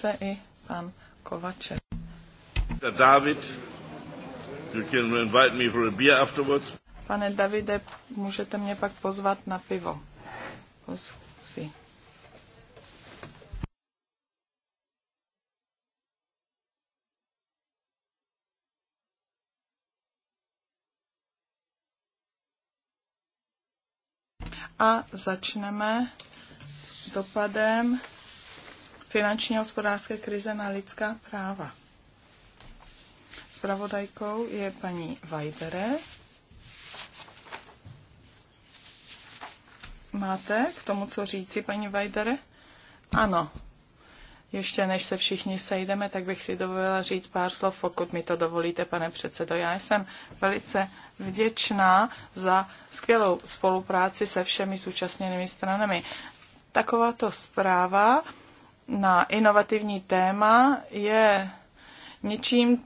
krátce i pan Kovaček. David, you can invite me for a beer afterwards. Pane Davide, můžete mě pak pozvat na pivo. Pozkusí. A začneme dopadem finanční a hospodářské krize na lidská práva. Spravodajkou je paní Vajdere. Máte k tomu, co říci, paní Vajdere? Ano. Ještě než se všichni sejdeme, tak bych si dovolila říct pár slov, pokud mi to dovolíte, pane předsedo. Já jsem velice vděčná za skvělou spolupráci se všemi zúčastněnými stranami. Takováto zpráva na inovativní téma je něčím,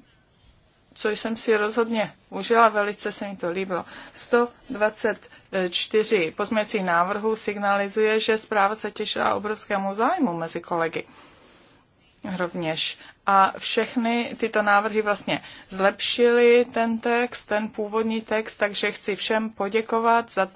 co jsem si rozhodně užila, velice se mi to líbilo. 124 pozměcí návrhů signalizuje, že zpráva se těšila obrovskému zájmu mezi kolegy rovněž. A všechny tyto návrhy vlastně zlepšily ten text, ten původní text, takže chci všem poděkovat za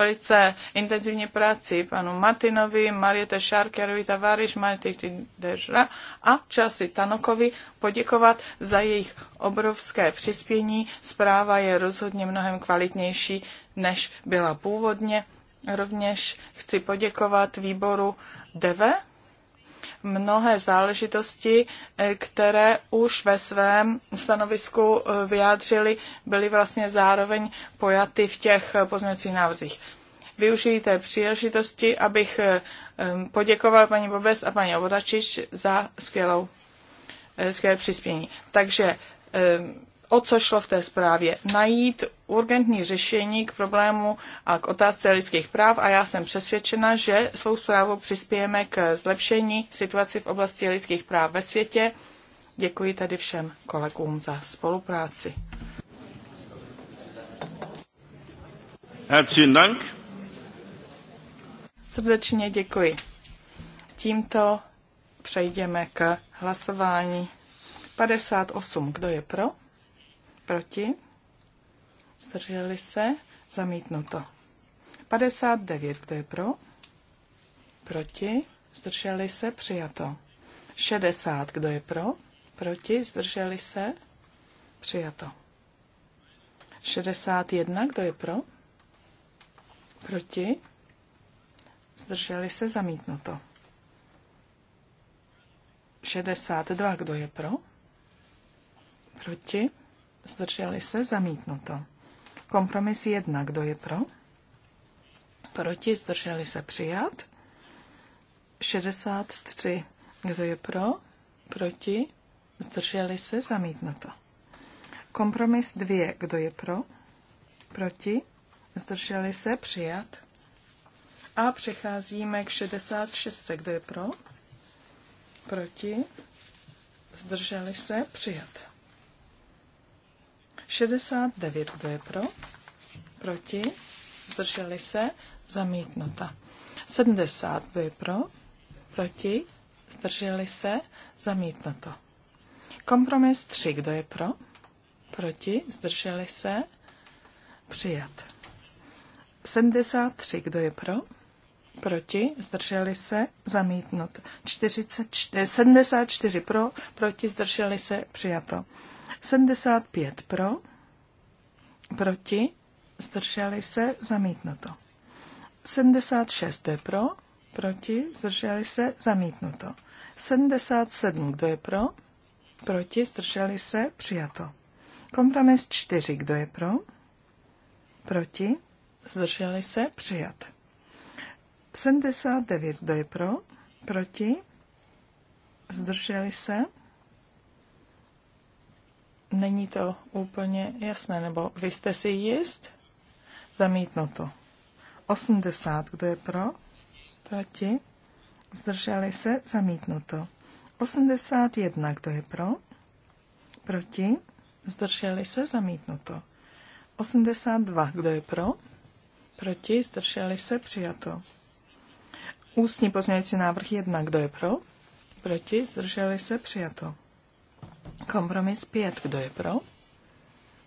velice intenzivní práci panu Martinovi, Mariete Šárkerovi, Tavariš, Mariete Dežra a Časy Tanokovi poděkovat za jejich obrovské přispění. Zpráva je rozhodně mnohem kvalitnější, než byla původně. Rovněž chci poděkovat výboru DEVE, mnohé záležitosti, eh, které už ve svém stanovisku eh, vyjádřili, byly vlastně zároveň pojaty v těch eh, pozměňovacích návrzích. Využijí té příležitosti, abych poděkoval paní Bobes a paní Ovodačič za skvělou, skvělé přispění. Takže o co šlo v té zprávě. Najít urgentní řešení k problému a k otázce lidských práv a já jsem přesvědčena, že svou zprávou přispějeme k zlepšení situaci v oblasti lidských práv ve světě. Děkuji tady všem kolegům za spolupráci. Herzlichen Dank. Srdečně děkuji. Tímto přejdeme k hlasování. 58. Kdo je pro? Proti? Zdrželi se? Zamítnuto. 59. Kdo je pro? Proti? Zdrželi se? Přijato. 60. Kdo je pro? Proti? Zdrželi se? Přijato. 61. Kdo je pro? Proti? Zdrželi se? Zamítnuto. 62. Kdo je pro? Proti? Zdrželi se? Zamítnuto. Kompromis jedna, Kdo je pro? Proti? Zdrželi se? Přijat. 63. Kdo je pro? Proti? Zdrželi se? Zamítnuto. Kompromis dvě, Kdo je pro? Proti? Zdrželi se? Přijat. A přecházíme k 66. Kdo je pro? Proti? Zdrželi se? Přijat. 69, kdo je pro? Proti? Zdrželi se? Zamítnuta. 70, kdo je pro? Proti? Zdrželi se? Zamítnuto. Kompromis 3, kdo je pro? Proti? Zdrželi se? Přijat. 73, kdo je pro? Proti, zdrželi se, zamítnut. 44, 74 pro, proti, zdrželi se, přijato. 75 pro, proti, zdrželi se, zamítnuto. 76 je pro, proti, zdrželi se, zamítnuto. 77 kdo je pro, proti, zdrželi se, přijato. Kompromis 4, kdo je pro, proti, zdrželi se, přijat. 79, kdo je pro, proti, zdrželi se, Není to úplně jasné, nebo vy jste si jist? to. 80, kdo je pro? Proti? Zdrželi se? zamítno to. 81, kdo je pro? Proti? Zdrželi se? zamítno to. 82, kdo je pro? Proti? Zdrželi se? Přijato. Ústní pozměňující návrh 1, kdo je pro? Proti? Zdrželi se? Přijato. Kompromis 5. Kdo je pro?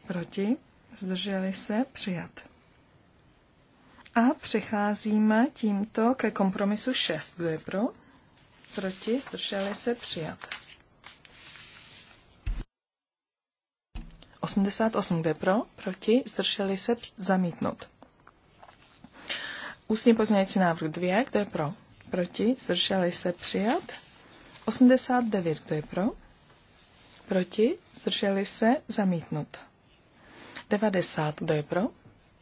Proti? Zdrželi se? Přijat. A přecházíme tímto ke kompromisu 6. Kdo je pro? Proti? Zdrželi se? Přijat. 88. Kdo je pro? Proti? Zdrželi se? Zamítnout. Ústní pozměňující návrh 2. Kdo je pro? Proti? Zdrželi se? Přijat. 89. Kdo je pro? Proti? Zdrželi se? Zamítnut. 90. Kdo je pro?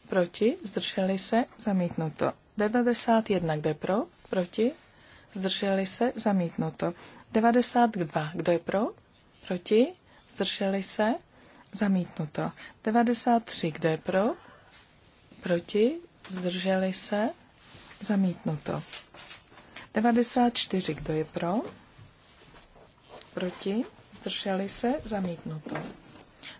Proti? Zdrželi se? Zamítnuto. 91. Kdo je pro? Proti? Zdrželi se? Zamítnuto. 92. Kdo je pro? Proti? Zdrželi se? Zamítnuto. 93. Kdo je pro? Proti? Zdrželi se? Zamítnuto. 94. Kdo je pro? Proti? zdrželi se, zamítnuto.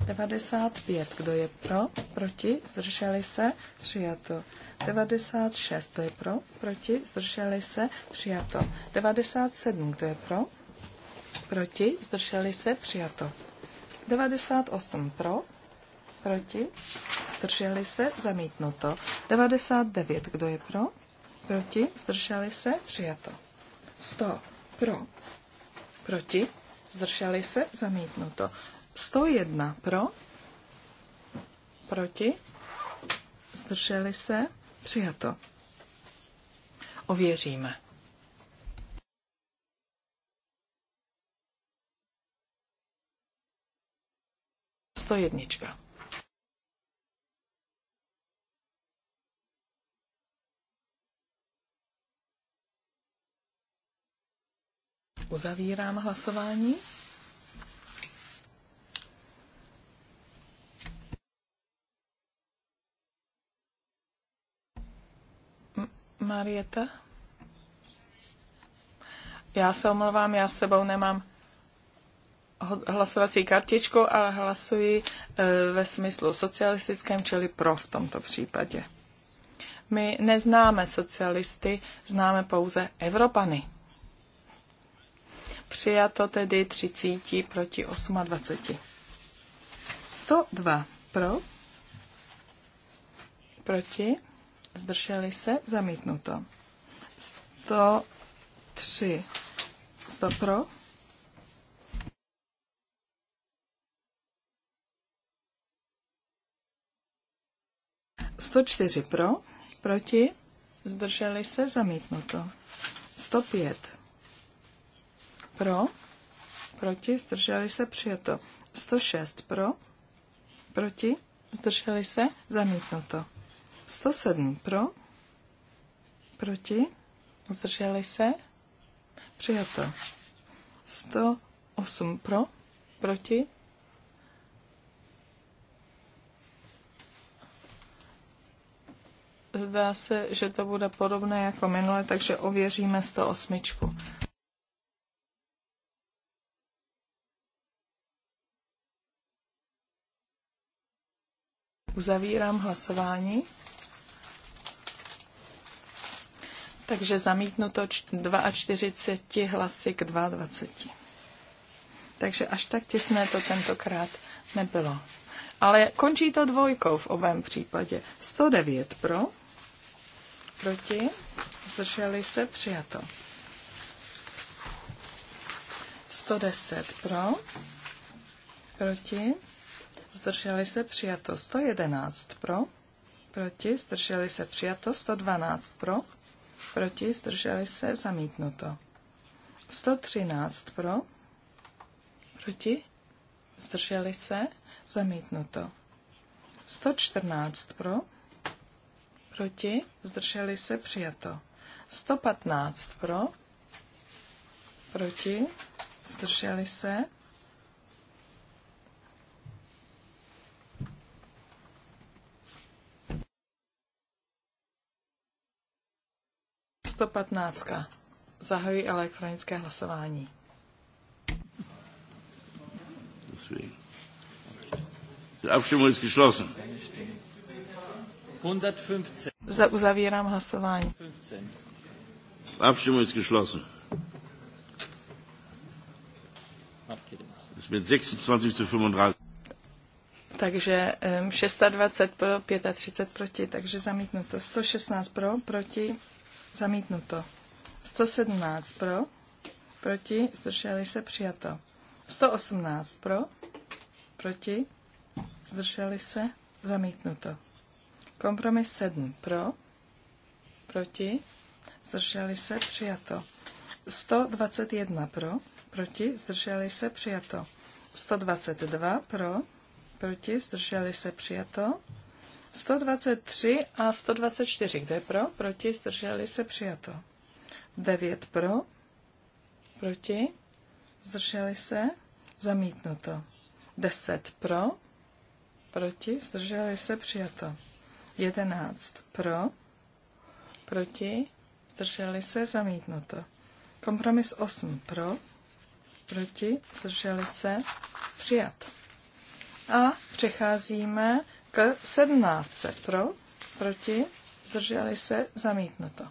95, kdo je pro, proti, zdrželi se, přijato. 96, kdo je pro, proti, zdrželi se, přijato. 97, kdo je pro, proti, zdrželi se, přijato. 98 pro, proti, zdrželi se, zamítnuto. 99, kdo je pro, proti, zdrželi se, přijato. 100 pro, proti, zdrželi se, zamítnuto. 101 pro, proti, zdrželi se, přijato. Ověříme. Sto jednička. Uzavírám hlasování. Marieta? Já se omlouvám, já s sebou nemám hlasovací kartičku, ale hlasuji e, ve smyslu socialistickém, čili pro v tomto případě. My neznáme socialisty, známe pouze Evropany. Přijato tedy 30 proti 28. 102 pro, proti, zdrželi se, zamítnuto. 103, 100 pro, Sto čtyři pro, proti, zdrželi se, zamítnuto. Sto pět pro, proti, zdrželi se, přijato. 106 pro, proti, zdrželi se, zamítnuto. 107 pro, proti, zdrželi se, přijato. 108 pro, proti, Zdá se, že to bude podobné jako minule, takže ověříme 108. Uzavírám hlasování. Takže zamítnuto 42 hlasy k 22. Takže až tak těsné to tentokrát nebylo. Ale končí to dvojkou v obém případě. 109 pro, proti, zdrželi se, přijato. 110 pro, proti, zdrželi se přijato 111 pro, proti, zdrželi se přijato 112 pro, proti, zdrželi se zamítnuto. 113 pro, proti, zdrželi se zamítnuto. 114 pro, proti, zdrželi se přijato. 115 pro, proti, zdrželi se 115. Zahajuji elektronické hlasování. Za uzavírám hlasování. Abstimmung ist geschlossen. Ist mit 26 zu 35. Takže 26 pro, 35 proti, takže zamítnuto. 116 pro, proti, Zamítnuto. 117 pro, proti, zdrželi se, přijato. 118 pro, proti, zdrželi se, zamítnuto. Kompromis 7 pro, proti, zdrželi se, přijato. 121 pro, proti, zdrželi se, přijato. 122 pro, proti, zdrželi se, přijato. 123 a 124. Kde pro? Proti? Zdrželi se přijato. 9 pro? Proti? Zdrželi se? Zamítnuto. 10 pro? Proti? Zdrželi se přijato. 11 pro? Proti? Zdrželi se? Zamítnuto. Kompromis 8 pro? Proti? Zdrželi se? Přijat. A přecházíme k 17 pro, proti, zdrželi se, zamítnuto.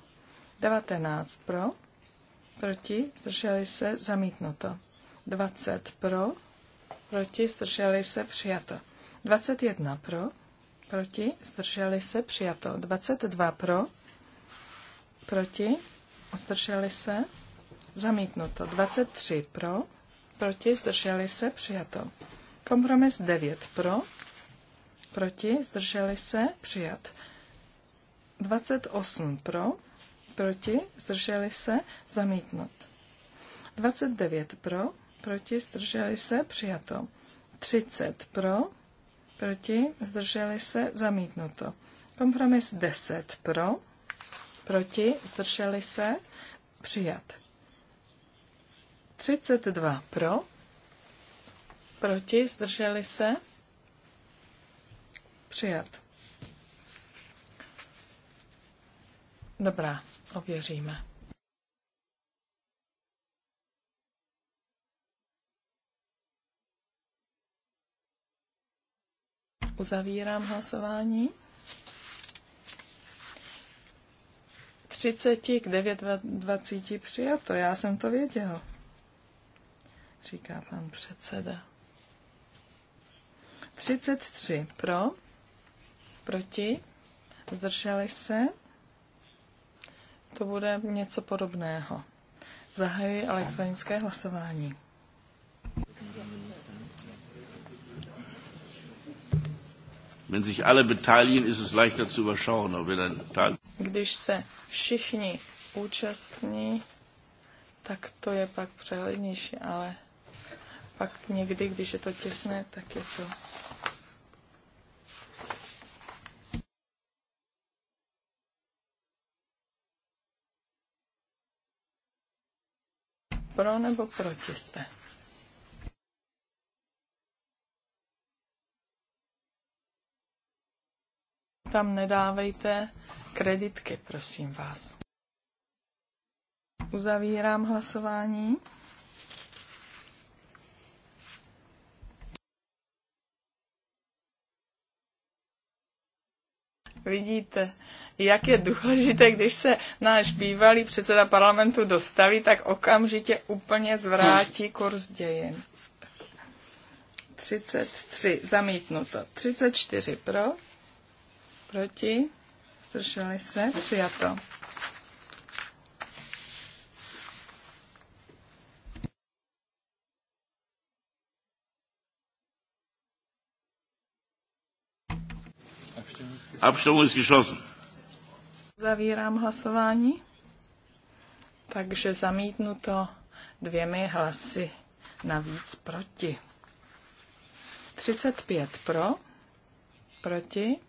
19 pro, proti, zdrželi se, zamítnuto. 20 pro, proti, zdrželi se, přijato. 21 pro, proti, zdrželi se, přijato. 22 pro, proti, zdrželi se, zamítnuto. 23 pro, proti, zdrželi se, přijato. Kompromis 9 pro, proti, zdrželi se, přijat. 28 pro, proti, zdrželi se, zamítnut. 29 pro, proti, zdrželi se, přijato. 30 pro, proti, zdrželi se, zamítnuto. Kompromis 10 pro, proti, zdrželi se, přijat. 32 pro, proti, zdrželi se, Přijat. Dobrá, ověříme. Uzavírám hlasování. 30 k 29 přijato, já jsem to věděl, říká pan předseda. 33 pro. Proti? Zdrželi se? To bude něco podobného. Zahajuji elektronické hlasování. Wenn sich alle beteiligen, ist es leichter zu überschauen, ob wir dann Když se všichni účastní, tak to je pak přehlednější, ale pak někdy, když je to těsné, tak je to Pro nebo proti jste? Tam nedávejte kreditky, prosím vás. Uzavírám hlasování. Vidíte, jak je důležité, když se náš bývalý předseda parlamentu dostaví, tak okamžitě úplně zvrátí kurz dějin. 33 zamítnuto. 34 pro. Proti. Zdrželi se. Přijato. Abstimmung ist geschlossen. Zavírám hlasování. Takže zamítnu to dvěmi hlasy navíc proti. 35 pro, proti,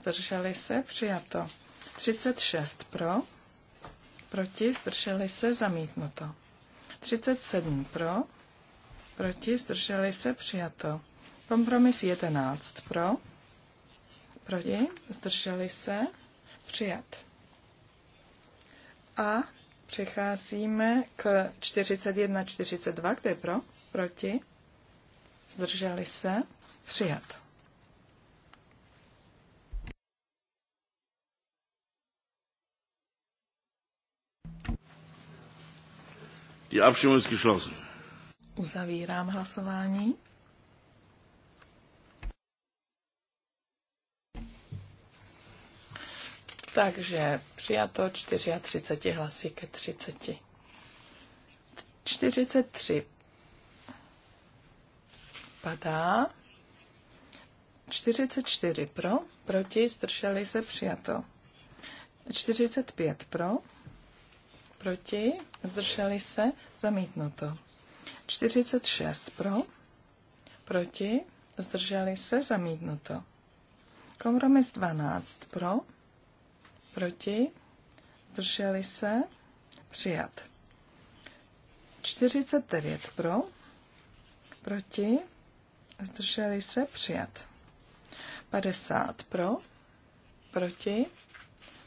zdrželi se, přijato. 36 pro, proti, zdrželi se, zamítnuto. 37 pro, proti, zdrželi se, přijato. Kompromis 11 pro, proti, zdrželi se, Přijat. A přecházíme k 41, 42, kde je pro, proti, zdrželi se, přijat. Die Abstimmung ist geschlossen. Uzavírám hlasování. Takže přijato 34 hlasy ke 30. 43 padá. 44 pro, proti, zdrželi se přijato. 45 pro, proti, zdrželi se, zamítnuto. 46 pro, proti, zdrželi se, zamítnuto. Kompromis 12 pro, Proti? drželi se? Přijat. 49 pro. Proti? Zdrželi se? Přijat. 50 pro. Proti?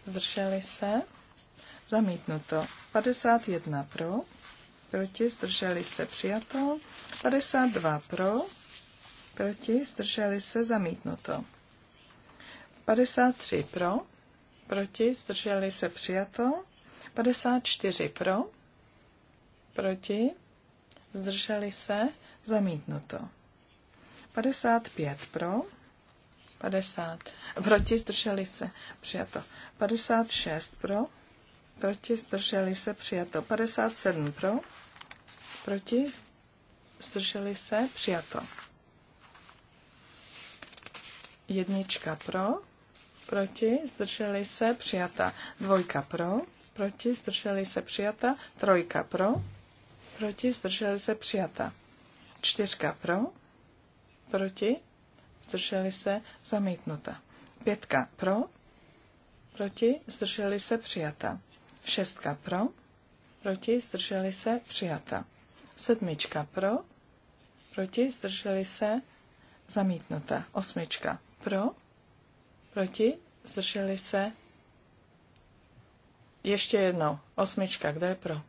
Zdrželi se? Zamítnuto. 51 pro. Proti? Zdrželi se? Přijato. 52 pro. Proti? Zdrželi se? Zamítnuto. 53 pro proti, zdrželi se přijato. 54 pro, proti, zdrželi se zamítnuto. 55 pro, 50, proti, zdrželi se přijato. 56 pro, proti, zdrželi se přijato. 57 pro, proti, zdrželi se přijato. Jednička pro, proti, zdrželi se, přijata. Dvojka pro, proti, zdrželi se, přijata. Trojka pro, proti, zdrželi se, přijata. Čtyřka pro, proti, zdrželi se, zamítnuta. Pětka pro, proti, zdrželi se, přijata. Šestka pro, proti, zdrželi se, přijata. Sedmička pro, proti, zdrželi se, zamítnuta. Osmička pro, proti, zdrželi se. Ještě jednou, osmička, kdo je pro?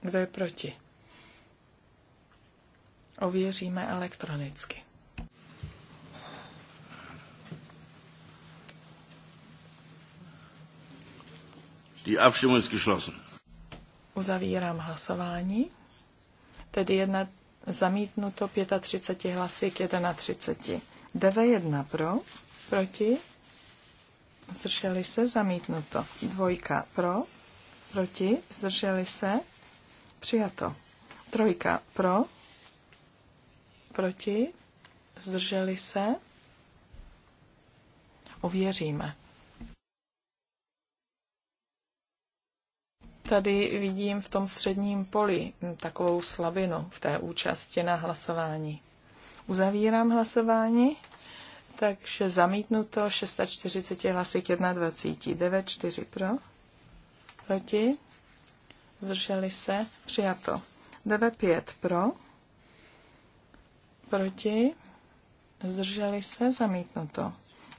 Kdo je proti? Ověříme elektronicky. Die Abstimmung ist geschlossen. Uzavírám hlasování. Tedy jedna zamítnuto 35 hlasy k 31. 9 jedna pro proti, zdrželi se, zamítnuto. Dvojka pro, proti, zdrželi se, přijato. Trojka pro, proti, zdrželi se, ověříme. Tady vidím v tom středním poli takovou slabinu v té účasti na hlasování. Uzavírám hlasování takže zamítnuto 640 hlasy k 21, 9, 4 pro, proti, zdrželi se, přijato. 9, 5 pro, proti, zdrželi se, zamítnuto.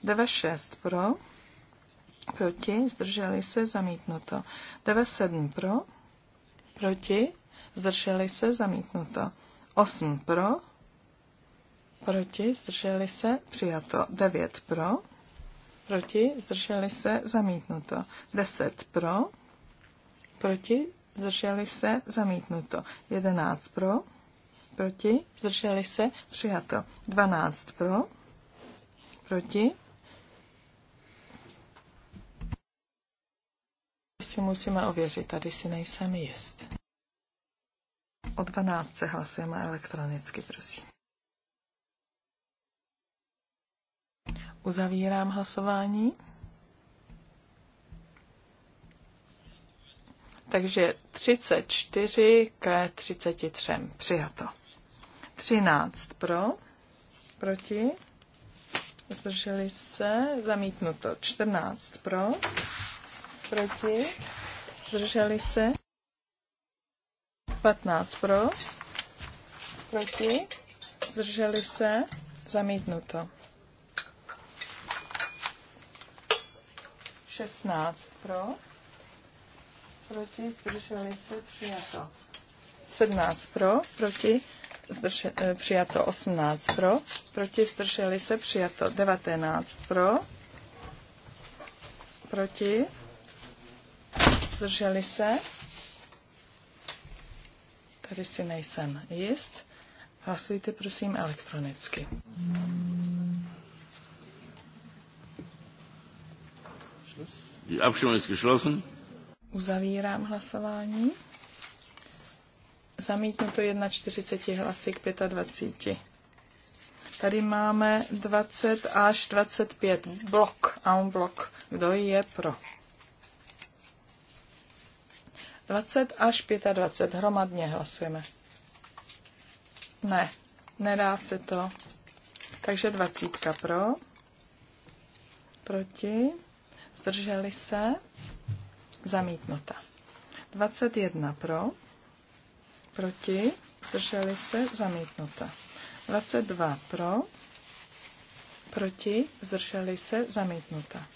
9, 6 pro, proti, zdrželi se, zamítnuto. 9, 7 pro, proti, zdrželi se, zamítnuto. 8 pro, proti, zdrželi se, přijato. 9 pro, proti, zdrželi se, zamítnuto. 10 pro, proti, zdrželi se, zamítnuto. 11 pro, proti, zdrželi se, přijato. 12 pro, proti. Si musíme ověřit, tady si nejsem jist. O 12 hlasujeme elektronicky, prosím. Uzavírám hlasování. Takže 34 k 33. Přijato. 13 pro, proti, zdrželi se, zamítnuto. 14 pro, proti, zdrželi se. 15 pro, proti, zdrželi se, zamítnuto. 16 pro, proti, zdrželi se, přijato. 17 pro, proti, zdrže, eh, přijato 18 pro, proti, zdrželi se, přijato 19 pro, proti, zdrželi se, tady si nejsem jist, hlasujte prosím elektronicky. Hmm. Die Abstimmung ist geschlossen. Uzavírám hlasování. Zamítnuto 41 hlasy k 25. Tady máme 20 až 25. Blok, a on blok. Kdo je pro? 20 až 25. Hromadně hlasujeme. Ne, nedá se to. Takže 20 pro, proti zdrželi se, zamítnuta. 21 pro, proti, zdrželi se, zamítnuta. 22 pro, proti, zdrželi se, zamítnuta.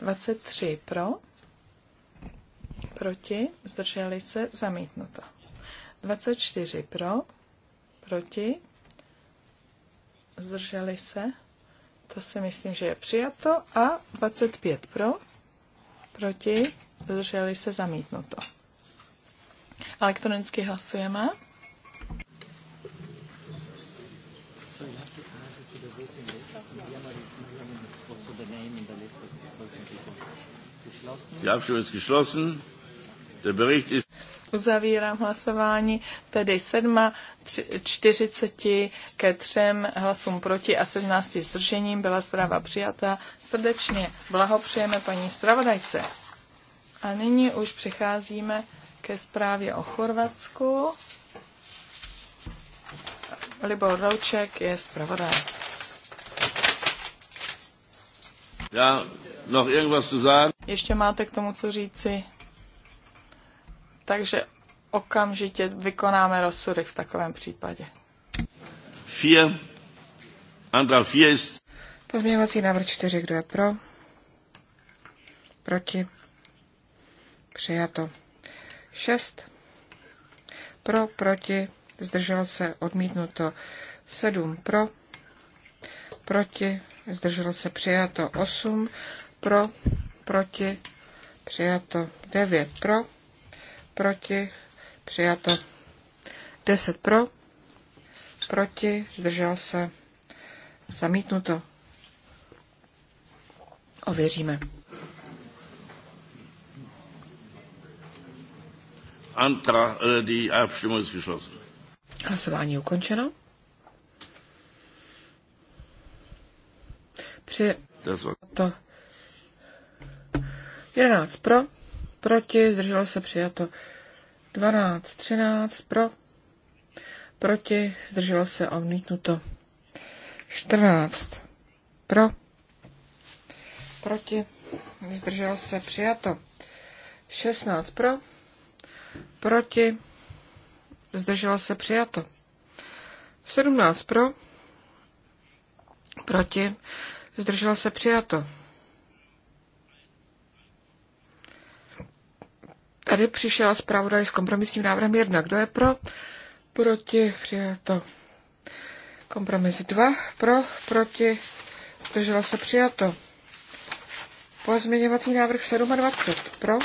23 pro, proti, zdrželi se, zamítnuta. 24 pro, proti, zdrželi se, to si myslím, že je přijato, a 25 pro, proti, zdrželi se zamítnuto. Elektronicky hlasujeme. Die Abstimmung ist geschlossen. Der Bericht ist Uzavírám hlasování, tedy 7, 40 ke 3 hlasům proti a 17 zdržením byla zpráva přijata. Srdečně blahopřejeme paní zpravodajce. A nyní už přecházíme ke zprávě o Chorvatsku. Libor Rouček je zpravodaj. Já, noch irgendwas zu sagen? Ještě máte k tomu co říci? Takže okamžitě vykonáme rozsudek v takovém případě. Vier. 4 Pozměňovací návrh 4, kdo je pro? Proti? Přijato. 6. Pro, proti, zdržel se, odmítnuto. 7. Pro, proti, zdržel se, přijato. 8. Pro, proti, přijato. 9. Pro, proti, přijato. 10 pro, proti, zdržel se, zamítnuto. Ověříme. Antra, eh, die Abstimmung ist geschlossen. Hlasování ukončeno. Při to 11 pro, proti, zdrželo se přijato 12, 13 pro, proti, zdrželo se odmítnuto 14 pro, proti, zdrželo se přijato 16 pro, proti, zdrželo se přijato 17 pro, proti, zdrželo se přijato Tady přišel zpravodaj s kompromisním návrhem 1. Kdo je pro? Proti přijato. Kompromis 2. Pro, proti, Zdržela se přijato. Pozměňovací návrh 27. Pro.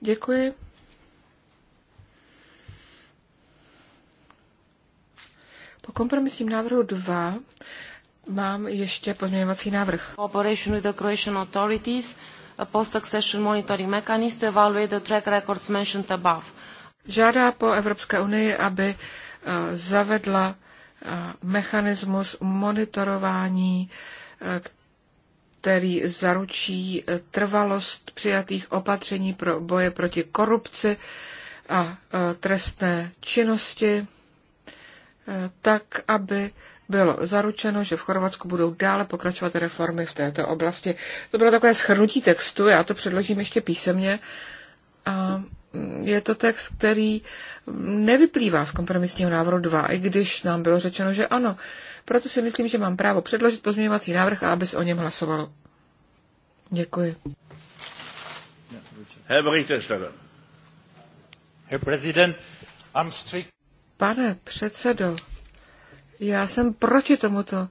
Děkuji. Po kompromisním návrhu 2 mám ještě pozměňovací návrh. Cooperation with the Croatian authorities, a post-accession monitoring mechanism to evaluate the track records mentioned above. Žádá po Evropské unii, aby e, zavedla e, mechanismus monitorování, e, který zaručí trvalost přijatých opatření pro boje proti korupci a trestné činnosti tak aby bylo zaručeno, že v Chorvatsku budou dále pokračovat reformy v této oblasti. To bylo takové schrnutí textu, já to předložím ještě písemně. A je to text, který nevyplývá z kompromisního návrhu 2, i když nám bylo řečeno, že ano. Proto si myslím, že mám právo předložit pozměňovací návrh a aby se o něm hlasovalo. Děkuji. Herr Berichterstatter. Herr Präsident, am strikt Pane předsedo, já jsem proti tomuto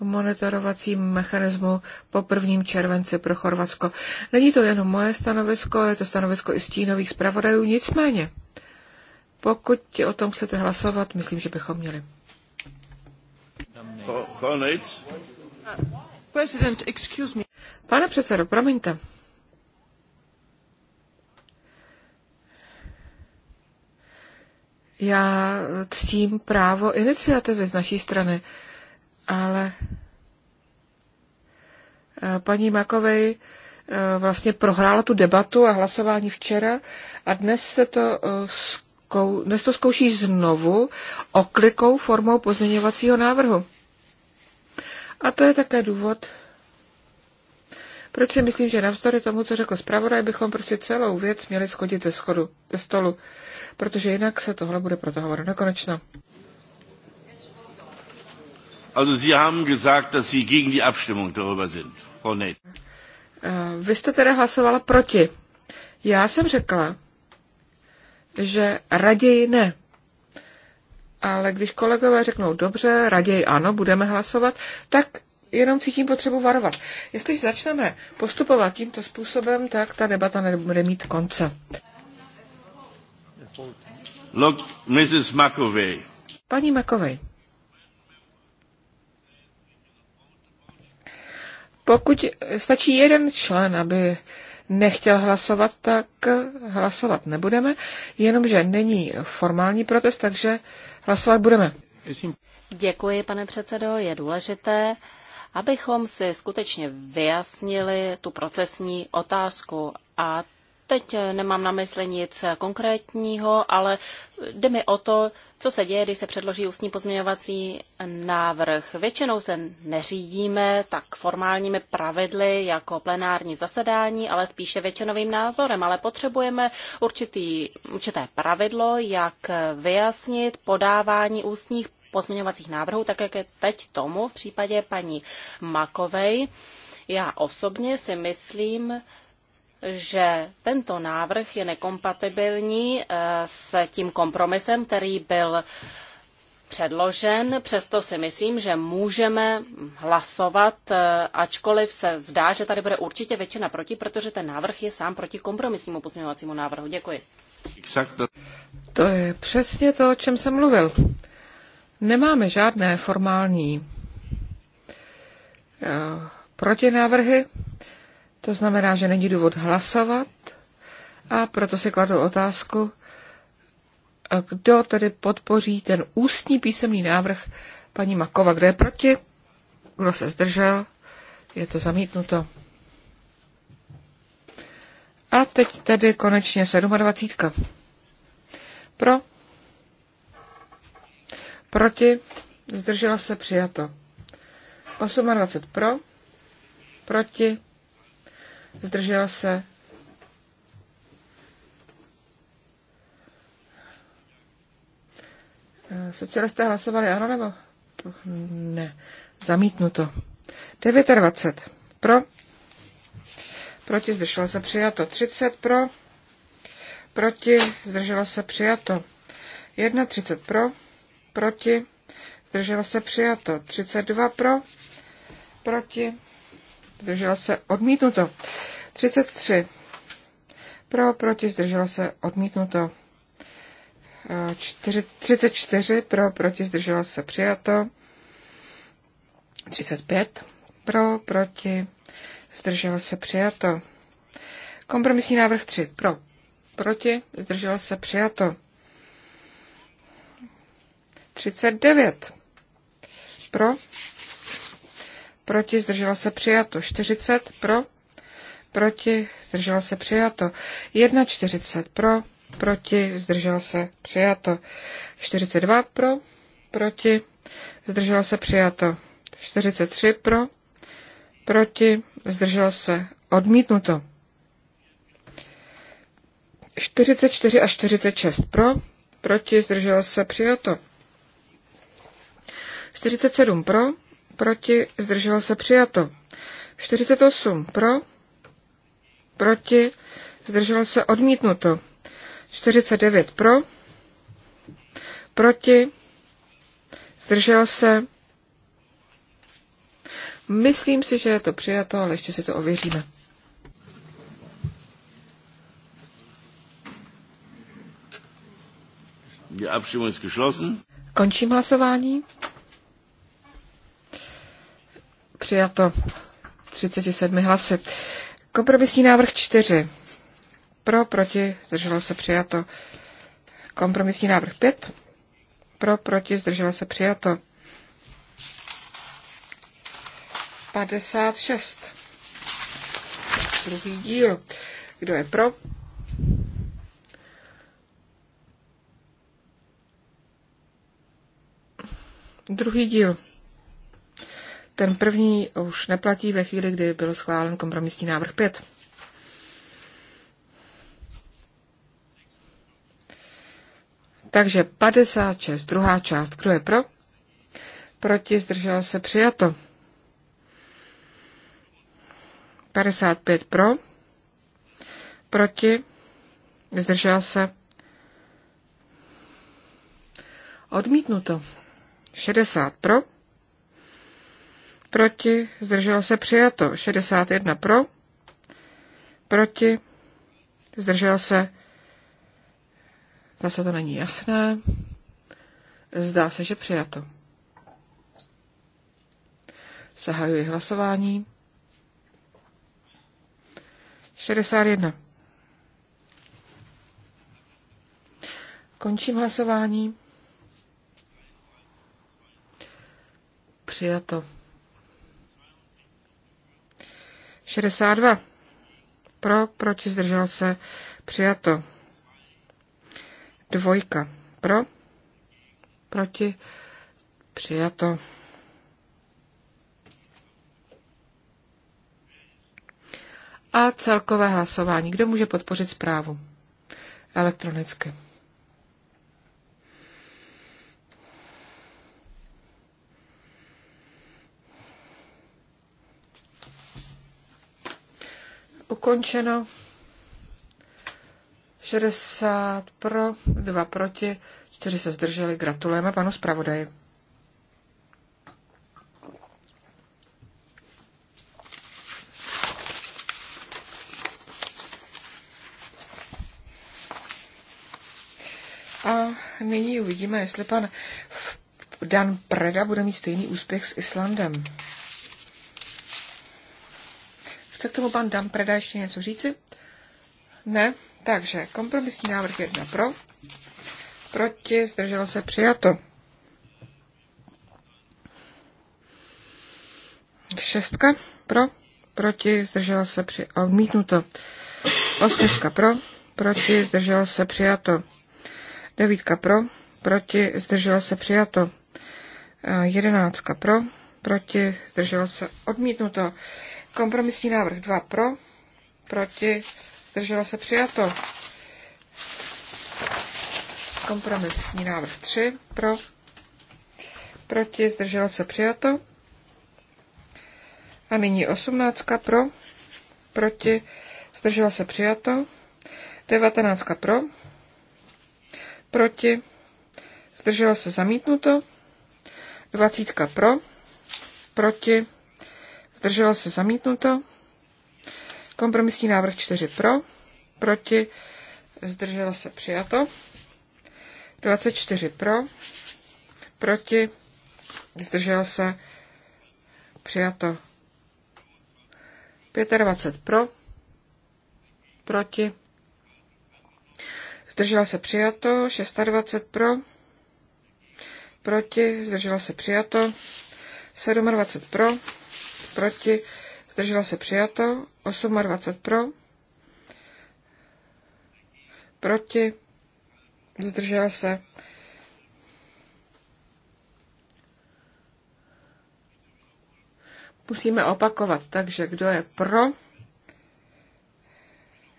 monitorovacím mechanismu po prvním červenci pro Chorvatsko. Není to jenom moje stanovisko, je to stanovisko i stínových zpravodajů, nicméně. Pokud o tom chcete hlasovat, myslím, že bychom měli. Pane předsedo, promiňte. Já ctím právo iniciativy z naší strany, ale eh, paní Makovej eh, vlastně prohrála tu debatu a hlasování včera a dnes se to eh, zkou, dnes to zkouší znovu oklikou formou pozměňovacího návrhu. A to je také důvod, proč si myslím, že navzdory tomu, co řekl zpravodaj, bychom prostě celou věc měli schodit ze, schodu, ze stolu, protože jinak se tohle bude protahovat nekonečno. Also Sie haben gesagt, dass Sie gegen die Abstimmung darüber sind, Frau Nett. Eh, vy jste teda hlasovala proti. Já jsem řekla, že raději ne. Ale když kolegové řeknou dobře, raději ano, budeme hlasovat, tak jenom cítím potřebu varovat. Jestli začneme postupovat tímto způsobem, tak ta debata nebude mít konce. Look, Mrs. McAvey. Paní McAvey. Pokud stačí jeden člen, aby nechtěl hlasovat, tak hlasovat nebudeme, jenomže není formální protest, takže hlasovat budeme. Děkuji, pane předsedo. Je důležité, abychom si skutečně vyjasnili tu procesní otázku. A teď eh, nemám na mysli nic konkrétního, ale jde mi o to, co se děje, když se předloží ústní pozměňovací návrh. Většinou se neřídíme tak formálními pravidly jako plenární zasedání, ale spíše většinovým názorem, ale potřebujeme určitý, určité pravidlo, jak vyjasnit podávání ústních pozměňovacích návrhů, tak jak je teď tomu v případě paní Makovej. Já osobně si myslím, že tento návrh je nekompatibilní eh, s tím kompromisem, který byl předložen, přesto si myslím, že můžeme hlasovat, eh, ačkoliv se zdá, že tady bude určitě většina proti, protože ten návrh je sám proti kompromisnímu pozměňovacímu návrhu. Děkuji. To je přesně to, o čem jsem mluvil. Nemáme žádné formální eh, protinávrhy, to znamená, že není důvod hlasovat a proto si kladu otázku, eh, kdo tedy podpoří ten ústní písemný návrh paní Makova. kde je proti? Kdo se zdržel? Je to zamítnuto. A teď tedy konečně 27. Pro, proti, zdržela se přijato. 28 pro, proti, zdržela se eh, Socialisté hlasovali ano nebo ne? Zamítnuto. 29 pro, proti zdržela se přijato. 30 pro, proti zdržela se přijato. 31 pro, proti, zdržel se přijato. 32 pro, proti, zdržel se odmítnuto. 33 pro, proti, zdržel se odmítnuto. 34 pro, proti, zdržel se přijato. 35 pro, proti, zdržel se přijato. Kompromisní návrh 3 pro, proti, zdržel se přijato. 39. Pro. Proti zdržela se přijato. 40. Pro. Proti zdržela se přijato. 1,40 pro. Proti zdržela se přijato. 42 pro. Proti zdržela se přijato. 43 pro. Proti zdržela se odmítnuto. 44 a 46 pro. Proti zdržela se přijato. 47 pro, proti, zdrželo se přijato. 48 pro, proti, zdrželo se odmítnuto. 49 pro, proti, zdržel se. Myslím si, že je to přijato, ale ještě si to ověříme. Končím hlasování. Přijato 37 hlasy. Kompromisní návrh 4. Pro, proti, zdrželo se přijato. Kompromisní návrh 5. Pro, proti, zdrželo se přijato. 56. Druhý díl. Kdo je pro? Druhý díl. Ten první už neplatí ve chvíli, kdy byl schválen kompromisní návrh 5. Takže 56, druhá část. Kdo je pro? Proti zdržel se přijato. 55 pro. Proti zdržel se odmítnuto. 60 pro proti, zdržel se přijato. 61 pro, proti, zdržel se, zase to není jasné, zdá se, že přijato. Zahajuji hlasování. 61. Končím hlasování. Přijato. 62. Pro, proti, zdržel se, přijato. Dvojka. Pro, proti, přijato. A celkové hlasování. Kdo může podpořit zprávu? Elektronicky. ukončeno. 60 pro, 2 proti, 4 se zdrželi. Gratulujeme panu zpravodaji. A nyní uvidíme, jestli pan Dan Preda bude mít stejný úspěch s Islandem. Chce k tomu pan Dampreda ještě něco říci? Ne? Takže kompromisní návrh jedna pro, proti, zdrželo se přijato. Šestka pro, proti, zdržela se při odmítnuto. Osmička pro, proti, zdržela se přijato. Devítka pro, proti, zdržela se přijato. Eh, jedenáctka pro, proti, zdržela se odmítnuto. Kompromisní návrh 2 pro, proti, zdrželo se přijato. Kompromisní návrh 3 pro, proti, zdrželo se přijato. A nyní 18 pro, proti, zdrželo se přijato. 19 pro, proti, zdrželo se zamítnuto. 20 pro, proti, zdrželo se zamítnuto. Kompromisní návrh 4 pro, proti, zdrželo se přijato. 24 pro, proti, zdrželo se, přijato. 25 pro, proti, zdržela se přijato, 26 pro, proti, zdržela se přijato, 27 pro, proti, zdrželo se přijato, 28 pro, proti, zdržela se, Musíme opakovat, takže kdo je pro,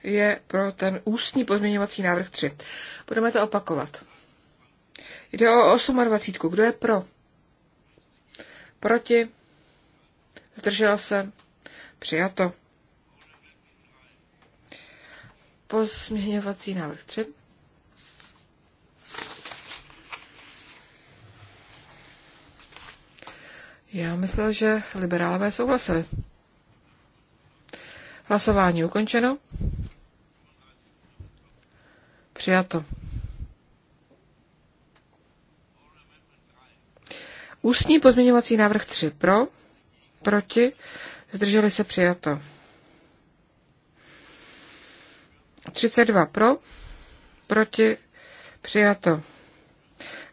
je pro ten ústní pozměňovací návrh 3. Budeme to opakovat. Jde o 28. Kdo je pro? Proti? zdržel se, přijato. Pozměňovací návrh 3. Já myslel, že liberálové souhlasili. Hlasování ukončeno. Přijato. Ústní pozměňovací návrh 3 pro proti, zdrželi se přijato. 32 pro, proti, přijato.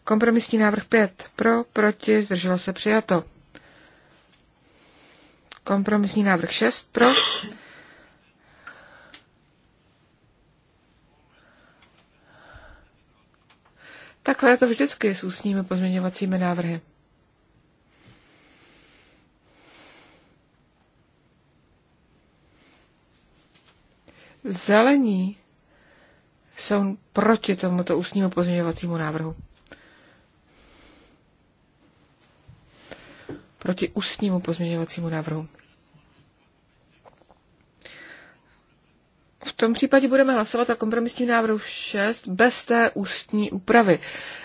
Kompromisní návrh 5 pro, proti, zdrželo se přijato. Kompromisní návrh 6 pro. Takhle je to vždycky s ústními pozměňovacími návrhy. Zelení jsou proti tomuto ústnímu pozměňovacímu návrhu. Proti ústnímu pozměňovacímu návrhu. V tom případě budeme hlasovat o kompromisním návrhu 6 bez té ústní úpravy.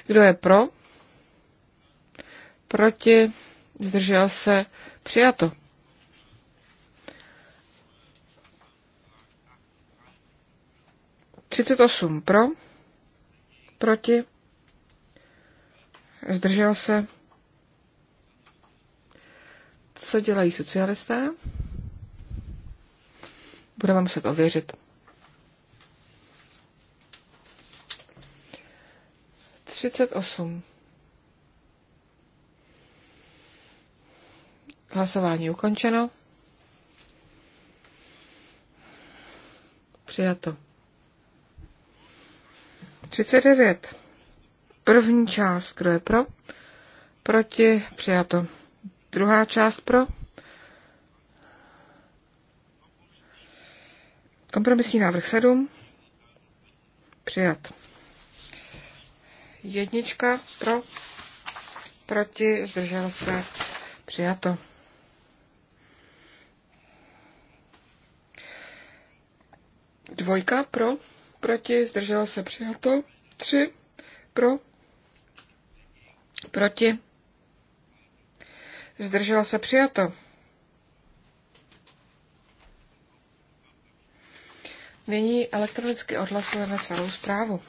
Kdo je pro? Proti? Zdržel se? Přijato. 38 pro, proti, zdržel se. Co dělají socialisté? Budeme muset ověřit. 38. Hlasování ukončeno. Přijato. 39. První část, kdo je pro? Proti, přijato. Druhá část pro? Kompromisní návrh 7. Přijat. Jednička pro, proti, zdržel se, přijato. Dvojka pro, proti, zdržela se přijato. tři pro, proti, zdržela se přijato. Nyní elektronicky odhlasujeme celou zprávu.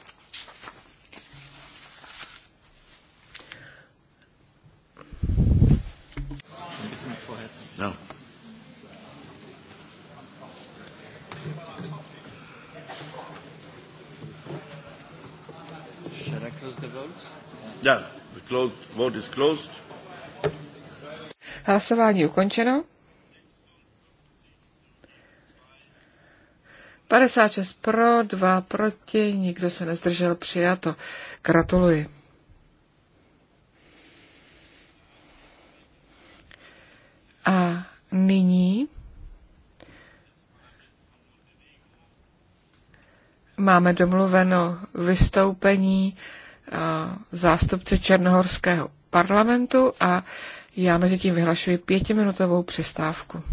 Vote is closed. Hlasování ukončeno. 56 pro, 2 proti, nikdo se nezdržel, přijato. Gratuluji. A nyní máme domluveno vystoupení zástupce Černohorského parlamentu a já mezi tím vyhlašuji pětiminutovou přestávku.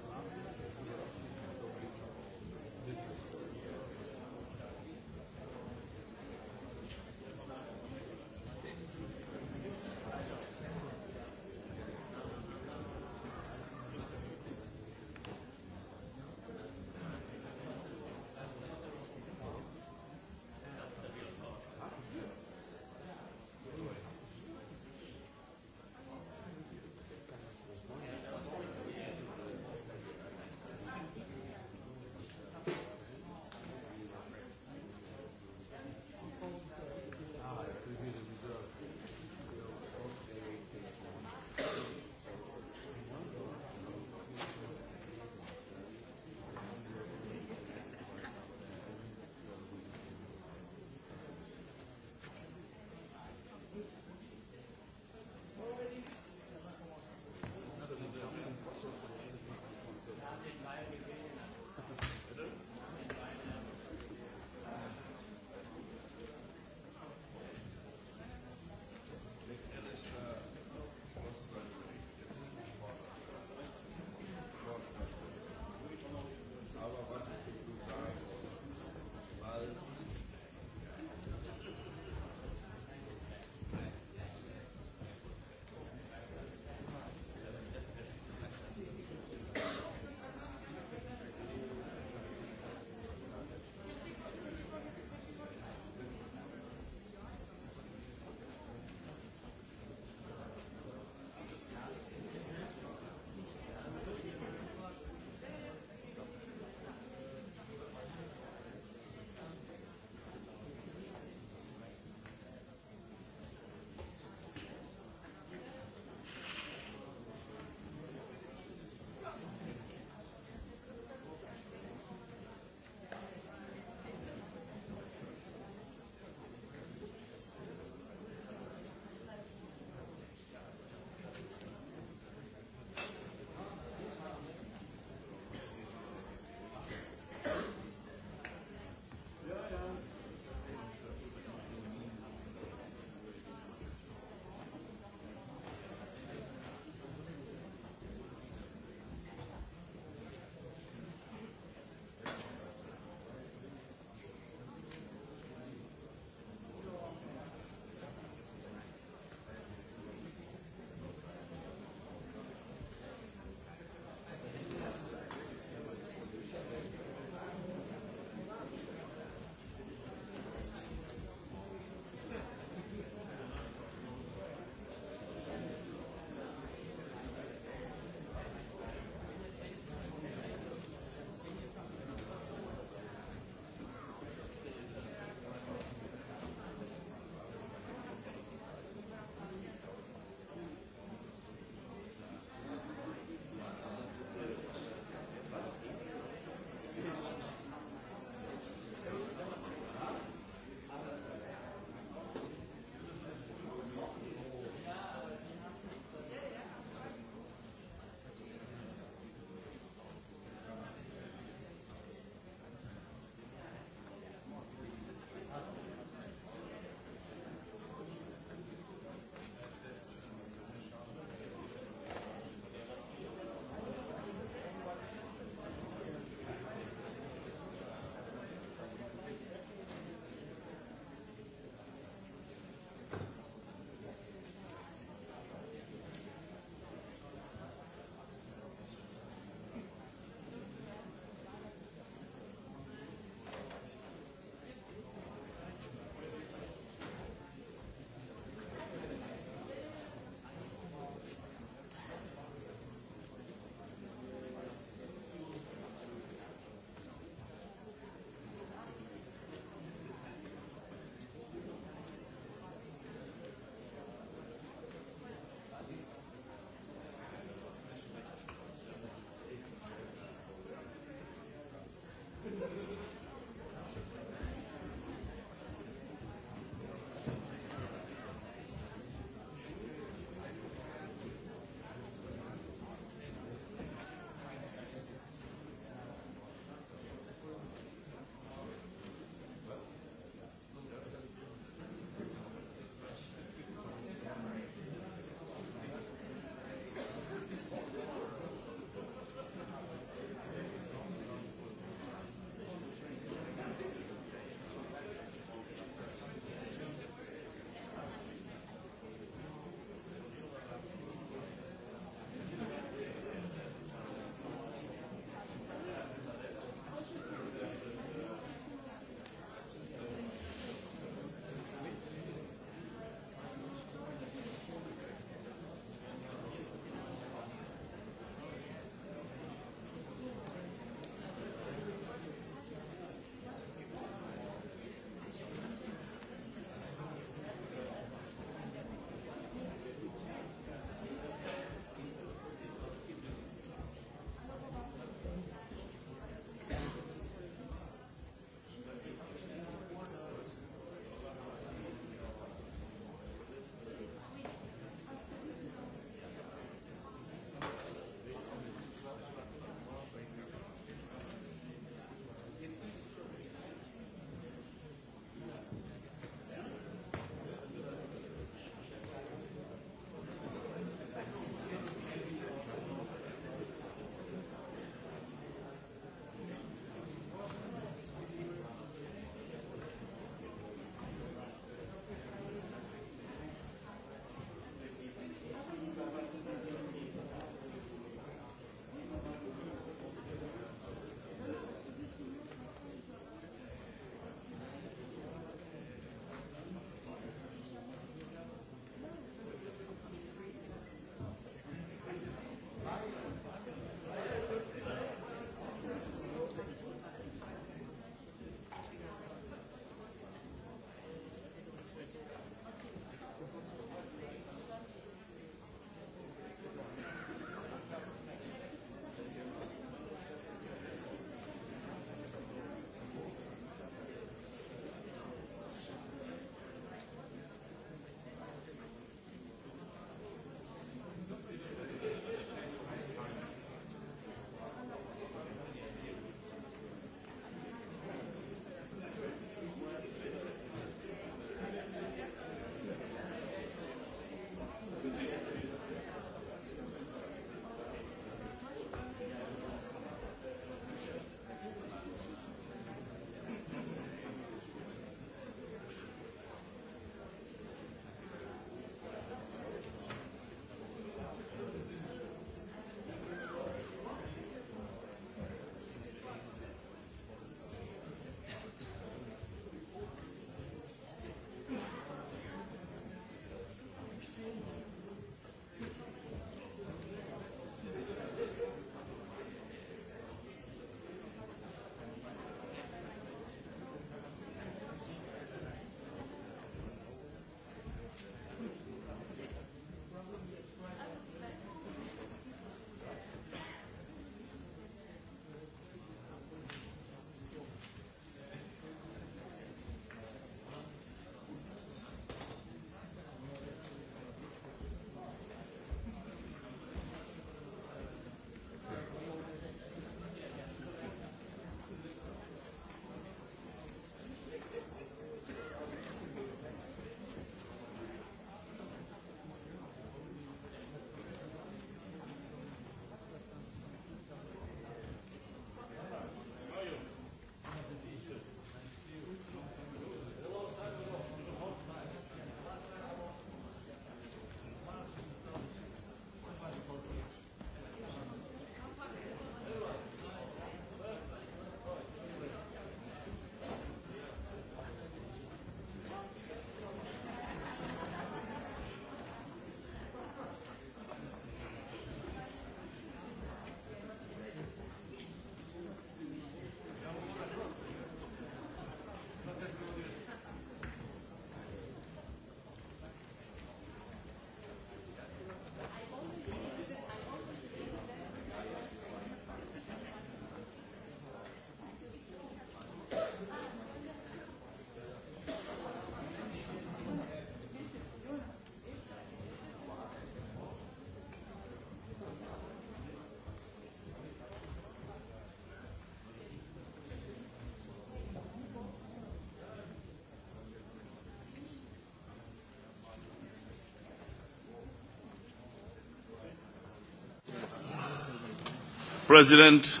President,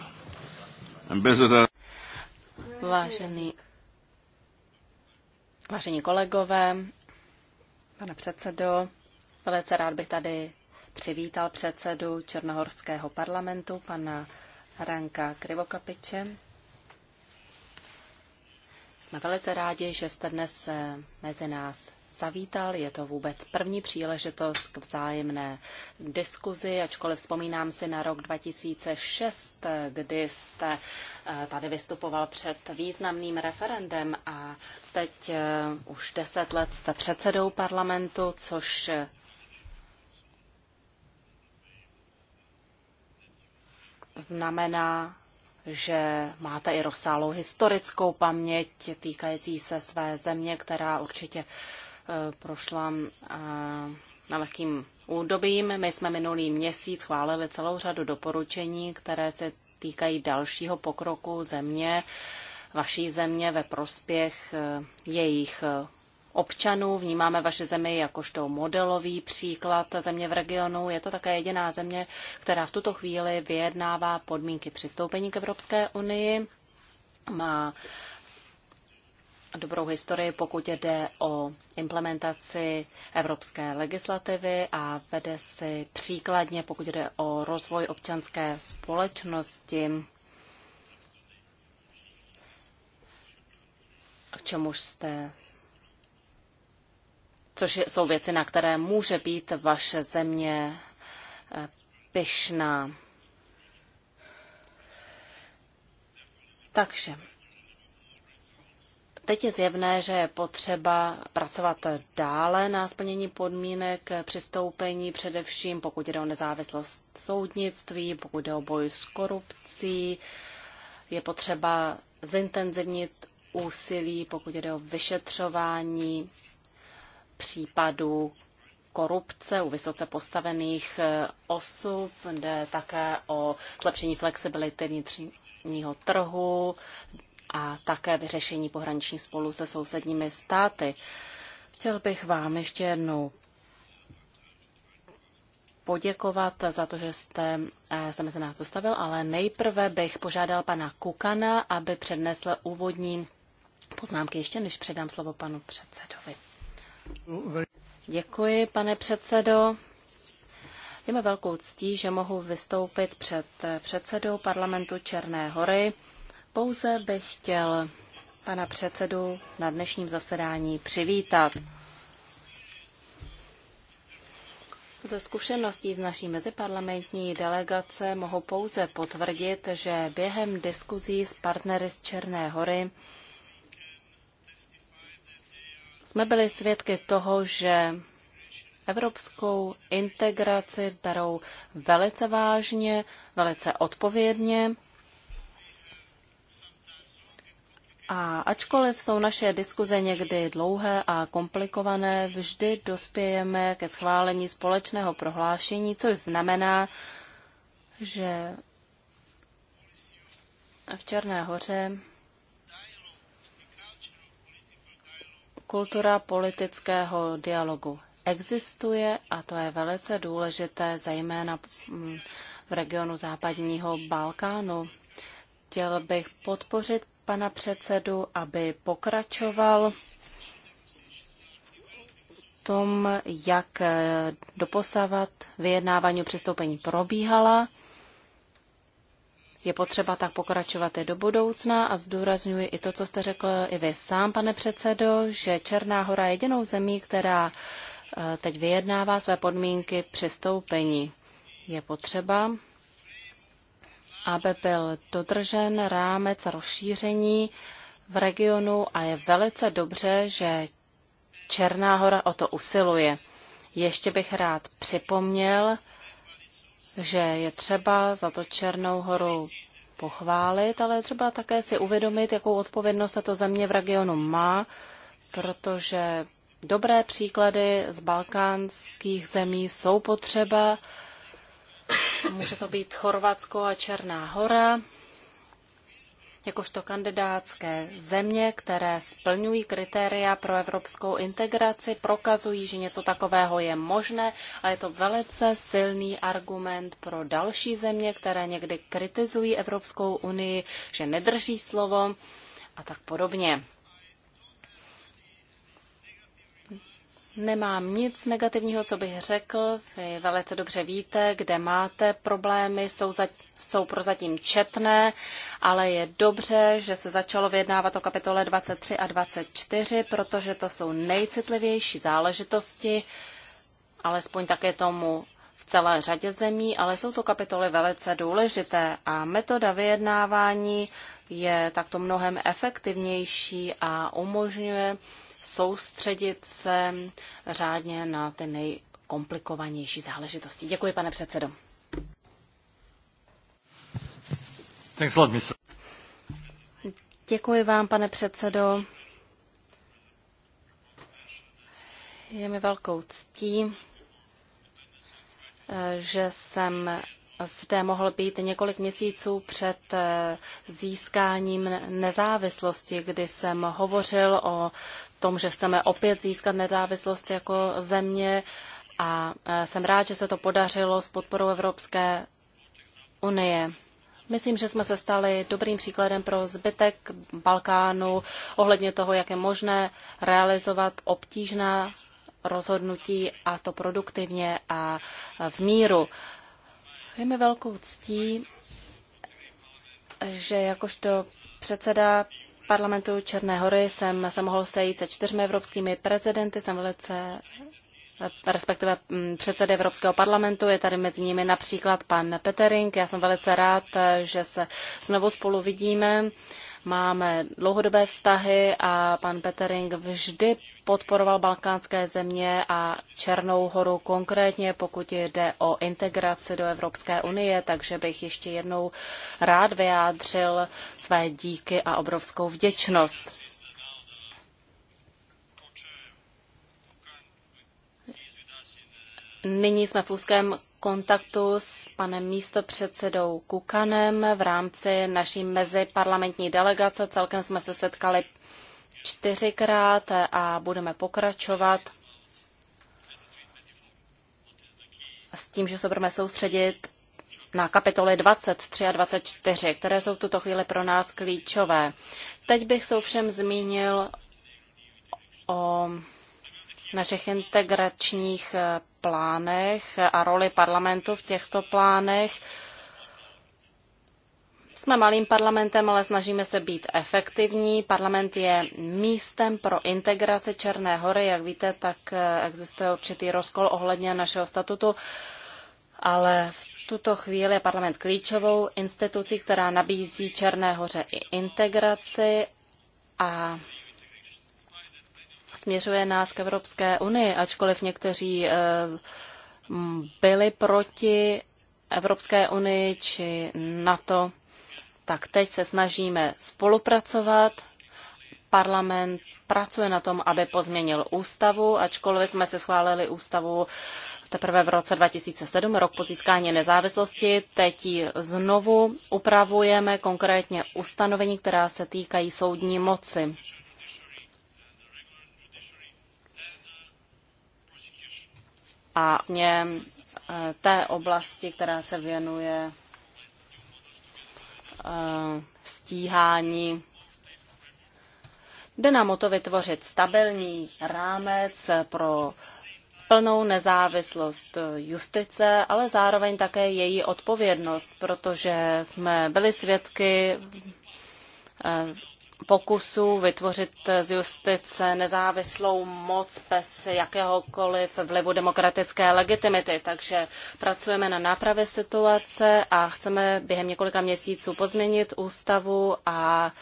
ambassador. Vážený, vážení kolegové, pane předsedo, velice rád bych tady přivítal předsedu Černohorského parlamentu, pana Ranka Krivokapiče. Jsme velice rádi, že jste dnes eh, mezi nás zavítal. Je to vůbec první příležitost k vzájemné diskuzi, ačkoliv vzpomínám si na rok 2006, kdy jste eh, tady vystupoval před významným referendem a teď eh, už deset let jste předsedou parlamentu, což eh, znamená, že máte i rozsáhlou historickou paměť týkající se své země, která určitě Eh, prošla eh, na lehkým údobím. My jsme minulý měsíc chválili celou řadu doporučení, které se týkají dalšího pokroku země, vaší země ve prospěch eh, jejich občanů. Vnímáme vaše zemi jakožto modelový příklad země v regionu. Je to také jediná země, která v tuto chvíli vyjednává podmínky přistoupení k Evropské unii. Má dobrou historii, pokud jde o implementaci evropské legislativy a vede si příkladně, pokud jde o rozvoj občanské společnosti, k čemu jste což jsou věci, na které může být vaše země eh, pyšná. Takže Teď je zjevné, že je potřeba pracovat dále na splnění podmínek přistoupení, především pokud jde o nezávislost soudnictví, pokud jde o boj s korupcí. Je potřeba zintenzivnit úsilí, pokud jde o vyšetřování případů korupce u vysoce postavených eh, osob, jde také o zlepšení flexibility vnitřního trhu, a také vyřešení pohraničních spolu se sousedními státy. Chtěl bych vám ještě jednou poděkovat za to, že jste eh, se mezi nás dostavil, ale nejprve bych požádal pana Kukana, aby přednesl úvodní poznámky, ještě než předám slovo panu předsedovi. Děkuji, pane předsedo. Je mi velkou ctí, že mohu vystoupit před eh, předsedou parlamentu Černé hory pouze bych chtěl pana předsedu na dnešním zasedání přivítat. Ze zkušeností z naší meziparlamentní delegace mohu pouze potvrdit, že během diskuzí s partnery z Černé hory jsme byli svědky toho, že evropskou integraci berou velice vážně, velice odpovědně A ačkoliv jsou naše diskuze někdy dlouhé a komplikované, vždy dospějeme ke schválení společného prohlášení, což znamená, že v Černé hoře kultura politického dialogu existuje a to je velice důležité, zejména v regionu západního Balkánu. Chtěl bych podpořit pana předsedu, aby pokračoval tom, jak doposavat vyjednávání o přistoupení probíhala. Je potřeba tak pokračovat i do budoucna a zdůrazňuji i to, co jste řekl i vy sám, pane předsedo, že Černá hora je jedinou zemí, která eh, teď vyjednává své podmínky přistoupení. Je potřeba aby byl dodržen rámec rozšíření v regionu a je velice dobře, že Černá hora o to usiluje. Ještě bych rád připomněl, že je třeba za to Černou horu pochválit, ale je třeba také si uvědomit, jakou odpovědnost tato země v regionu má, protože dobré příklady z balkánských zemí jsou potřeba Může to být Chorvatsko a Černá hora, jakožto kandidátské země, které splňují kritéria pro evropskou integraci, prokazují, že něco takového je možné a je to velice silný argument pro další země, které někdy kritizují Evropskou unii, že nedrží slovo a tak podobně. Nemám nic negativního, co bych řekl. Vy velice dobře víte, kde máte problémy, jsou, za, jsou prozatím četné, ale je dobře, že se začalo vyjednávat o kapitole 23 a 24, protože to jsou nejcitlivější záležitosti, alespoň také tomu v celé řadě zemí, ale jsou to kapitoly velice důležité a metoda vyjednávání je takto mnohem efektivnější a umožňuje soustředit se řádně na ty nejkomplikovanější záležitosti. Děkuji, pane předsedo. Thanks a lot, Mr. Děkuji vám, pane předsedo. Je mi velkou ctí, eh, že jsem zde mohl být několik měsíců před eh, získáním nezávislosti, kdy jsem hovořil o tom, že chceme opět získat nezávislost jako země a eh, jsem rád, že se to podařilo s podporou Evropské unie. Myslím, že jsme se stali dobrým příkladem pro zbytek Balkánu ohledně toho, jak je možné realizovat obtížná rozhodnutí a to produktivně a v míru. Je mi velkou ctí, že jakožto předseda parlamentu Černé hory jsem se mohl sejít se čtyřmi evropskými prezidenty. Jsem velice respektive mm, předsedy Evropského parlamentu. Je tady mezi nimi například pan Petering. Já jsem velice rád, že se znovu spolu vidíme. Máme dlouhodobé vztahy a pan Petering vždy podporoval balkánské země a Černou horu konkrétně, pokud jde o integraci do Evropské unie, takže bych ještě jednou rád vyjádřil své díky a obrovskou vděčnost. Nyní jsme v úzkém kontaktu s panem místopředsedou Kukanem v rámci naší meziparlamentní delegace. Celkem jsme se setkali čtyřikrát a budeme pokračovat s tím, že se budeme soustředit na kapitoly 23 a 24, které jsou v tuto chvíli pro nás klíčové. Teď bych se ovšem zmínil o našich integračních plánech a roli parlamentu v těchto plánech. Jsme malým parlamentem, ale snažíme se být efektivní. Parlament je místem pro integraci Černé hory. Jak víte, tak eh, existuje určitý rozkol ohledně našeho statutu, ale v tuto chvíli je parlament klíčovou institucí, která nabízí Černé hoře i integraci a směřuje nás k Evropské unii, ačkoliv někteří eh, byli proti Evropské unii či NATO tak teď se snažíme spolupracovat. Parlament pracuje na tom, aby pozměnil ústavu, ačkoliv jsme se schválili ústavu teprve v roce 2007, rok po získání nezávislosti. Teď ji znovu upravujeme, konkrétně ustanovení, která se týkají soudní moci. A mě eh, té oblasti, která se věnuje Eh, stíhání. Jde nám o to vytvořit stabilní rámec pro plnou nezávislost justice, ale zároveň také její odpovědnost, protože jsme byli svědky eh, pokusu vytvořit z justice nezávislou moc bez jakéhokoliv vlivu demokratické legitimity. Takže pracujeme na nápravě situace a chceme během několika měsíců pozměnit ústavu a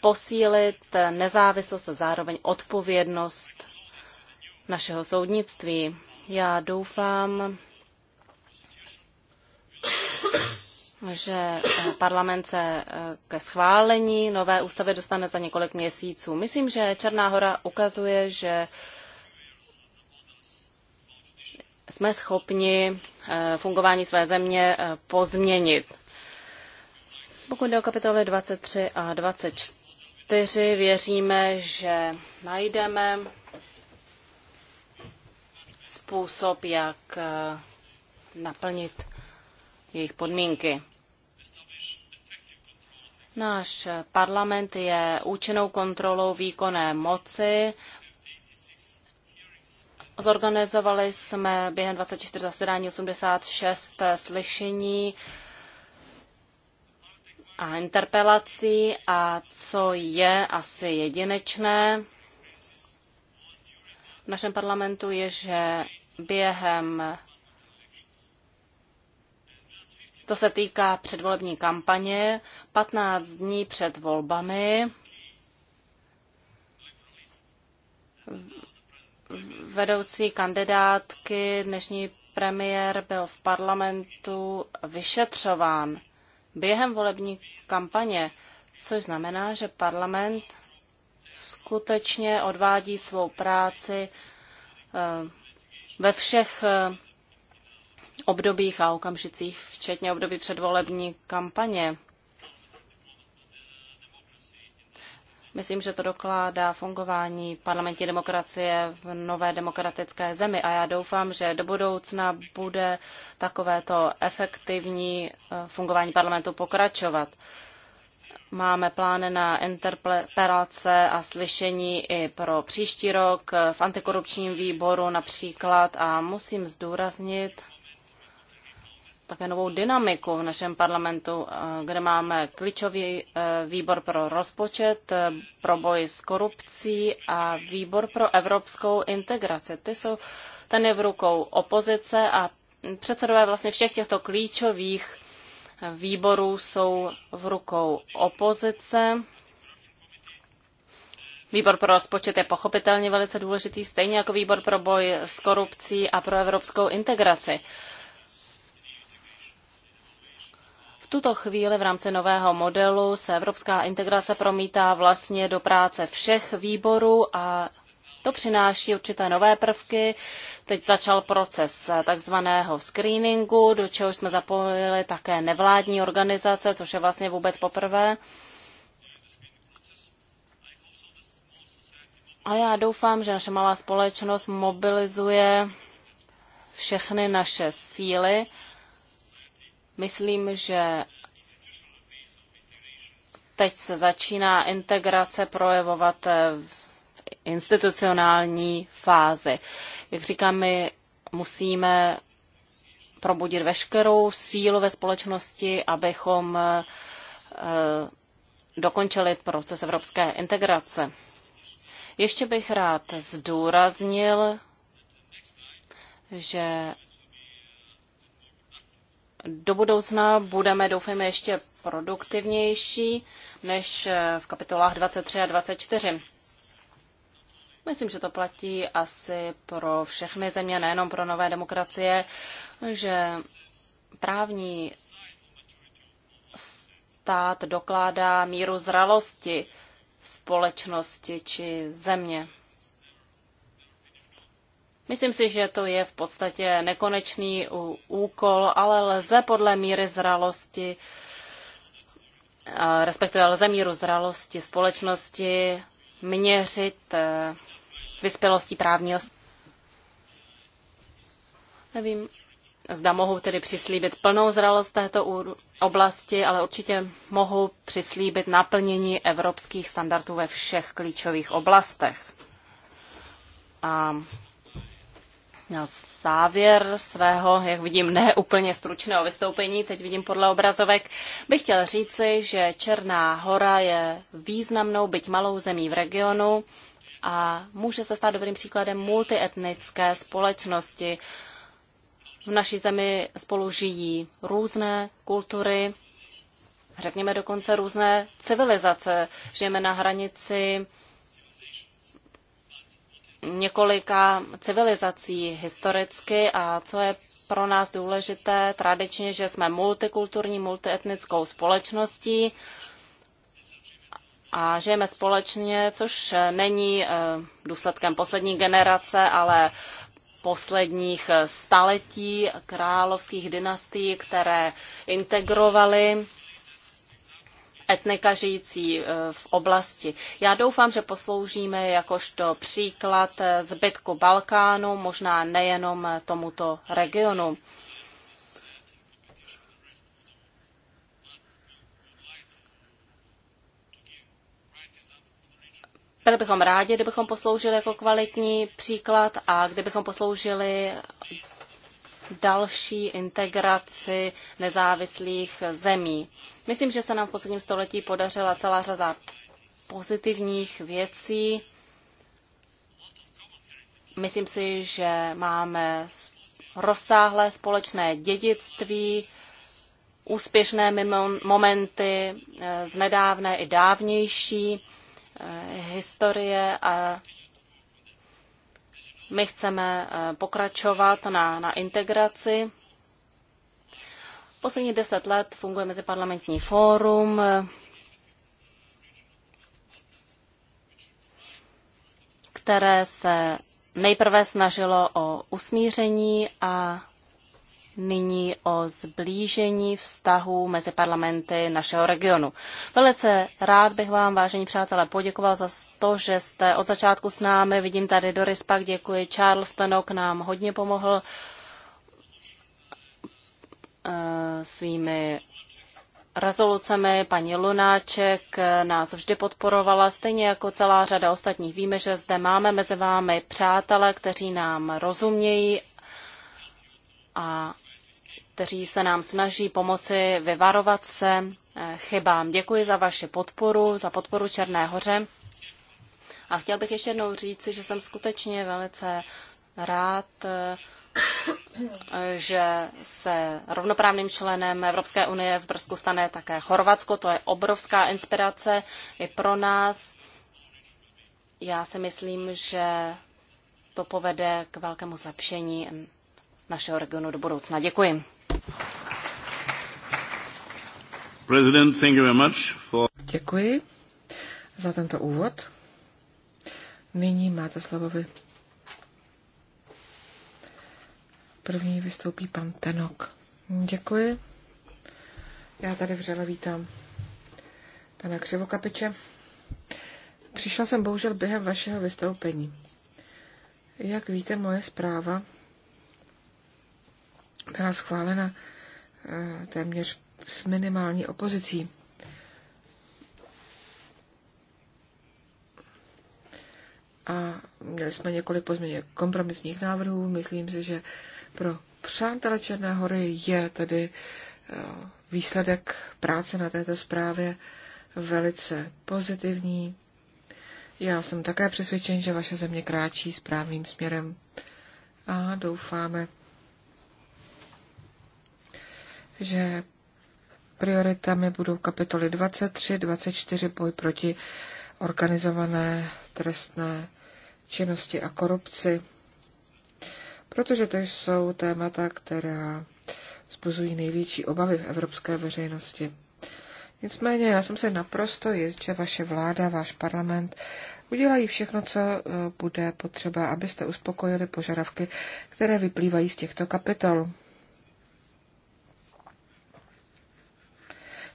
posílit nezávislost a zároveň odpovědnost našeho soudnictví. Já doufám, že eh, parlament se eh, ke schválení nové ústavy dostane za několik měsíců. Myslím, že Černá hora ukazuje, že jsme schopni eh, fungování své země pozměnit. Pokud jde o kapitoly 23 a 24, věříme, že najdeme způsob, jak naplnit jejich podmínky. Náš parlament je účinnou kontrolou výkonné moci. Zorganizovali jsme během 24 zasedání 86 slyšení a interpelací a co je asi jedinečné v našem parlamentu je, že během to se týká předvolební kampaně 15 dní před volbami. Vedoucí kandidátky, dnešní premiér byl v parlamentu vyšetřován během volební kampaně, což znamená, že parlament skutečně odvádí svou práci eh, ve všech eh, obdobích a okamžicích, včetně období předvolební kampaně. Myslím, že to dokládá fungování parlamentní demokracie v nové demokratické zemi a já doufám, že do budoucna bude takovéto efektivní eh, fungování parlamentu pokračovat. Máme plány na interpelace a slyšení i pro příští rok v antikorupčním výboru například a musím zdůraznit, také novou dynamiku v našem parlamentu, eh, kde máme klíčový eh, výbor pro rozpočet, eh, pro boj s korupcí a výbor pro evropskou integraci. Ty jsou, ten je v rukou opozice a předsedové vlastně všech těchto klíčových výborů jsou v rukou opozice. Výbor pro rozpočet je pochopitelně velice důležitý, stejně jako výbor pro boj s korupcí a pro evropskou integraci. tuto chvíli v rámci nového modelu se evropská integrace promítá vlastně do práce všech výborů a to přináší určité nové prvky. Teď začal proces takzvaného screeningu, do čehož jsme zapojili také nevládní organizace, což je vlastně vůbec poprvé. A já doufám, že naše malá společnost mobilizuje všechny naše síly Myslím, že teď se začíná integrace projevovat v institucionální fázi. Jak říkám, my musíme probudit veškerou sílu ve společnosti, abychom eh, dokončili proces evropské integrace. Ještě bych rád zdůraznil, že do budoucna budeme, doufejme, ještě produktivnější než eh, v kapitolách 23 a 24. Myslím, že to platí asi pro všechny země, nejenom pro nové demokracie, že právní stát dokládá míru zralosti společnosti či země. Myslím si, že to je v podstatě nekonečný úkol, ale lze podle míry zralosti, eh, respektive lze míru zralosti společnosti měřit eh, vyspělostí právního. Nevím, zda mohu tedy přislíbit plnou zralost této oblasti, ale určitě mohu přislíbit naplnění evropských standardů ve všech klíčových oblastech. A na závěr svého, jak vidím, ne úplně stručného vystoupení, teď vidím podle obrazovek, bych chtěl říci, že Černá hora je významnou, byť malou zemí v regionu a může se stát dobrým příkladem multietnické společnosti. V naší zemi spolu žijí různé kultury, řekněme dokonce různé civilizace. Žijeme na hranici několika civilizací historicky a co je pro nás důležité tradičně, že jsme multikulturní, multietnickou společností a žijeme společně, což není eh, důsledkem poslední generace, ale posledních eh, staletí královských dynastií, které integrovaly etnika žijící e, v oblasti. Já doufám, že posloužíme jakožto příklad e, zbytku Balkánu, možná nejenom e, tomuto regionu. Byli bychom rádi, kdybychom posloužili jako kvalitní příklad a kdybychom posloužili další integraci nezávislých zemí. Myslím, že se nám v posledním století podařila celá řada pozitivních věcí. Myslím si, že máme rozsáhlé společné dědictví, úspěšné momenty eh, z nedávné i dávnější eh, historie a my chceme eh, pokračovat na, na integraci. Poslední deset let funguje Meziparlamentní fórum, které se nejprve snažilo o usmíření a nyní o zblížení vztahu mezi parlamenty našeho regionu. Velice rád bych vám, vážení přátelé, poděkoval za to, že jste od začátku s námi. Vidím tady Doris Pak, děkuji. Charles Tenok nám hodně pomohl eh, svými rezolucemi. Paní Lunáček nás vždy podporovala, stejně jako celá řada ostatních. Víme, že zde máme mezi vámi přátelé, kteří nám rozumějí a kteří se nám snaží pomoci vyvarovat se eh, chybám. Děkuji za vaši podporu, za podporu Černé hoře. A chtěl bych ještě jednou říci, že jsem skutečně velice rád, eh, že se rovnoprávným členem Evropské unie v Brzku stane také Chorvatsko. To je obrovská inspirace i pro nás. Já si myslím, že to povede k velkému zlepšení našeho regionu do budoucna. Děkuji. President, thank you very much for... Děkuji za tento úvod. Nyní máte slovo vy. První vystoupí pan Tenok. Děkuji. Já tady vřele vítám pana Křivokapiče. Přišla jsem bohužel během vašeho vystoupení. Jak víte, moje zpráva byla schválena eh, téměř s minimální opozicí. A měli jsme několik pozměně kompromisních návrhů. Myslím si, že pro přátelé Černé hory je tedy eh, výsledek práce na této zprávě velice pozitivní. Já jsem také přesvědčen, že vaše země kráčí správným směrem a doufáme, že prioritami budou kapitoly 23, 24 boj proti organizované trestné činnosti a korupci, protože to jsou témata, která vzbuzují největší obavy v evropské veřejnosti. Nicméně já jsem se naprosto jist, že vaše vláda, váš parlament udělají všechno, co eh, bude potřeba, abyste uspokojili požadavky, které vyplývají z těchto kapitol.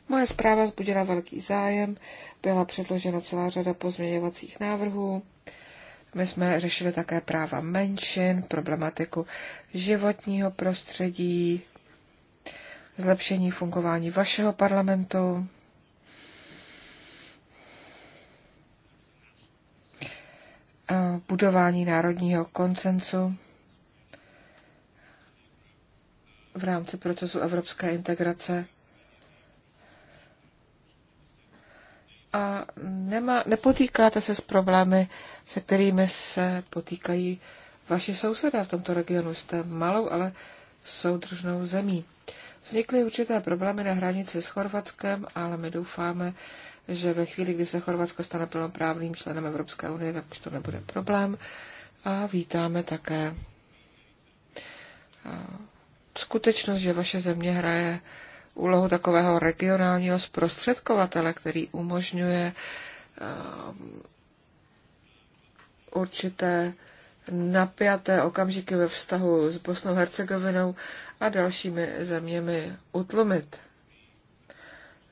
Moje zpráva zbudila velký zájem, byla předložena celá řada pozměňovacích návrhů. My jsme řešili také práva menšin, problematiku životního prostředí, zlepšení fungování vašeho parlamentu. budování národního koncensu v rámci procesu evropské integrace a nemá, nepotýkáte se s problémy, se kterými se potýkají vaši sousedé v tomto regionu. Jste malou, ale soudržnou zemí. Vznikly určité problémy na hranici s Chorvatskem, ale my doufáme, že ve chvíli, kdy se Chorvatsko stane plnoprávným členem Evropské unie, tak už to nebude problém. A vítáme také skutečnost, že vaše země hraje úlohu takového regionálního zprostředkovatele, který umožňuje eh, určité napjaté okamžiky ve vztahu s Bosnou Hercegovinou a dalšími zeměmi utlumit.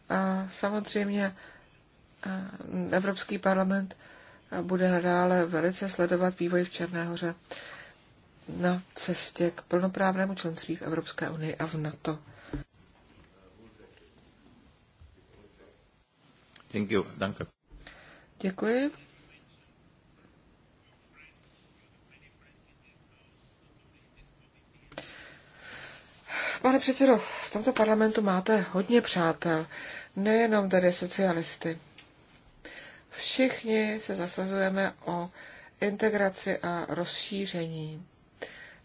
A samozřejmě eh, Evropský parlament eh, bude nadále velice sledovat vývoj v Černé na cestě k plnoprávnému členství v Evropské unii a v NATO. Thank you. Danke. Děkuji. Pane předsedo, v tomto parlamentu máte hodně přátel, nejenom tady socialisty. Všichni se zasazujeme o integraci a rozšíření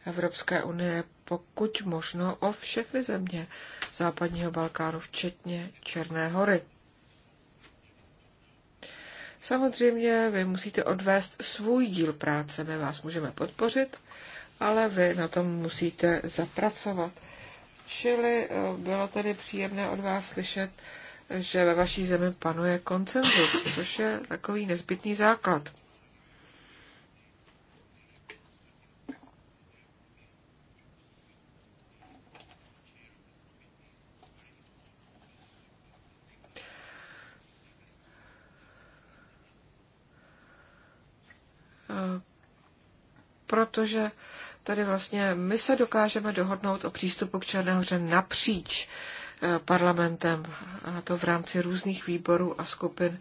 Evropské unie, pokud možno o všechny země západního Balkánu, včetně Černé hory. Samozřejmě vy musíte odvést svůj díl práce, my vás můžeme podpořit, ale vy na tom musíte zapracovat. Čili eh, bylo tedy příjemné od vás slyšet, že ve vaší zemi panuje koncenzus, což je takový nezbytný základ. protože tady vlastně my se dokážeme dohodnout o přístupu k Černéhoře napříč eh, parlamentem, a to v rámci různých výborů a skupin.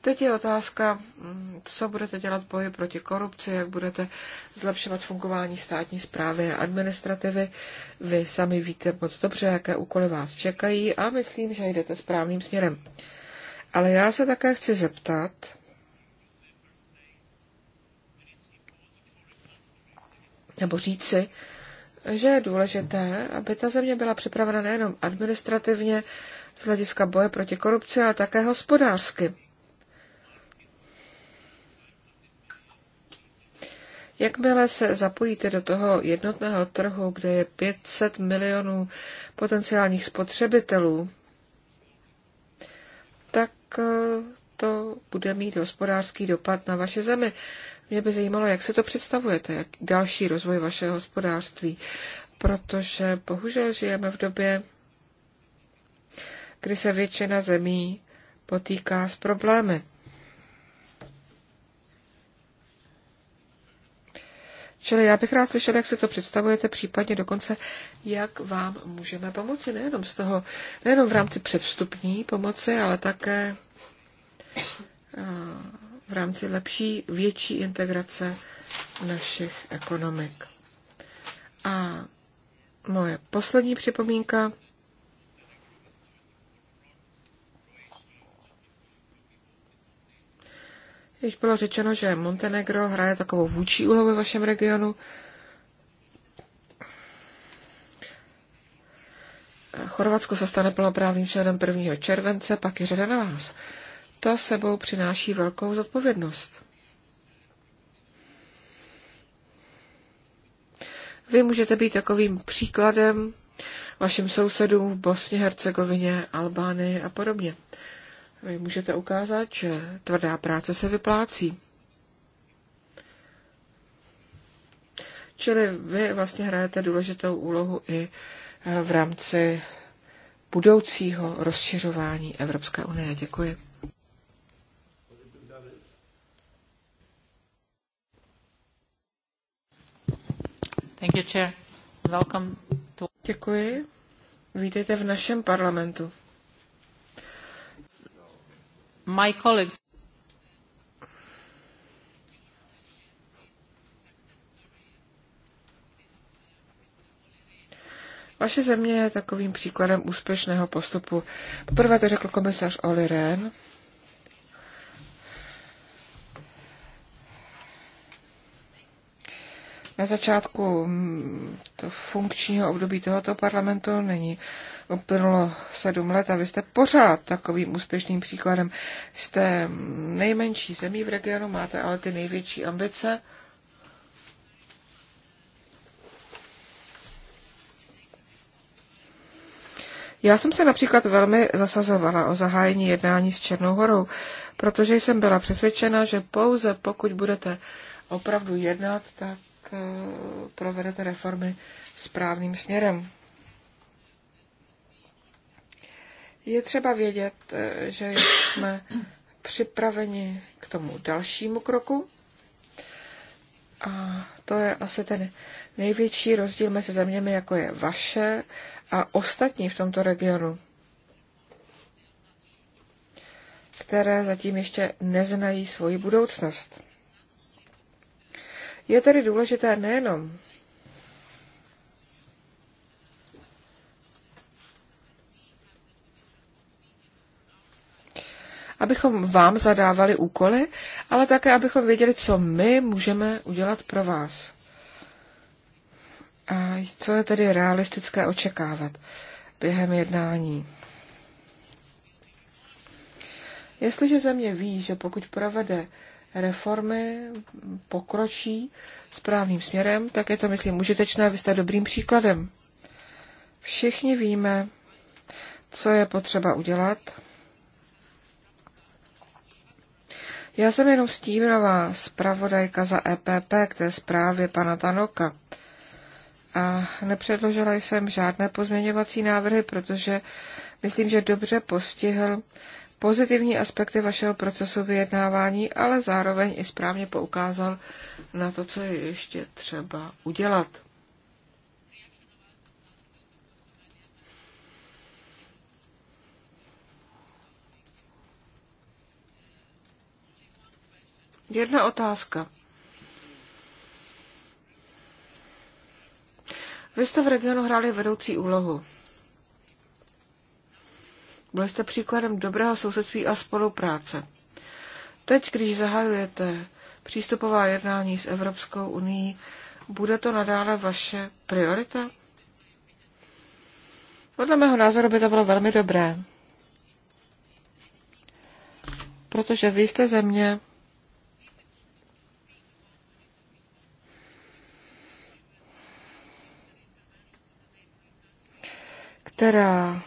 Teď je otázka, mm, co budete dělat v boji proti korupci, jak budete zlepšovat fungování státní zprávy a administrativy. Vy sami víte moc dobře, jaké úkoly vás čekají a myslím, že jdete správným směrem. Ale já se také chci zeptat, nebo říci, že je důležité, aby ta země byla připravena nejenom administrativně z hlediska boje proti korupci, ale také hospodářsky. Jakmile se zapojíte do toho jednotného trhu, kde je 500 milionů potenciálních spotřebitelů, tak eh, to bude mít hospodářský dopad na vaše zemi. Mě by zajímalo, jak se to představujete, jak další rozvoj vašeho hospodářství, protože bohužel žijeme v době, kdy se většina zemí potýká s problémy. Čili já bych rád slyšel, jak si to představujete, případně dokonce, jak vám můžeme pomoci, nejenom z toho, nejenom v rámci předvstupní pomoci, ale také eh, v rámci lepší, větší integrace našich ekonomik. A moje poslední připomínka Již bylo řečeno, že Montenegro hraje takovou vůči úlohu ve vašem regionu. Chorvatsko se stane plnoprávným členem 1. července, pak je řada na vás to sebou přináší velkou zodpovědnost. Vy můžete být takovým příkladem vašim sousedům v Bosně, Hercegovině, Albánii a podobně. Vy můžete ukázat, že tvrdá práce se vyplácí. Čili vy vlastně hrajete důležitou úlohu i eh, v rámci budoucího rozšiřování Evropské unie. Děkuji. Thank you, Chair. Welcome to... Děkuji. Vítejte v našem parlamentu. My colleagues. Vaše země je takovým příkladem úspěšného postupu. Poprvé to řekl komisař Oli Rehn, na začátku mm, to funkčního období tohoto parlamentu není uplynulo sedm let a vy jste pořád takovým úspěšným příkladem. Jste mm, nejmenší zemí v regionu, máte ale ty největší ambice. Já jsem se například velmi zasazovala o zahájení jednání s Černou horou, protože jsem byla přesvědčena, že pouze pokud budete opravdu jednat, tak Eh, provedete reformy správným směrem. Je třeba vědět, eh, že jsme připraveni k tomu dalšímu kroku. A to je asi ten největší rozdíl mezi zeměmi, jako je vaše a ostatní v tomto regionu, které zatím ještě neznají svoji budoucnost. Je tedy důležité nejenom abychom vám zadávali úkoly, ale také abychom věděli, co my můžeme udělat pro vás. A co je tedy realistické očekávat během jednání. Jestliže země ví, že pokud provede reformy pokročí správným směrem, tak je to, myslím, užitečné. Vy jste dobrým příkladem. Všichni víme, co je potřeba udělat. Já jsem jenom stínová zpravodajka za EPP k té zprávě pana Tanoka. A nepředložila jsem žádné pozměňovací návrhy, protože myslím, že dobře postihl pozitivní aspekty vašeho procesu vyjednávání, ale zároveň i správně poukázal na to, co je ještě třeba udělat. Jedna otázka. Vy jste v regionu hráli vedoucí úlohu. Byli jste příkladem dobrého sousedství a spolupráce. Teď, když zahajujete přístupová jednání s Evropskou unii, bude to nadále vaše priorita? Podle mého názoru by to bylo velmi dobré, protože vy jste země, která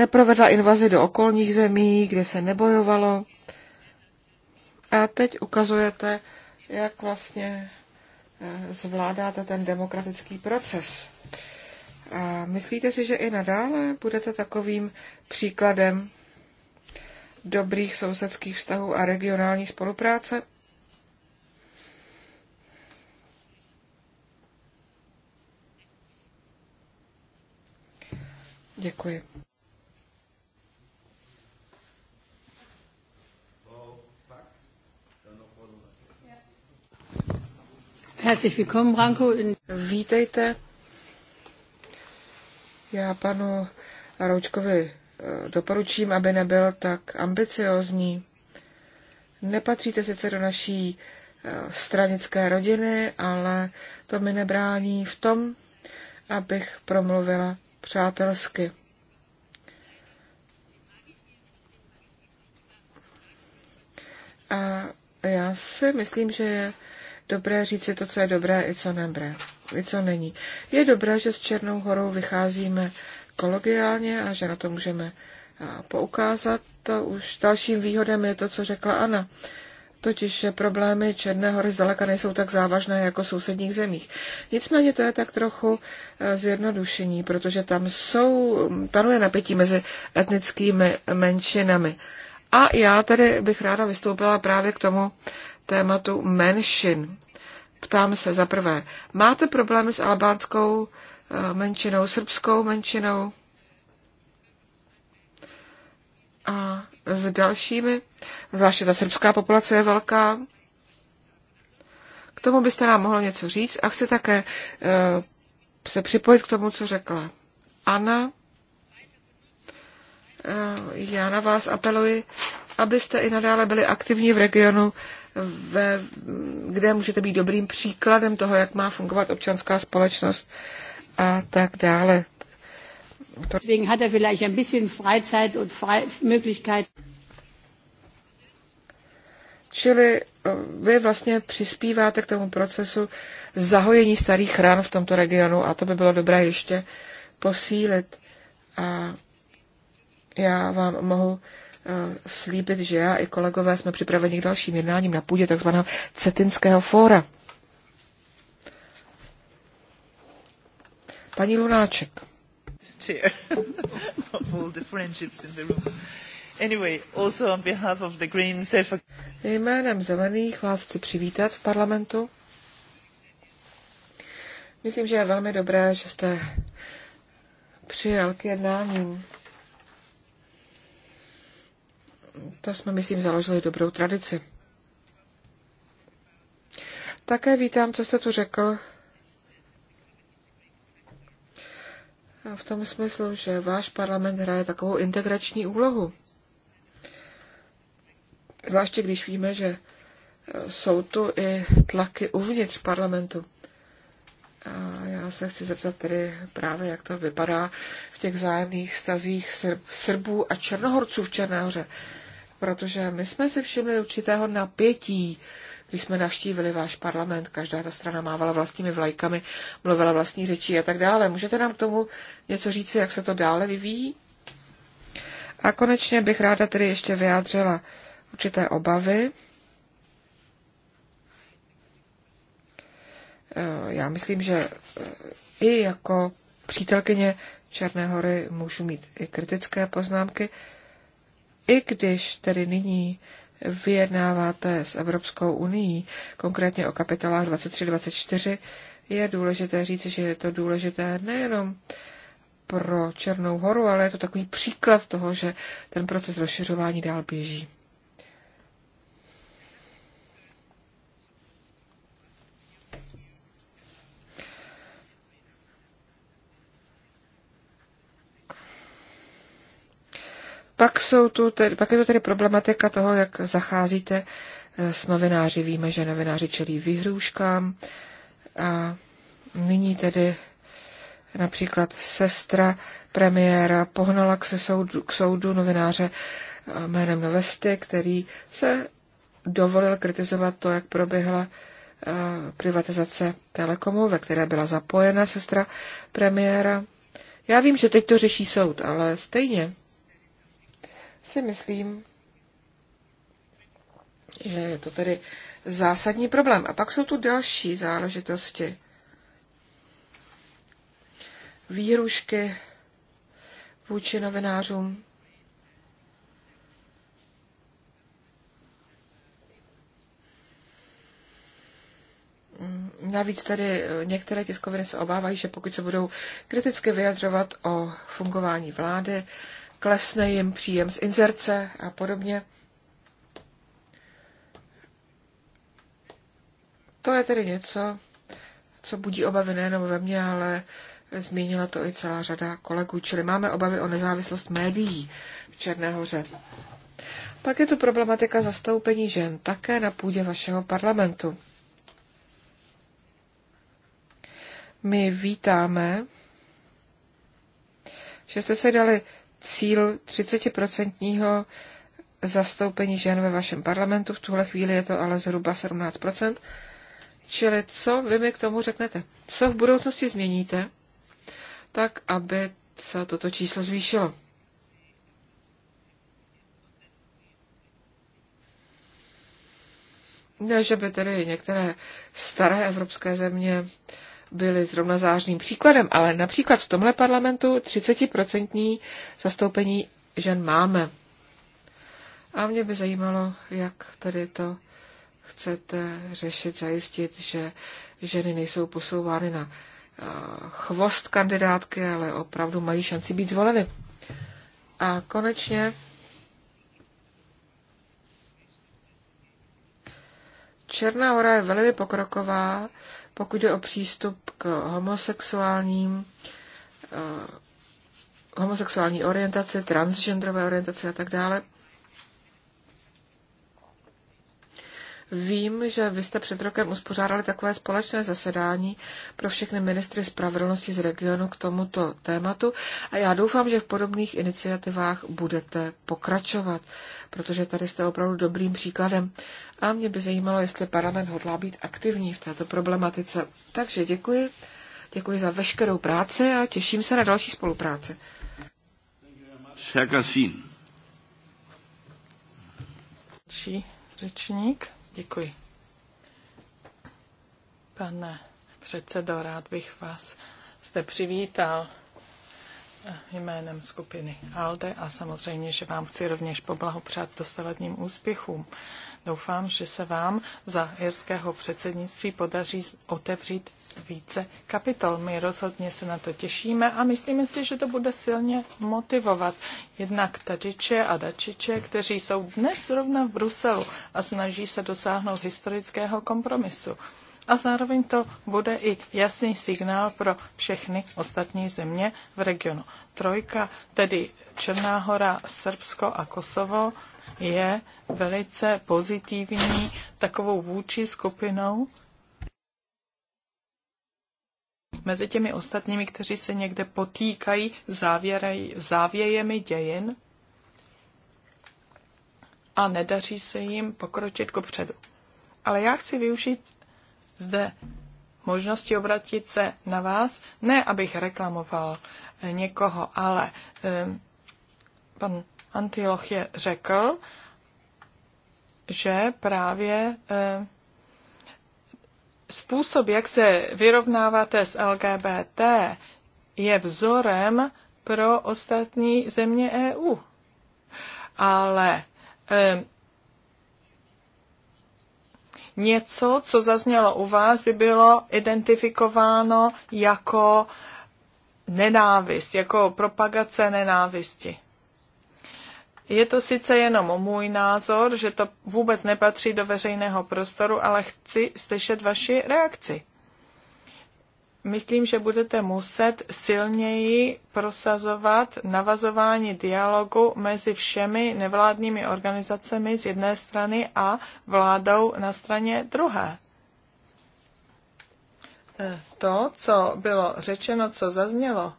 neprovedla invazi do okolních zemí, kde se nebojovalo. A teď ukazujete, jak vlastně eh, zvládáte ten demokratický proces. A myslíte si, že i nadále budete takovým příkladem dobrých sousedských vztahů a regionální spolupráce? Děkuji. Herzlich willkommen, Branko. Vítejte. Já panu Roučkovi eh, doporučím, aby nebyl tak ambiciozní. Nepatříte sice do naší eh, stranické rodiny, ale to mi nebrání v tom, abych promluvila přátelsky. A já si myslím, že je dobré říci to, co je dobré i co, nebré, i co není. Je dobré, že s Černou horou vycházíme kolegiálně a že na to můžeme poukázat. To už dalším výhodem je to, co řekla Anna. Totiž, že problémy Černé hory zdaleka nejsou tak závažné jako v sousedních zemích. Nicméně to je tak trochu e, zjednodušení, protože tam jsou, panuje napětí mezi etnickými menšinami. A já tady bych ráda vystoupila právě k tomu, tématu menšin. Ptám se za prvé, máte problémy s albánskou eh, menšinou, srbskou menšinou a s dalšími? Zvláště ta srbská populace je velká. K tomu byste nám mohlo něco říct a chci také eh, se připojit k tomu, co řekla Anna. Eh, já na vás apeluji, abyste i nadále byli aktivní v regionu ve, kde můžete být dobrým příkladem toho, jak má fungovat občanská společnost a tak dále. Deswegen hat er vielleicht ein bisschen Freizeit und Möglichkeit. Čili eh, vy vlastně přispíváte k tomu procesu zahojení starých rán v tomto regionu a to by bylo dobré ještě posílit. A já vám mohu Eh, slíbit, že já i kolegové jsme připraveni k dalším jednáním na půdě tzv. Cetinského fóra. Paní Lunáček. of all the friendships in the room. Anyway, also on behalf of the Greens, Jménem zelených vás chci přivítat v parlamentu. Myslím, že je velmi dobré, že jste přijel k jednáním to jsme, myslím, založili dobrou tradici. Také vítám, co jste tu řekl v tom smyslu, že váš parlament hraje takovou integrační úlohu. Zvláště když víme, že jsou tu i tlaky uvnitř parlamentu. A já se chci zeptat tedy právě, jak to vypadá v těch vzájemných stazích Srbů a Černohorců v Černéhoře protože my jsme si všimli určitého napětí, když jsme navštívili váš parlament, každá ta strana mávala vlastními vlajkami, mluvila vlastní řečí a tak dále. Můžete nám k tomu něco říci, jak se to dále vyvíjí? A konečně bych ráda tedy ještě vyjádřila určité obavy. Eh, já myslím, že eh, i jako přítelkyně Černé hory můžu mít i kritické poznámky i když tedy nyní vyjednáváte s Evropskou unii, konkrétně o kapitolách 23-24, je důležité říci, že je to důležité nejenom pro Černou horu, ale je to takový příklad toho, že ten proces rozšiřování dál běží. Pak, jsou tu tedy, pak je tu tedy problematika toho, jak zacházíte eh, s novináři. Víme, že novináři čelí vyhrůžkám. A nyní tedy například sestra premiéra pohnala k, se soudu, k soudu novináře eh, jménem Novesty, který se dovolil kritizovat to, jak proběhla eh, privatizace Telekomu, ve které byla zapojena sestra premiéra. Já vím, že teď to řeší soud, ale stejně si myslím, že je to tedy zásadní problém. A pak jsou tu další záležitosti. Výhrušky vůči novinářům. Navíc tady některé tiskoviny se obávají, že pokud se budou kriticky vyjadřovat o fungování vlády, klesne jim příjem z inzerce a podobně. To je tedy něco, co budí obavy nejenom ve mně, ale zmínila to i celá řada kolegů. Čili máme obavy o nezávislost médií v Černé hoře. Pak je tu problematika zastoupení žen také na půdě vašeho parlamentu. My vítáme, že jste se dali cíl 30% zastoupení žen ve vašem parlamentu, v tuhle chvíli je to ale zhruba 17%. Čili co vy mi k tomu řeknete? Co v budoucnosti změníte, tak aby se toto číslo zvýšilo? Ne, že by tedy některé staré evropské země byly zrovna zářným příkladem, ale například v tomhle parlamentu 30% zastoupení žen máme. A mě by zajímalo, jak tady to chcete řešit, zajistit, že ženy nejsou posouvány na eh, chvost kandidátky, ale opravdu mají šanci být zvoleny. A konečně Černá hora je velmi pokroková pokud je o přístup k homosexuálním, eh, homosexuální orientaci, transgenderové orientaci a tak dále. Vím, že vy jste před rokem uspořádali takové společné zasedání pro všechny ministry spravedlnosti z regionu k tomuto tématu a já doufám, že v podobných iniciativách budete pokračovat, protože tady jste opravdu dobrým příkladem a mě by zajímalo, jestli parlament hodlá být aktivní v této problematice. Takže děkuji, děkuji za veškerou práci a těším se na další spolupráci. řečník. Děkuji. Pane předsedo, rád bych vás zde přivítal jménem skupiny ALDE a samozřejmě, že vám chci rovněž poblahopřát dostavadním úspěchům. Doufám, že se vám za jirského předsednictví podaří otevřít více kapitol. My rozhodně se na to těšíme a myslíme si, že to bude silně motivovat jednak Tadiče a Dačiče, kteří jsou dnes zrovna v Bruselu a snaží se dosáhnout historického kompromisu. A zároveň to bude i jasný signál pro všechny ostatní země v regionu. Trojka, tedy Černá hora, Srbsko a Kosovo, je velice pozitivní takovou vůči skupinou mezi těmi ostatními, kteří se někde potýkají závěrej, závějemi dějin a nedaří se jim pokročit ku předu. Ale já chci využít zde možnosti obratit se na vás, ne abych reklamoval někoho, ale um, pan je řekl, že právě eh, způsob, jak se vyrovnáváte s LGBT, je vzorem pro ostatní země EU. Ale eh, něco, co zaznělo u vás, by bylo identifikováno jako nenávist, jako propagace nenávisti. Je to sice jenom můj názor, že to vůbec nepatří do veřejného prostoru, ale chci slyšet vaši reakci. Myslím, že budete muset silněji prosazovat navazování dialogu mezi všemi nevládními organizacemi z jedné strany a vládou na straně druhé. Eh, to, co bylo řečeno, co zaznělo,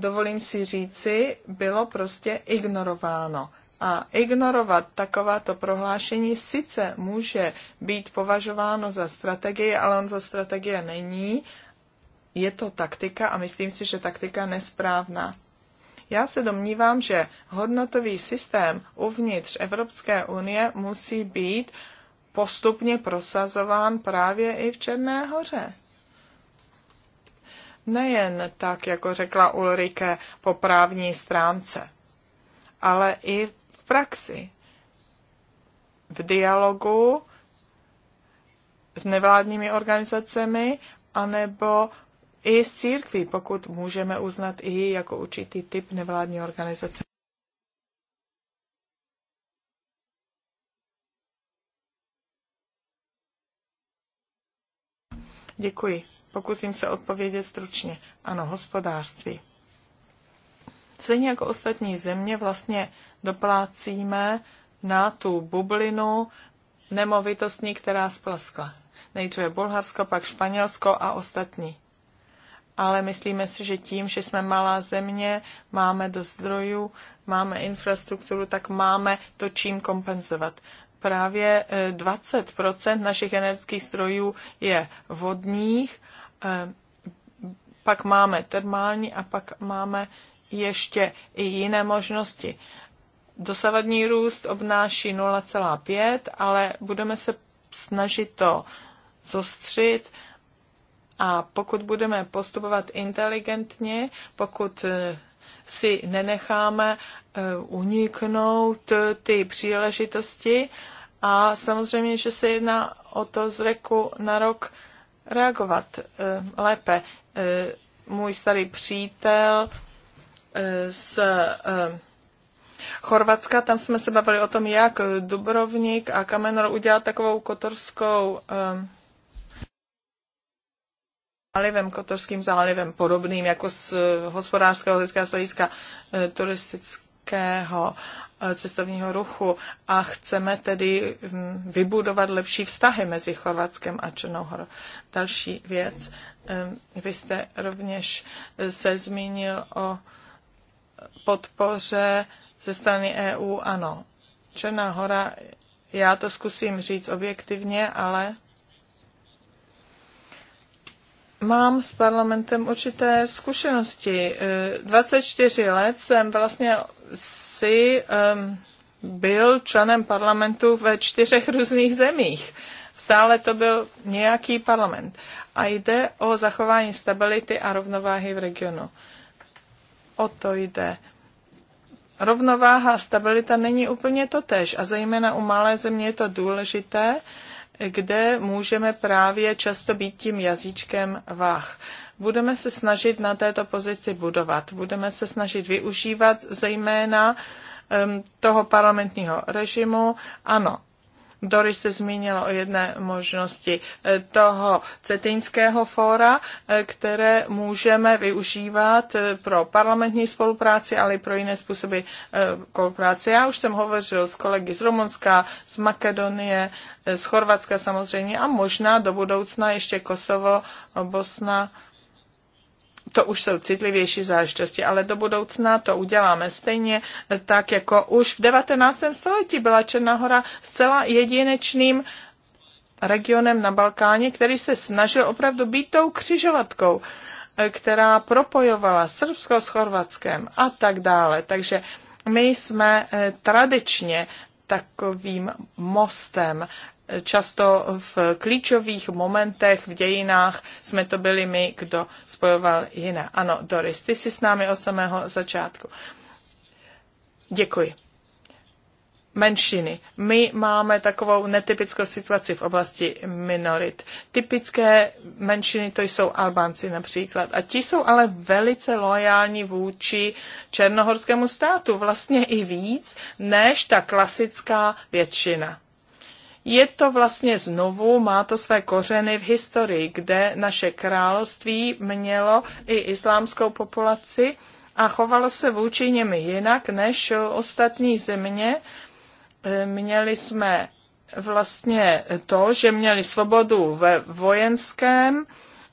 dovolím si říci, bylo prostě ignorováno. A ignorovat takováto prohlášení sice může být považováno za strategii, ale on to strategie není. Je to taktika a myslím si, že taktika nesprávná. Já se domnívám, že hodnotový systém uvnitř Evropské unie musí být postupně prosazován právě i v Černé hoře nejen tak, jako řekla Ulrike, po právní stránce, ale i v praxi, v dialogu s nevládními organizacemi, anebo i s církví, pokud můžeme uznat i ji jako určitý typ nevládní organizace. Děkuji. Pokusím se odpovědět stručně. Ano, hospodářství. Stejně jako ostatní země vlastně doplácíme na tu bublinu nemovitostní, která splaskla. Nejdříve Bulharsko, pak Španělsko a ostatní. Ale myslíme si, že tím, že jsme malá země, máme do zdrojů, máme infrastrukturu, tak máme to čím kompenzovat právě 20 eh, našich energetických strojů je vodních Eh, pak máme termální a pak máme ještě i jiné možnosti. Dosavadní růst obnáší 0,5, ale budeme se snažit to zostřit a pokud budeme postupovat inteligentně, pokud eh, si nenecháme eh, uniknout ty příležitosti, a samozřejmě, že se jedná o to z roku na rok reagovat eh, lépe. Eh, můj starý přítel eh, z Chorvatska, tam jsme se bavili o tom, jak Dubrovnik a Kamenor udělat takovou kotorskou zálivem, kotorským zálivem, podobným jako z hospodářského hlediska, z hlediska turistického. Eh, cestovního ruchu a chceme tedy mm, vybudovat lepší vztahy mezi Chorvatskem a Černohorou. Další věc. Eh, vy jste rovněž eh, se zmínil o podpoře ze strany EU. Ano, Černá hora, já to zkusím říct objektivně, ale mám s parlamentem určité zkušenosti. 24 eh, let jsem vlastně si ehm, byl členem parlamentu ve čtyřech různých zemích. Stále to byl nějaký parlament. A jde o zachování stability a rovnováhy v regionu. O to jde. Rovnováha a stabilita není úplně totéž. a zejména u malé země je to důležité, kde můžeme právě často být tím jazyčkem váh. Budeme se snažit na této pozici budovat. Budeme se snažit využívat zejména ehm, toho parlamentního režimu. Ano, Doris se zmínila o jedné možnosti eh, toho cetinského fóra, eh, které můžeme využívat eh, pro parlamentní spolupráci, ale i pro jiné způsoby spolupráce. Já už jsem hovořil s kolegy z Rumunska, z Makedonie, z Chorvatska samozřejmě a možná do budoucna ještě Kosovo, Bosna, to už jsou citlivější záležitosti, ale do budoucna to uděláme stejně tak, jako už v 19. století byla Černá hora zcela jedinečným regionem na Balkáně, který se snažil opravdu být tou křižovatkou, eh, která propojovala Srbsko s Chorvatskem a tak dále. Takže my jsme eh, tradičně takovým mostem Často v klíčových momentech v dějinách jsme to byli my, kdo spojoval jiné. Ano, Doris, ty jsi s námi od samého začátku. Děkuji menšiny. My máme takovou netypickou situaci v oblasti minorit. Typické menšiny to jsou Albánci například. A ti jsou ale velice loajální vůči černohorskému státu, vlastně i víc než ta klasická většina je to vlastně znovu, má to své kořeny v historii, kde naše království mělo i islámskou populaci a chovalo se vůči něm jinak než ostatní země. E, měli jsme vlastně to, že měli svobodu ve vojenském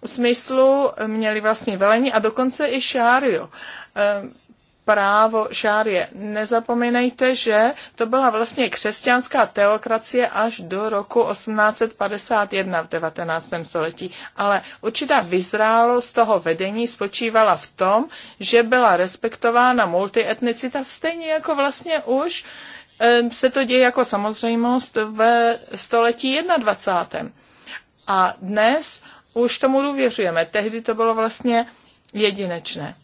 smyslu, měli vlastně velení a dokonce i šáriu. E, právo šárie. Nezapomínejte, že to byla vlastně křesťanská teokracie až do roku 1851 v 19. století. Ale určitá vyzrálost toho vedení spočívala v tom, že byla respektována multietnicita stejně jako vlastně už se to děje jako samozřejmost ve století 21. A dnes už tomu důvěřujeme. Tehdy to bylo vlastně jedinečné.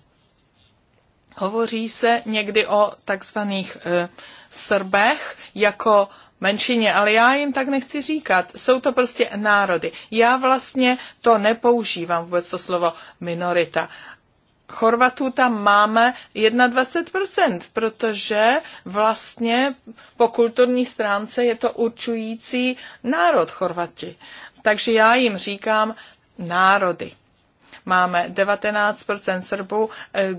Hovoří se někdy o takzvaných uh, Srbech jako menšině, ale já jim tak nechci říkat. Jsou to prostě národy. Já vlastně to nepoužívám vůbec to slovo minorita. Chorvatů tam máme 21%, protože vlastně po kulturní stránce je to určující národ Chorvati. Takže já jim říkám národy. Máme 19% Srbů, eh,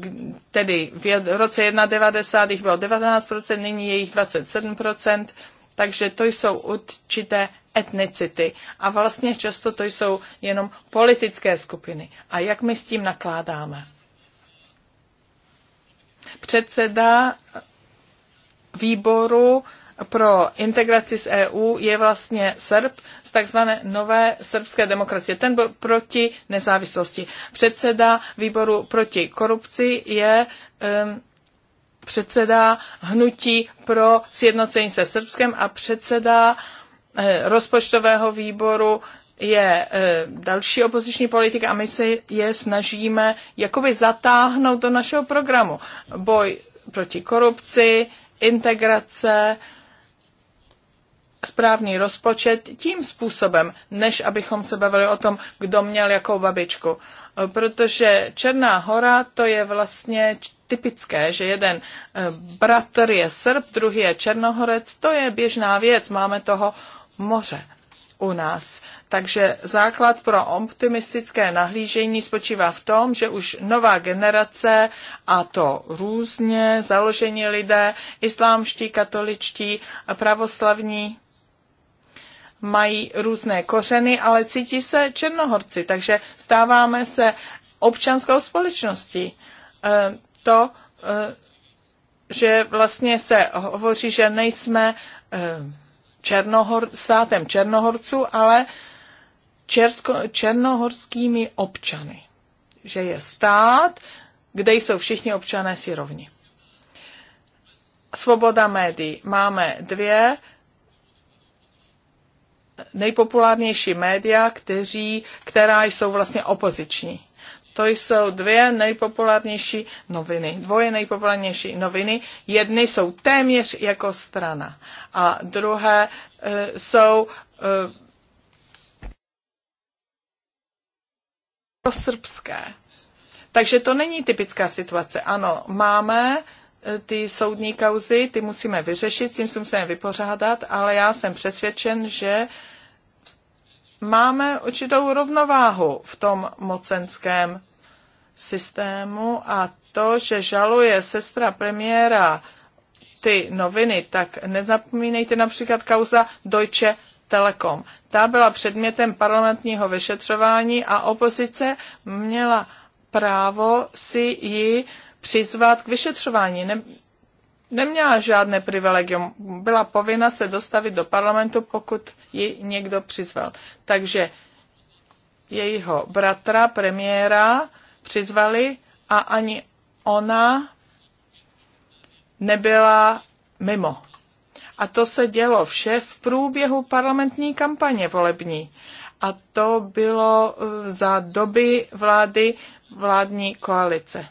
tedy v roce 1990 jich bylo 19%, nyní je jich 27%, takže to jsou určité etnicity. A vlastně často to jsou jenom politické skupiny. A jak my s tím nakládáme? Předseda výboru pro integraci s EU je vlastně Srb z takzvané nové srbské demokracie. Ten byl proti nezávislosti. Předseda výboru proti korupci je um, předseda hnutí pro sjednocení se Srbskem a předseda uh, rozpočtového výboru je e, další opoziční politik a my se je snažíme jakoby zatáhnout do našeho programu. Boj proti korupci, integrace, správný rozpočet tím způsobem, než abychom se bavili o tom, kdo měl jakou babičku. E, protože Černá hora to je vlastně typické, že jeden e, bratr je Srb, druhý je Černohorec, to je běžná věc, máme toho moře u nás. Takže základ pro optimistické nahlížení spočívá v tom, že už nová generace, a to různě založení lidé, islámští, katoličtí, pravoslavní, mají různé kořeny, ale cítí se černohorci, takže stáváme se občanskou společností. E, to, e, že vlastně se hovoří, že nejsme e, černohor, státem černohorců, ale čersko, černohorskými občany. Že je stát, kde jsou všichni občané si rovni. Svoboda médií. Máme dvě nejpopulárnější média, kteří, která jsou vlastně opoziční. To jsou dvě nejpopulárnější noviny, dvoje nejpopulárnější noviny. Jedny jsou téměř jako strana a druhé uh, jsou uh, prosrbské. Takže to není typická situace. Ano, máme ty soudní kauzy, ty musíme vyřešit, s tím se musíme vypořádat, ale já jsem přesvědčen, že máme určitou rovnováhu v tom mocenském systému a to, že žaluje sestra premiéra ty noviny, tak nezapomínejte například kauza Deutsche Telekom. Ta byla předmětem parlamentního vyšetřování a opozice měla právo si ji přizvat k vyšetřování. Ne, neměla žádné privilegium, byla povinna se dostavit do parlamentu, pokud ji někdo přizval. Takže jejího bratra, premiéra, přizvali a ani ona nebyla mimo. A to se dělo vše v průběhu parlamentní kampaně volební. A to bylo eh, za doby vlády vládní koalice.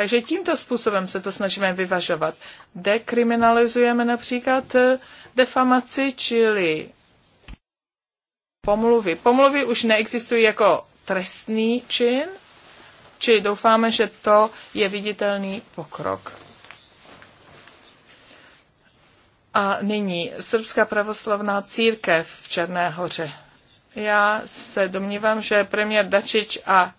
Takže tímto způsobem se to snažíme vyvažovat. Dekriminalizujeme například eh, defamaci, čili pomluvy. Pomluvy už neexistují jako trestný čin, či doufáme, že to je viditelný pokrok. A nyní Srbská pravoslavná církev v Černé hoře. Já se domnívám, že premiér Dačič a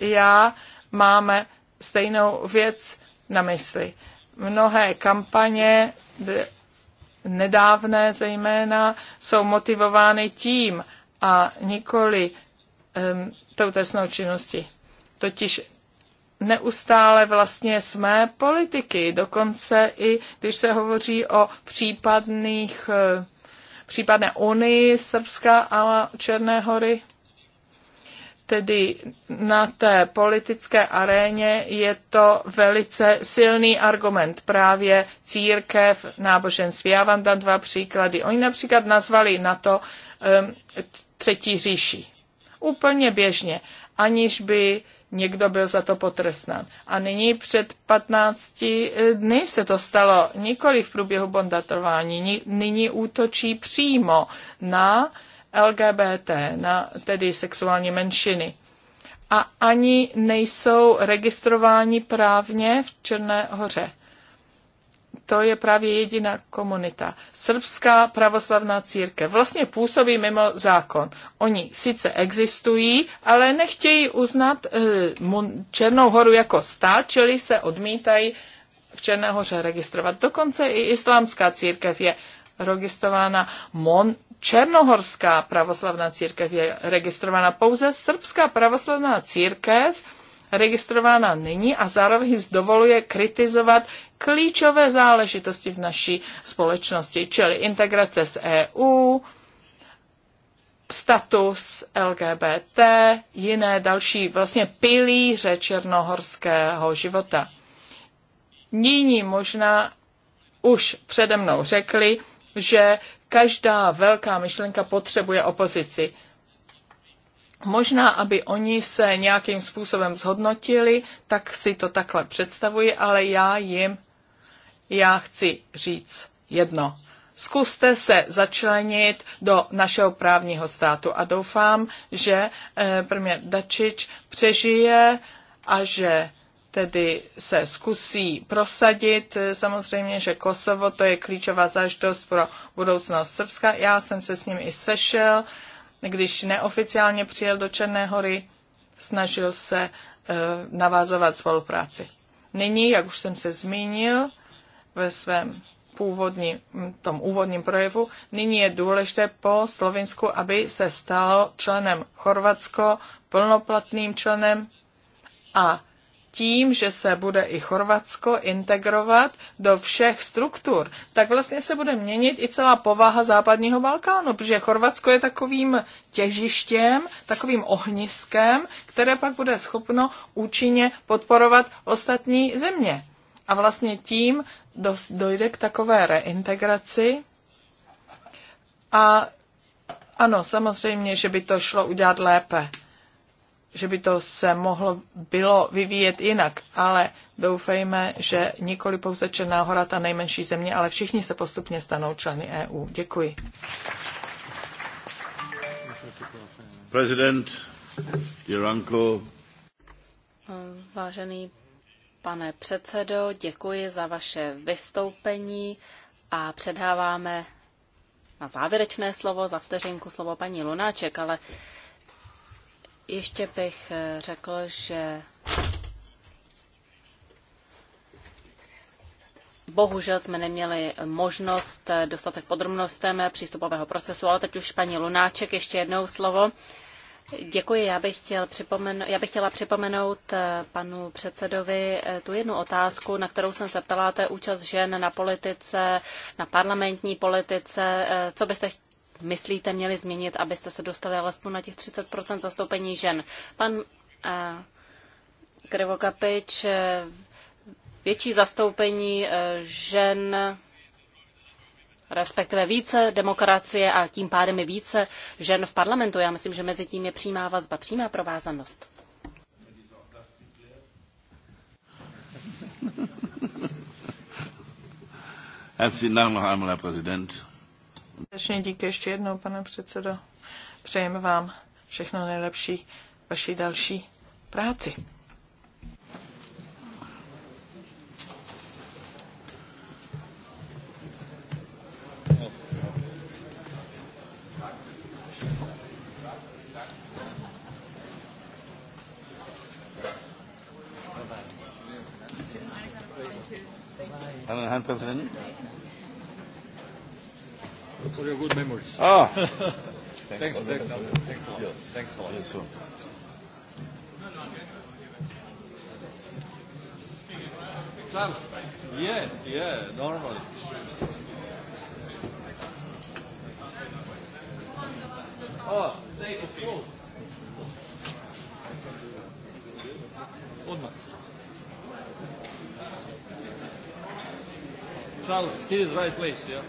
já máme stejnou věc na mysli. Mnohé kampaně, nedávné zejména, jsou motivovány tím a nikoli um, tou trestnou činností. Totiž neustále vlastně jsme politiky, dokonce i když se hovoří o případných, eh, případné unii Srbska a Černé hory, tedy na té politické aréně je to velice silný argument. Právě církev, náboženství. Já vám dám dva příklady. Oni například nazvali na to um, třetí říši. Úplně běžně, aniž by někdo byl za to potrestán. A nyní před 15 eh, dny se to stalo, nikoli v průběhu bondatování, nyní útočí přímo na uh, LGBT, na tedy sexuální menšiny. A ani nejsou registrováni právně v Černé hoře. To je právě jediná komunita. Srbská pravoslavná církev vlastně působí mimo zákon. Oni sice existují, ale nechtějí uznat eh, Černou horu jako stát, čili se odmítají v Černé hoře registrovat. Dokonce i islámská církev je registrována mon, Černohorská pravoslavná církev je registrována pouze, srbská pravoslavná církev registrována není a zároveň zdovoluje kritizovat klíčové záležitosti v naší společnosti, čili integrace s EU, status LGBT, jiné další vlastně pilíře černohorského života. Nyní možná už přede mnou řekli, že Každá velká myšlenka potřebuje opozici. Možná, aby oni se nějakým způsobem zhodnotili, tak si to takhle představuji, ale já jim, já chci říct jedno. Zkuste se začlenit do našeho právního státu a doufám, že eh, premiér Dačič přežije a že tedy se zkusí prosadit. Samozřejmě, že Kosovo to je klíčová záležitost pro budoucnost Srbska. Já jsem se s ním i sešel, když neoficiálně přijel do Černé hory, snažil se eh, navázovat spolupráci. Nyní, jak už jsem se zmínil ve svém původním, tom úvodním projevu, nyní je důležité po Slovensku, aby se stalo členem Chorvatsko, plnoplatným členem a tím, že se bude i Chorvatsko integrovat do všech struktur, tak vlastně se bude měnit i celá povaha západního Balkánu, protože Chorvatsko je takovým těžištěm, takovým ohniskem, které pak bude schopno účinně podporovat ostatní země. A vlastně tím dojde k takové reintegraci a ano, samozřejmě, že by to šlo udělat lépe že by to se mohlo bylo vyvíjet jinak, ale doufejme, že nikoli pouze Černá hora, ta nejmenší země, ale všichni se postupně stanou členy EU. Děkuji. Prezident Jiranko. Vážený pane předsedo, děkuji za vaše vystoupení a předáváme na závěrečné slovo, za vteřinku slovo paní Lunáček, ale ještě bych eh, řekl, že Bohužel jsme neměli možnost eh, dostatek podrobnostem eh, přístupového procesu, ale teď už paní Lunáček ještě jednou slovo. Děkuji, já bych, chtěl připomenout, já bych chtěla připomenout panu předsedovi tu jednu otázku, na kterou jsem se ptala, to je účast žen na politice, na parlamentní politice. Co byste myslíte, měli změnit, abyste se dostali alespoň na těch 30 zastoupení žen? Pan eh, Krivokapič, eh, větší zastoupení eh, žen, respektive více demokracie a tím pádem i více žen v parlamentu. Já myslím, že mezi tím je přímá vazba, přímá provázanost. Herzlichen Dank noch einmal, Herr Präsident. Srdečně díky ještě jednou, pane předsedo. Přejeme vám všechno nejlepší vaší další práci. pane předsedo. For your good memories. Ah. thanks, thanks, thanks, thanks a lot. Thanks a lot. Yes, sir. Klaus. Yeah, yeah, normally. Oh, say of course. Odmah. Charles, he is right place, yeah?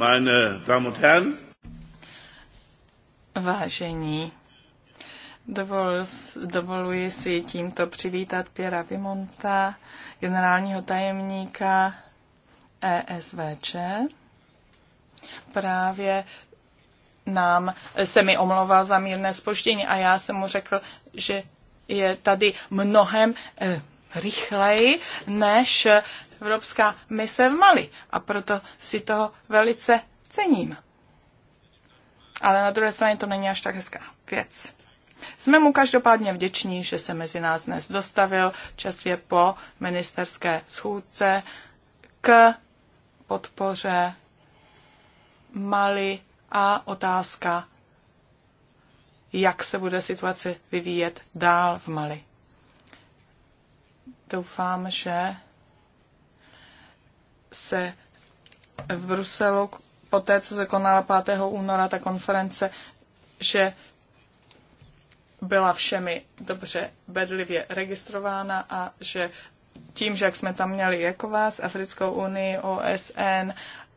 meine Damen und Herren. Vážení, dovol, dovoluji si tímto přivítat Pěra Vimonta, generálního tajemníka ESVČ. Právě nám se mi omlouval za mírné spoštění a já jsem mu řekl, že je tady mnohem eh, rychleji než Evropská mise v Mali a proto si toho velice cením. Ale na druhé straně to není až tak hezká věc. Jsme mu každopádně vděční, že se mezi nás dnes dostavil časně po ministerské schůdce k podpoře Mali a otázka, jak se bude situace vyvíjet dál v Mali. Doufám, že se v Bruselu, po té, co se konala 5. února ta konference, že byla všemi dobře bedlivě registrována a že tím, že jak jsme tam měli jako vás, Africkou unii, OSN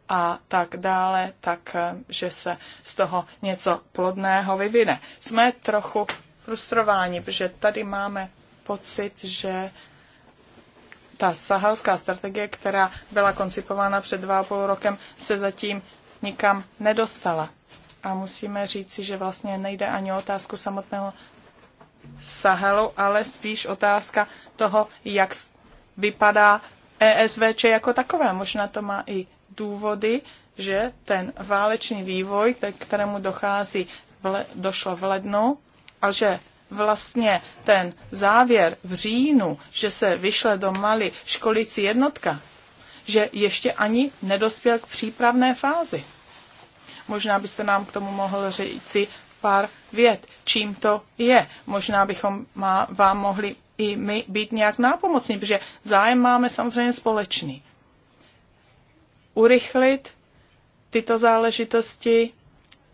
a tak dále, tak eh, že se z toho něco plodného vyvine. Jsme trochu frustrováni, protože tady máme pocit, že ta sahelská strategie, která byla koncipována před dva a půl rokem, se zatím nikam nedostala. A musíme říci, že vlastně nejde ani o otázku samotného Sahelu, ale spíš otázka toho, jak vypadá ESVČ jako takové. Možná to má i důvody, že ten válečný vývoj, kterému dochází, došlo v lednu, a že vlastně ten závěr v říjnu, že se vyšle do Mali školící jednotka, že ještě ani nedospěl k přípravné fázi. Možná byste nám k tomu mohl říci pár vět, čím to je. Možná bychom má, vám mohli i my být nějak nápomocní, protože zájem máme samozřejmě společný. Urychlit tyto záležitosti,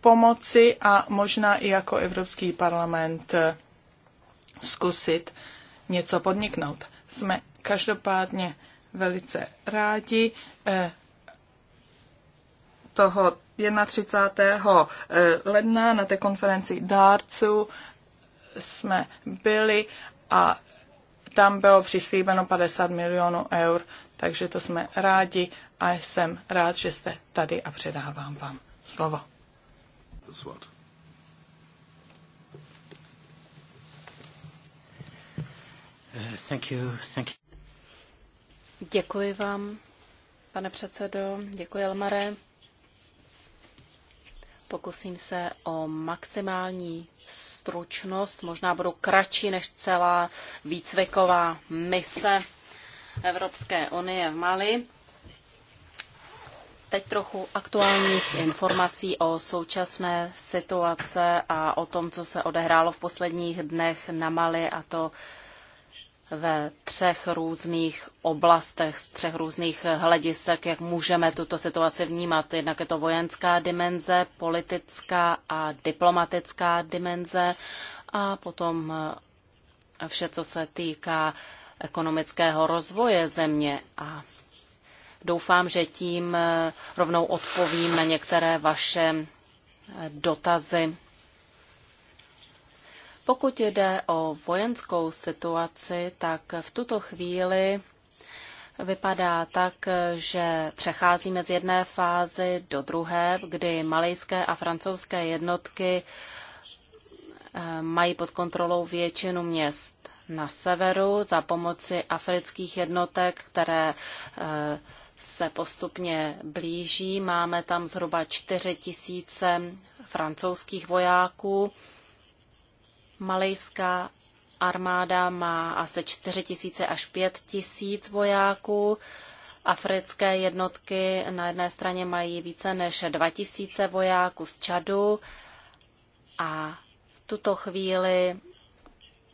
pomoci a možná i jako Evropský parlament zkusit něco podniknout. Jsme každopádně velice rádi. Eh, toho 31. ledna na té konferenci dárců jsme byli a tam bylo přislíbeno 50 milionů eur, takže to jsme rádi a jsem rád, že jste tady a předávám vám slovo. Thank you, thank you. Děkuji vám, pane předsedo. Děkuji, Elmare. Pokusím se o maximální stručnost. Možná budu kratší než celá výcviková mise Evropské unie v Mali. Teď trochu aktuálních informací o současné situace a o tom, co se odehrálo v posledních dnech na Mali a to ve třech různých oblastech, z třech různých hledisek, jak můžeme tuto situaci vnímat. Jednak je to vojenská dimenze, politická a diplomatická dimenze a potom eh, vše, co se týká ekonomického rozvoje země. A doufám, že tím eh, rovnou odpovím na některé vaše eh, dotazy pokud jde o vojenskou situaci, tak v tuto chvíli vypadá tak, že přecházíme z jedné fázy do druhé, kdy malejské a francouzské jednotky eh, mají pod kontrolou většinu měst na severu za pomoci afrických jednotek, které eh, se postupně blíží. Máme tam zhruba 4 tisíce francouzských vojáků Malejská armáda má asi 4 tisíce až 5 tisíc vojáků. Africké jednotky na jedné straně mají více než 2 tisíce vojáků z Čadu a v tuto chvíli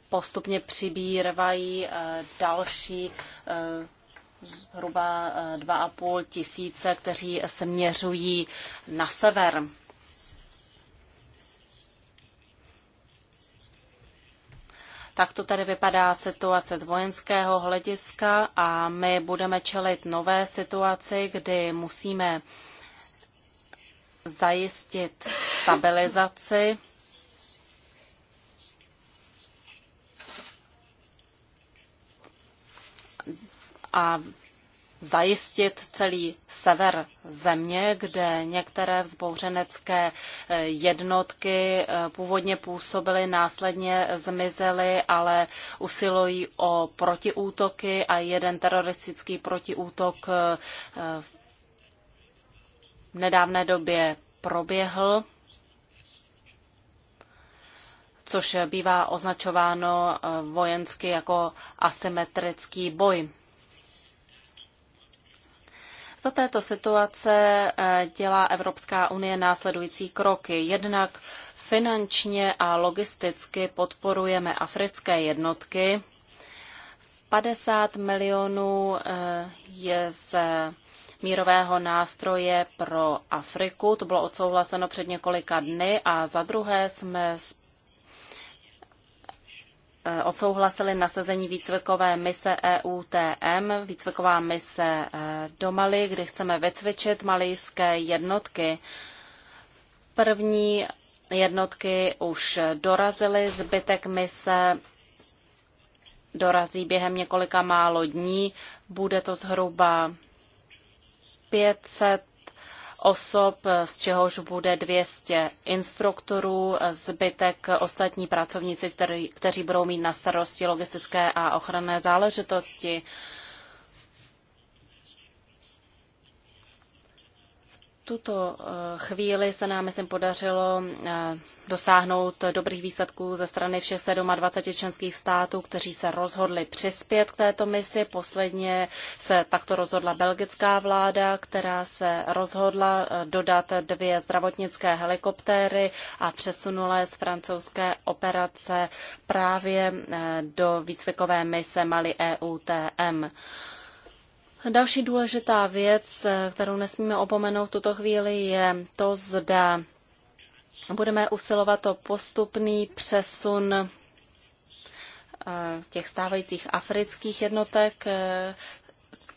postupně přibírvají eh, další eh, zhruba 2,5 eh, tisíce, kteří se měřují na sever. Tak to tady vypadá situace z vojenského hlediska a my budeme čelit nové situaci, kdy musíme zajistit stabilizaci a zajistit celý sever země, kde některé vzbouřenecké eh, jednotky eh, původně působily, následně zmizely, ale usilují o protiútoky a jeden teroristický protiútok eh, v nedávné době proběhl což bývá označováno vojensky jako asymetrický boj místo této situace eh, dělá Evropská unie následující kroky. Jednak finančně a logisticky podporujeme africké jednotky. 50 milionů eh, je z mírového nástroje pro Afriku. To bylo odsouhlaseno před několika dny. A za druhé jsme Eh, odsouhlasili nasazení výcvikové mise EUTM, výcviková mise eh, do Mali, kde chceme vycvičit malijské jednotky. První jednotky už dorazily, zbytek mise dorazí během několika málo dní. Bude to zhruba 500 osob, z čehož bude 200 instruktorů, zbytek ostatní pracovníci, který, kteří budou mít na starosti logistické a ochranné záležitosti. tuto eh, chvíli se nám, myslím, podařilo eh, dosáhnout dobrých výsledků ze strany všech 27 členských států, kteří se rozhodli přispět k této misi. Posledně se takto rozhodla belgická vláda, která se rozhodla eh, dodat dvě zdravotnické helikoptéry a přesunula je z francouzské operace právě do výcvikové mise Mali EUTM. Další důležitá věc, eh, kterou nesmíme opomenout v tuto chvíli, je to, zda budeme usilovat o postupný přesun eh, těch stávajících afrických jednotek, eh,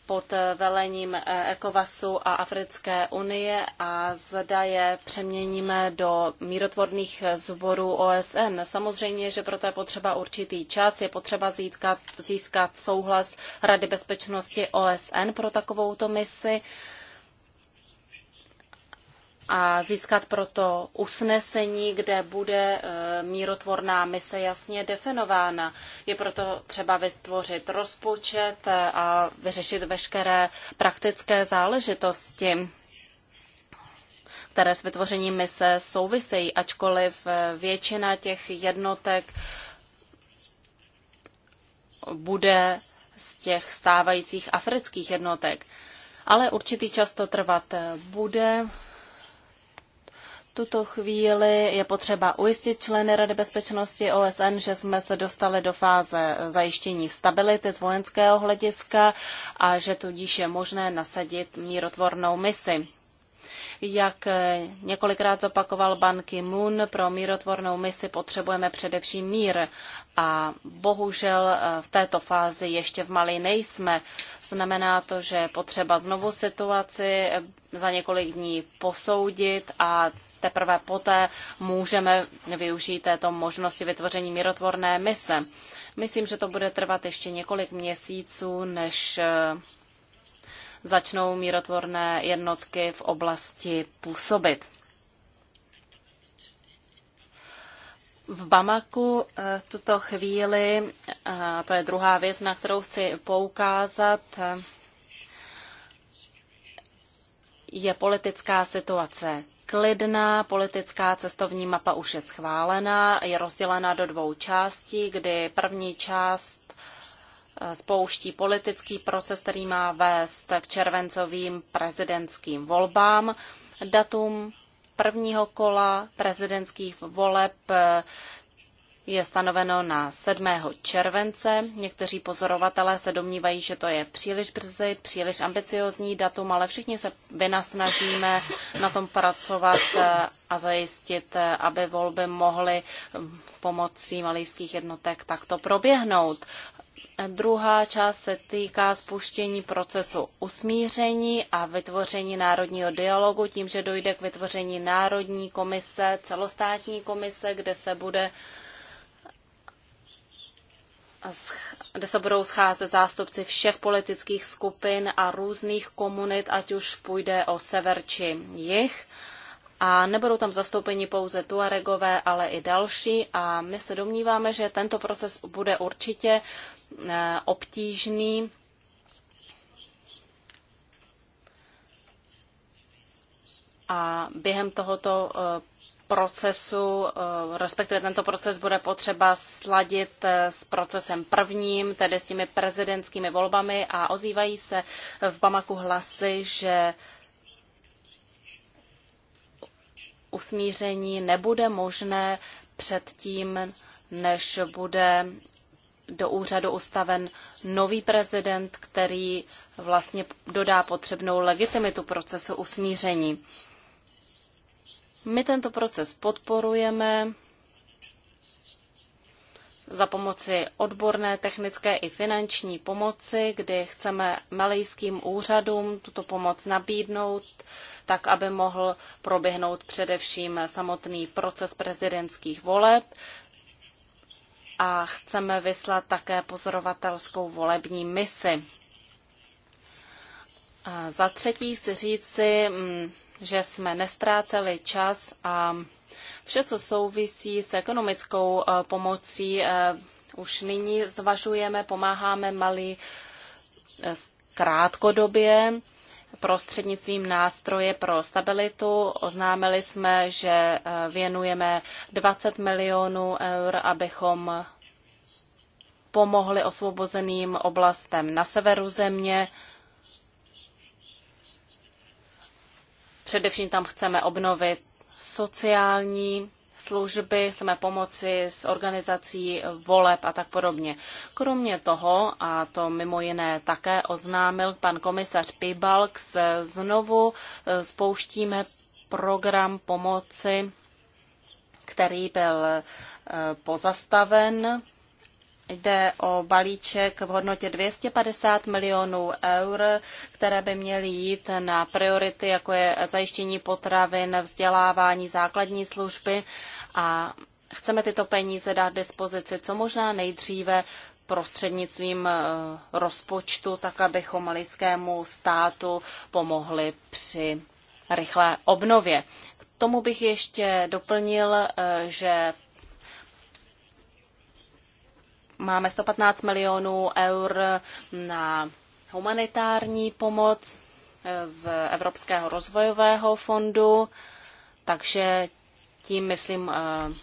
pod velením ECOWASu a Africké unie a zda je přeměníme do mírotvorných sborů OSN. Samozřejmě, že proto je potřeba určitý čas, je potřeba získat, získat souhlas Rady bezpečnosti OSN pro takovouto misi a získat proto usnesení, kde bude e, mírotvorná mise jasně definována. Je proto třeba vytvořit rozpočet e, a vyřešit veškeré praktické záležitosti které s vytvořením mise souvisejí, ačkoliv e, většina těch jednotek bude z těch stávajících afrických jednotek. Ale určitý čas to trvat bude tuto chvíli je potřeba ujistit členy Rady bezpečnosti OSN, že jsme se dostali do fáze zajištění stability z vojenského hlediska a že tudíž je možné nasadit mírotvornou misi. Jak eh, několikrát zopakoval Ban Ki-moon, pro mírotvornou misi potřebujeme především mír. A bohužel eh, v této fázi ještě v Mali nejsme. Znamená to, že potřeba znovu situaci eh, za několik dní posoudit a teprve poté můžeme využít této možnosti vytvoření mírotvorné mise. Myslím, že to bude trvat ještě několik měsíců, než začnou mírotvorné jednotky v oblasti působit. V Bamaku v eh, tuto chvíli, eh, a to je druhá věc, na kterou chci poukázat, eh, je politická situace klidná, politická cestovní mapa už je schválená, je rozdělena do dvou částí, kdy první část spouští politický proces, který má vést k červencovým prezidentským volbám. Datum prvního kola prezidentských voleb eh, je stanoveno na 7. července. Někteří pozorovatelé se domnívají, že to je příliš brzy, příliš ambiciozní datum, ale všichni se vynasnažíme na tom pracovat eh, a zajistit, eh, aby volby mohly pomocí malijských jednotek takto proběhnout. Druhá část se týká spuštění procesu usmíření a vytvoření národního dialogu tím, že dojde k vytvoření národní komise, celostátní komise, kde se bude kde se budou scházet zástupci všech politických skupin a různých komunit, ať už půjde o sever či jich. A nebudou tam zastoupeni pouze Tuaregové, ale i další. A my se domníváme, že tento proces bude určitě Eh, obtížný. A během tohoto eh, procesu, eh, respektive tento proces bude potřeba sladit s procesem prvním, tedy s těmi prezidentskými volbami a ozývají se v Bamaku hlasy, že usmíření nebude možné předtím, než bude do úřadu ustaven nový prezident, který vlastně dodá potřebnou legitimitu procesu usmíření. My tento proces podporujeme za pomoci odborné, technické i finanční pomoci, kdy chceme malejským úřadům tuto pomoc nabídnout, tak aby mohl proběhnout především samotný proces prezidentských voleb, a chceme vyslat také pozorovatelskou volební misi. A za třetí chci říci, mm, že jsme nestráceli čas a vše, co souvisí s ekonomickou e, pomocí, e, už nyní zvažujeme, pomáháme malý e, krátkodobě prostřednictvím nástroje pro stabilitu. Oznámili jsme, že eh, věnujeme 20 milionů eur, abychom pomohli osvobozeným oblastem na severu země. Především tam chceme obnovit sociální služby, chceme pomoci s organizací voleb a tak podobně. Kromě toho, a to mimo jiné také oznámil pan komisař Pibalks, znovu e, spouštíme program pomoci, který byl e, pozastaven Jde o balíček v hodnotě 250 milionů eur, které by měly jít na priority, jako je zajištění potravin, vzdělávání, základní služby a chceme tyto peníze dát dispozici co možná nejdříve prostřednictvím eh, rozpočtu, tak abychom malijskému státu pomohli při rychlé obnově. K tomu bych ještě doplnil, eh, že máme 115 milionů eur na humanitární pomoc eh, z Evropského rozvojového fondu, takže tím, myslím, eh,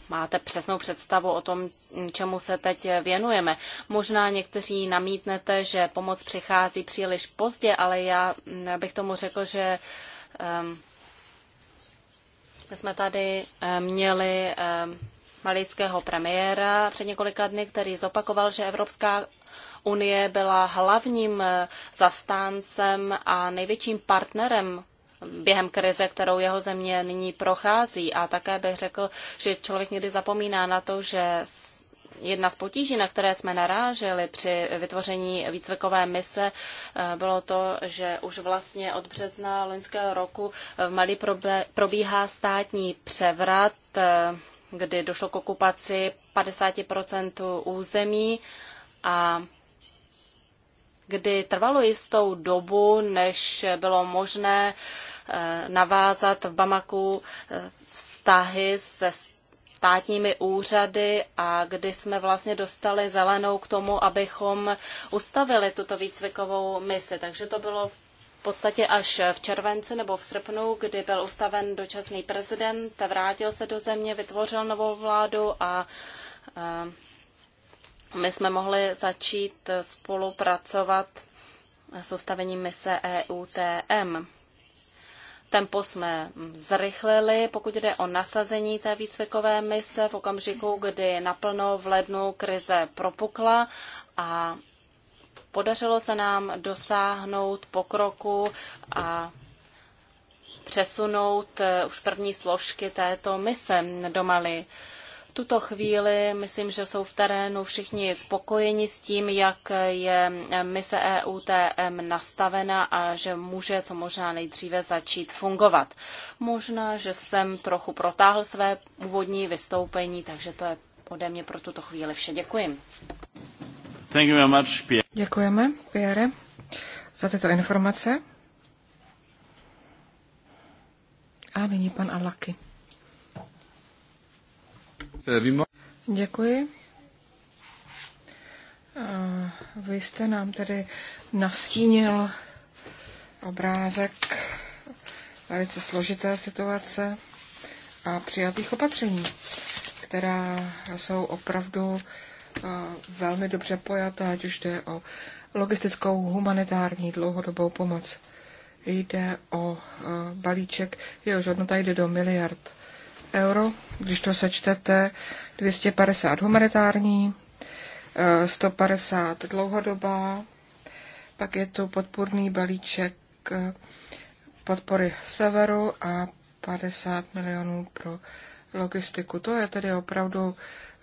máte přesnou představu o tom, čemu se teď věnujeme. Možná někteří namítnete, že pomoc přichází příliš pozdě, ale já bych tomu řekl, že ehm, jsme tady eh, měli ehm, malijského premiéra před několika dny, který zopakoval, že Evropská unie byla hlavním eh, zastáncem a největším partnerem hm, během krize, kterou jeho země nyní prochází. A také bych řekl, že člověk někdy zapomíná na to, že jedna z potíží, na které jsme naráželi při vytvoření výcvikové mise, eh, bylo to, že už vlastně od března loňského roku v Mali probíhá státní převrat eh, kdy došlo k okupaci 50 území a kdy trvalo jistou dobu, než bylo možné eh, navázat v Bamaku eh, vztahy se státními úřady a kdy jsme vlastně dostali zelenou k tomu, abychom ustavili tuto výcvikovou misi. Takže to bylo podstatě až v červenci nebo v srpnu, kdy byl ustaven dočasný prezident, vrátil se do země, vytvořil novou vládu a eh, my jsme mohli začít spolupracovat s ustavením mise EUTM. Tempo jsme zrychlili, pokud jde o nasazení té výcvikové mise v okamžiku, kdy naplno v lednu krize propukla a Podařilo se nám dosáhnout pokroku a přesunout eh, už první složky této mise do Mali tuto chvíli myslím, že jsou v terénu všichni spokojeni s tím, jak je mise EUTM nastavena a že může co možná nejdříve začít fungovat. Možná, že jsem trochu protáhl své úvodní vystoupení, takže to je ode mě pro tuto chvíli vše. Děkuji. Thank you very much, Děkujeme, Pierre, za tyto informace. A nyní pan Alaky. Děkuji. Vy jste nám tedy nastínil obrázek velice složité situace a přijatých opatření, která jsou opravdu velmi dobře pojatá, ať už jde o logistickou, humanitární, dlouhodobou pomoc. Jde o balíček, jehož hodnota jde do miliard euro. Když to sečtete, 250 humanitární, 150 dlouhodobá, pak je tu podpůrný balíček podpory severu a 50 milionů pro logistiku. To je tedy opravdu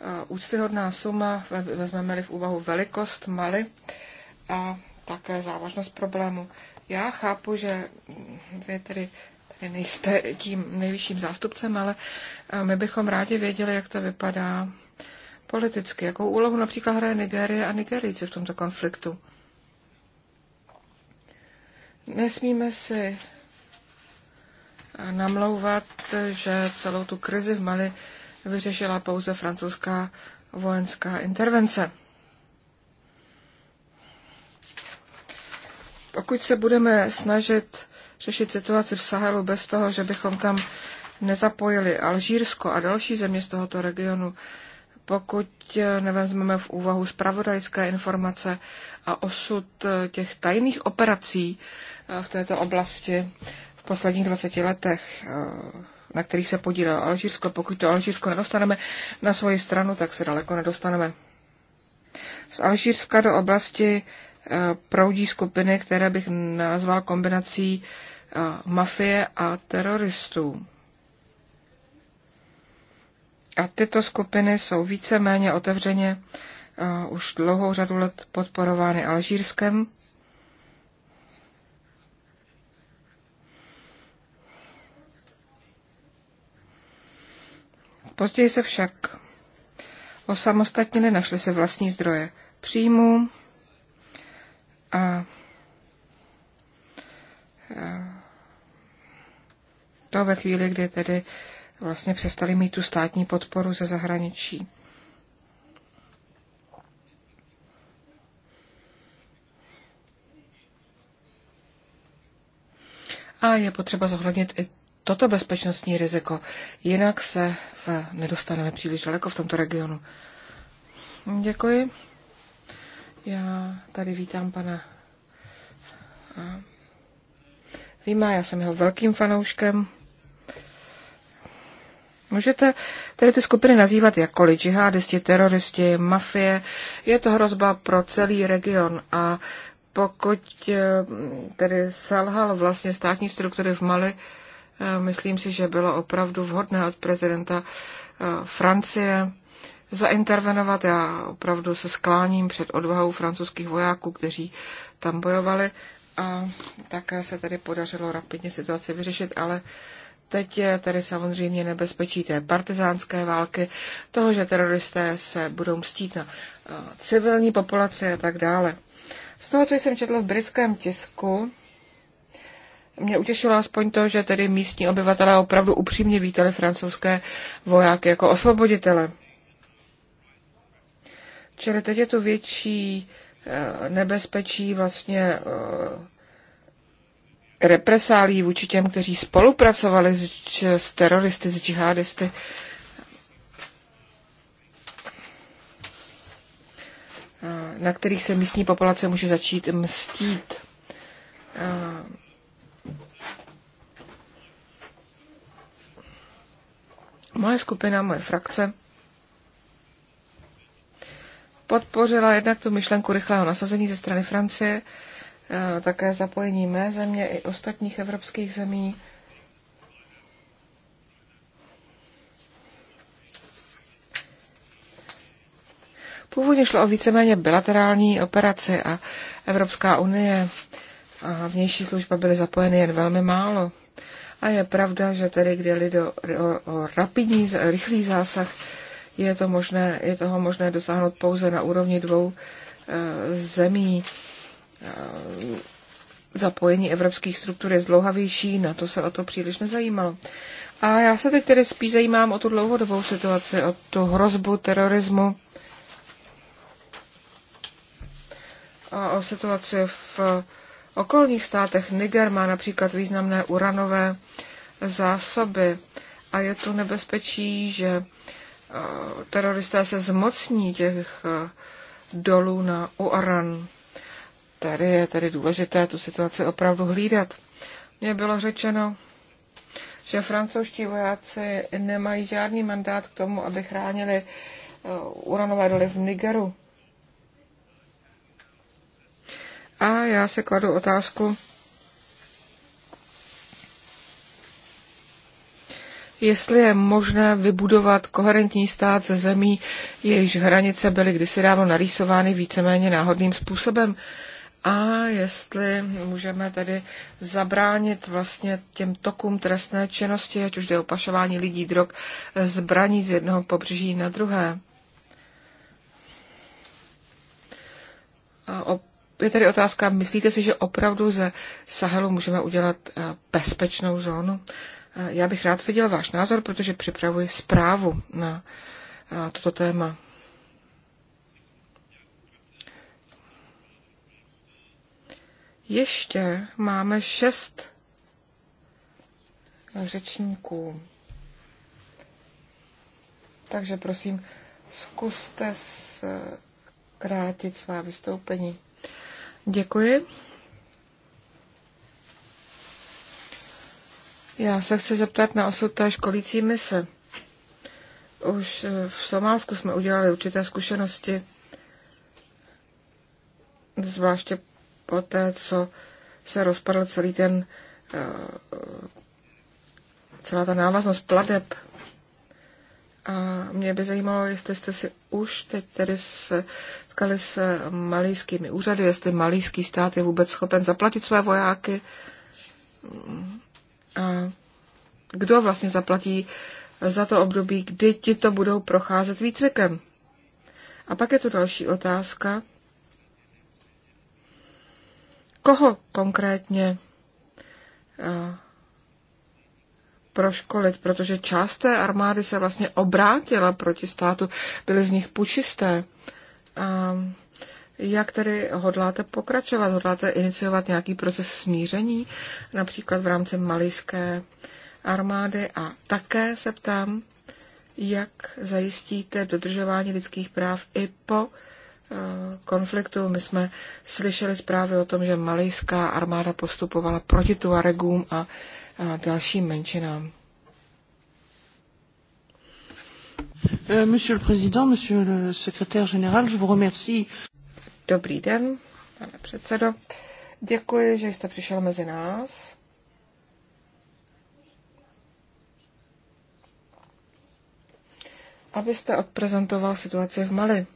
Eh, úctyhodná suma, vezmeme-li v úvahu velikost Mali a také závažnost problému. Já chápu, že vy tedy, tedy nejste tím nejvyšším zástupcem, ale eh, my bychom rádi věděli, jak to vypadá politicky. Jakou úlohu například hraje Nigérie a Nigerijci v tomto konfliktu? Nesmíme si eh, namlouvat, že celou tu krizi v Mali vyřešila pouze francouzská vojenská intervence. Pokud se budeme snažit řešit situaci v Sahelu bez toho, že bychom tam nezapojili Alžírsko a další země z tohoto regionu, pokud nevezmeme v úvahu zpravodajské informace a osud těch tajných operací v této oblasti v posledních 20 letech na kterých se podílelo Alžírsko. Pokud to Alžírsko nedostaneme na svoji stranu, tak se daleko nedostaneme. Z Alžírska do oblasti eh, proudí skupiny, které bych nazval kombinací eh, mafie a teroristů. A tyto skupiny jsou víceméně otevřeně eh, už dlouhou řadu let podporovány Alžírskem Později se však osamostatnili, našli se vlastní zdroje příjmů a e, to ve chvíli, kdy tedy vlastně přestali mít tu státní podporu ze zahraničí. A je potřeba zohlednit i toto bezpečnostní riziko. Jinak se v, nedostaneme příliš daleko v tomto regionu. Děkuji. Já tady vítám pana Víma, já jsem jeho velkým fanouškem. Můžete tedy ty skupiny nazývat jakkoliv, džihadisti, teroristi, mafie. Je to hrozba pro celý region a pokud e, tedy selhal vlastně státní struktury v Mali, Eh, myslím si, že bylo opravdu vhodné od prezidenta eh, Francie zaintervenovat. Já opravdu se skláním před odvahou francouzských vojáků, kteří tam bojovali a také se tedy podařilo rapidně situaci vyřešit, ale teď je tady samozřejmě nebezpečí té partizánské války, toho, že teroristé se budou mstít na eh, civilní populaci a tak dále. Z toho, co jsem četla v britském tisku, mě utěšilo aspoň to, že tedy místní obyvatelé opravdu upřímně vítali francouzské vojáky jako osvoboditele. Čili teď je tu větší eh, nebezpečí vlastně eh, represálí vůči těm, kteří spolupracovali s, s teroristy, s džihadisty. Eh, na kterých se místní populace může začít mstít. Moje skupina, moje frakce podpořila jednak tu myšlenku rychlého nasazení ze strany Francie, eh, také zapojení mé země i ostatních evropských zemí. Původně šlo o víceméně bilaterální operaci a Evropská unie a vnější služba byly zapojeny jen velmi málo. A je pravda, že tedy kde jde o, o rapidní, rychlý zásah, je, to možné, je toho možné dosáhnout pouze na úrovni dvou e, zemí. E, zapojení evropských struktur je zdlouhavější, na to se o to příliš nezajímalo. A já se teď tedy spíš zajímám o tu dlouhodobou situaci, o tu hrozbu terorismu, a o situaci v okolních státech Niger má například významné uranové zásoby a je tu nebezpečí, že eh, teroristé se zmocní těch eh, dolů na uran. Tady je tedy důležité tu situaci opravdu hlídat. Mně bylo řečeno, že francouzští vojáci nemají žádný mandát k tomu, aby chránili eh, uranové doly v Nigeru. A já se kladu otázku, jestli je možné vybudovat koherentní stát ze zemí, jejichž hranice byly kdysi dávno narýsovány víceméně náhodným způsobem a jestli můžeme tedy zabránit vlastně těm tokům trestné činnosti, ať už jde o pašování lidí, drog, zbraní z jednoho pobřeží na druhé. A o je tady otázka, myslíte si, že opravdu ze Sahelu můžeme udělat eh, bezpečnou zónu? Eh, já bych rád viděl váš názor, protože připravuji zprávu na eh, toto téma. Ještě máme šest řečníků. Takže prosím, zkuste zkrátit svá vystoupení. Děkuji. Já se chci zeptat na osud té školící mise. Už eh, v Somálsku jsme udělali určité zkušenosti, zvláště po té, co se rozpadl celý ten, eh, celá ta návaznost pladeb. A mě by zajímalo, jestli jste si už teď tedy Setkali se malijskými úřady, jestli malijský stát je vůbec schopen zaplatit své vojáky. A kdo vlastně zaplatí za to období, kdy ti to budou procházet výcvikem? A pak je tu další otázka. Koho konkrétně proškolit, protože část té armády se vlastně obrátila proti státu, byly z nich pučisté. A jak tedy hodláte pokračovat? Hodláte iniciovat nějaký proces smíření, například v rámci malijské armády? A také se ptám, jak zajistíte dodržování lidských práv i po eh, konfliktu. My jsme slyšeli zprávy o tom, že malijská armáda postupovala proti Tuaregům a dalším menšinám. Euh, Monsieur le Président, Monsieur le Secrétaire Général, je vous remercie. Dobrý den, pane předsedo. Děkuji, že jste přišel mezi nás. Abyste odprezentoval situaci v Mali.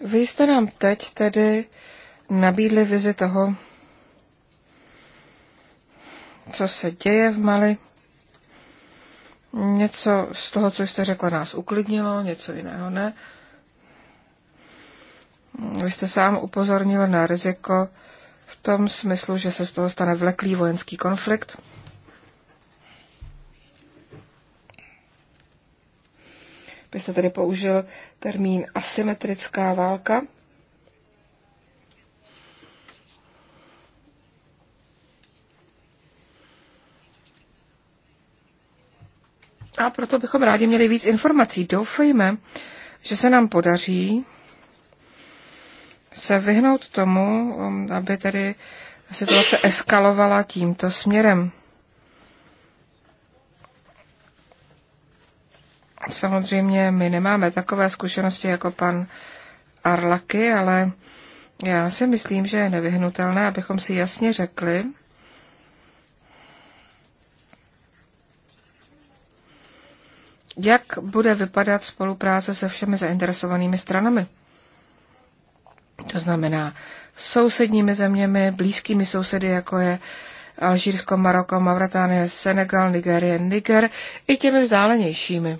Vy jste nám teď tedy nabídli vizi toho, co se děje v Mali. Něco z toho, co jste řekla, nás uklidnilo, něco jiného ne. Vy jste sám upozornil na riziko v tom smyslu, že se z toho stane vleklý vojenský konflikt. Vy jste tedy použil termín asymetrická válka. A proto bychom rádi měli víc informací. Doufejme, že se nám podaří se vyhnout tomu, um, aby tedy situace eskalovala tímto směrem. Samozřejmě my nemáme takové zkušenosti jako pan Arlaky, ale já si myslím, že je nevyhnutelné, abychom si jasně řekli, jak bude vypadat spolupráce se všemi zainteresovanými stranami. To znamená sousedními zeměmi, blízkými sousedy, jako je Alžírsko, Maroko, Mavratánie, Senegal, Nigérie, Niger, i těmi vzdálenějšími.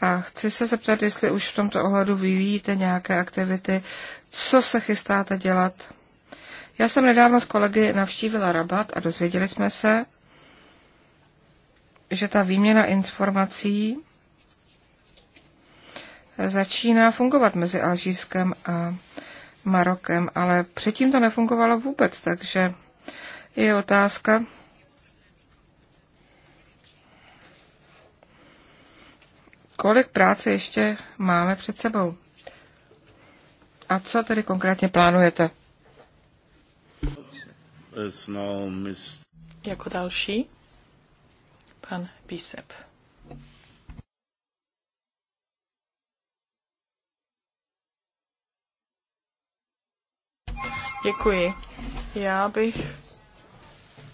A chci se zeptat, jestli už v tomto ohledu vyvíjíte nějaké aktivity, co se chystáte dělat. Já jsem nedávno s kolegy navštívila Rabat a dozvěděli jsme se, že ta výměna informací začíná fungovat mezi Alžírskem a Marokem, ale předtím to nefungovalo vůbec, takže je otázka, kolik práce ještě máme před sebou. A co tedy konkrétně plánujete? No jako další pan Písep. Děkuji. Já bych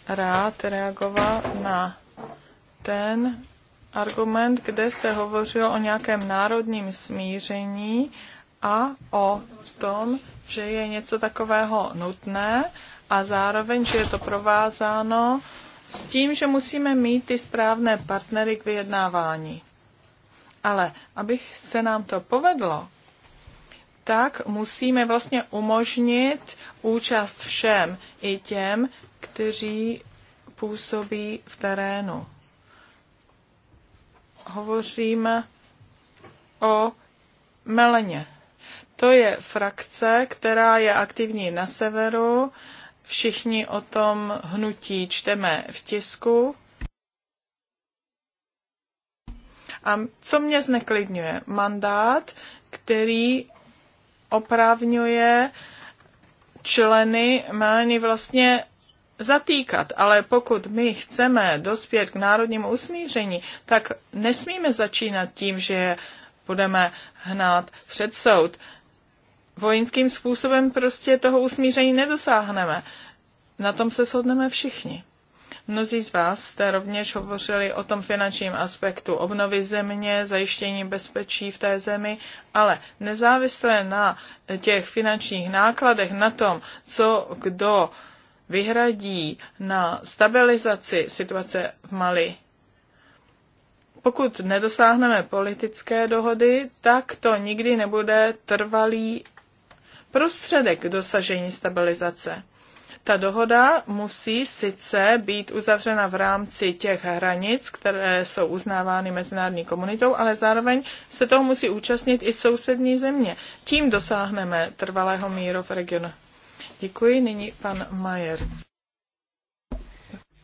rád reagoval na ten argument, kde se hovořilo o nějakém národním smíření a o tom, že je něco takového nutné a zároveň, že je to provázáno s tím, že musíme mít ty správné partnery k vyjednávání. Ale abych se nám to povedlo, tak musíme vlastně umožnit účast všem, i těm, kteří působí v terénu. Hovoříme o Meleně. To je frakce, která je aktivní na severu, Všichni o tom hnutí čteme v tisku. A co mě zneklidňuje? Mandát, který oprávňuje členy Melanie vlastně zatýkat, ale pokud my chceme dospět k národnímu usmíření, tak nesmíme začínat tím, že budeme hnát před soud vojenským způsobem prostě toho usmíření nedosáhneme. Na tom se shodneme všichni. Mnozí z vás jste rovněž hovořili o tom finančním aspektu obnovy země, zajištění bezpečí v té zemi, ale nezávisle na těch finančních nákladech, na tom, co kdo vyhradí na stabilizaci situace v Mali, pokud nedosáhneme politické dohody, tak to nikdy nebude trvalý prostředek k dosažení stabilizace. Ta dohoda musí sice být uzavřena v rámci těch hranic, které jsou uznávány mezinárodní komunitou, ale zároveň se toho musí účastnit i sousední země. Tím dosáhneme trvalého míru v regionu. Děkuji. Nyní pan Majer.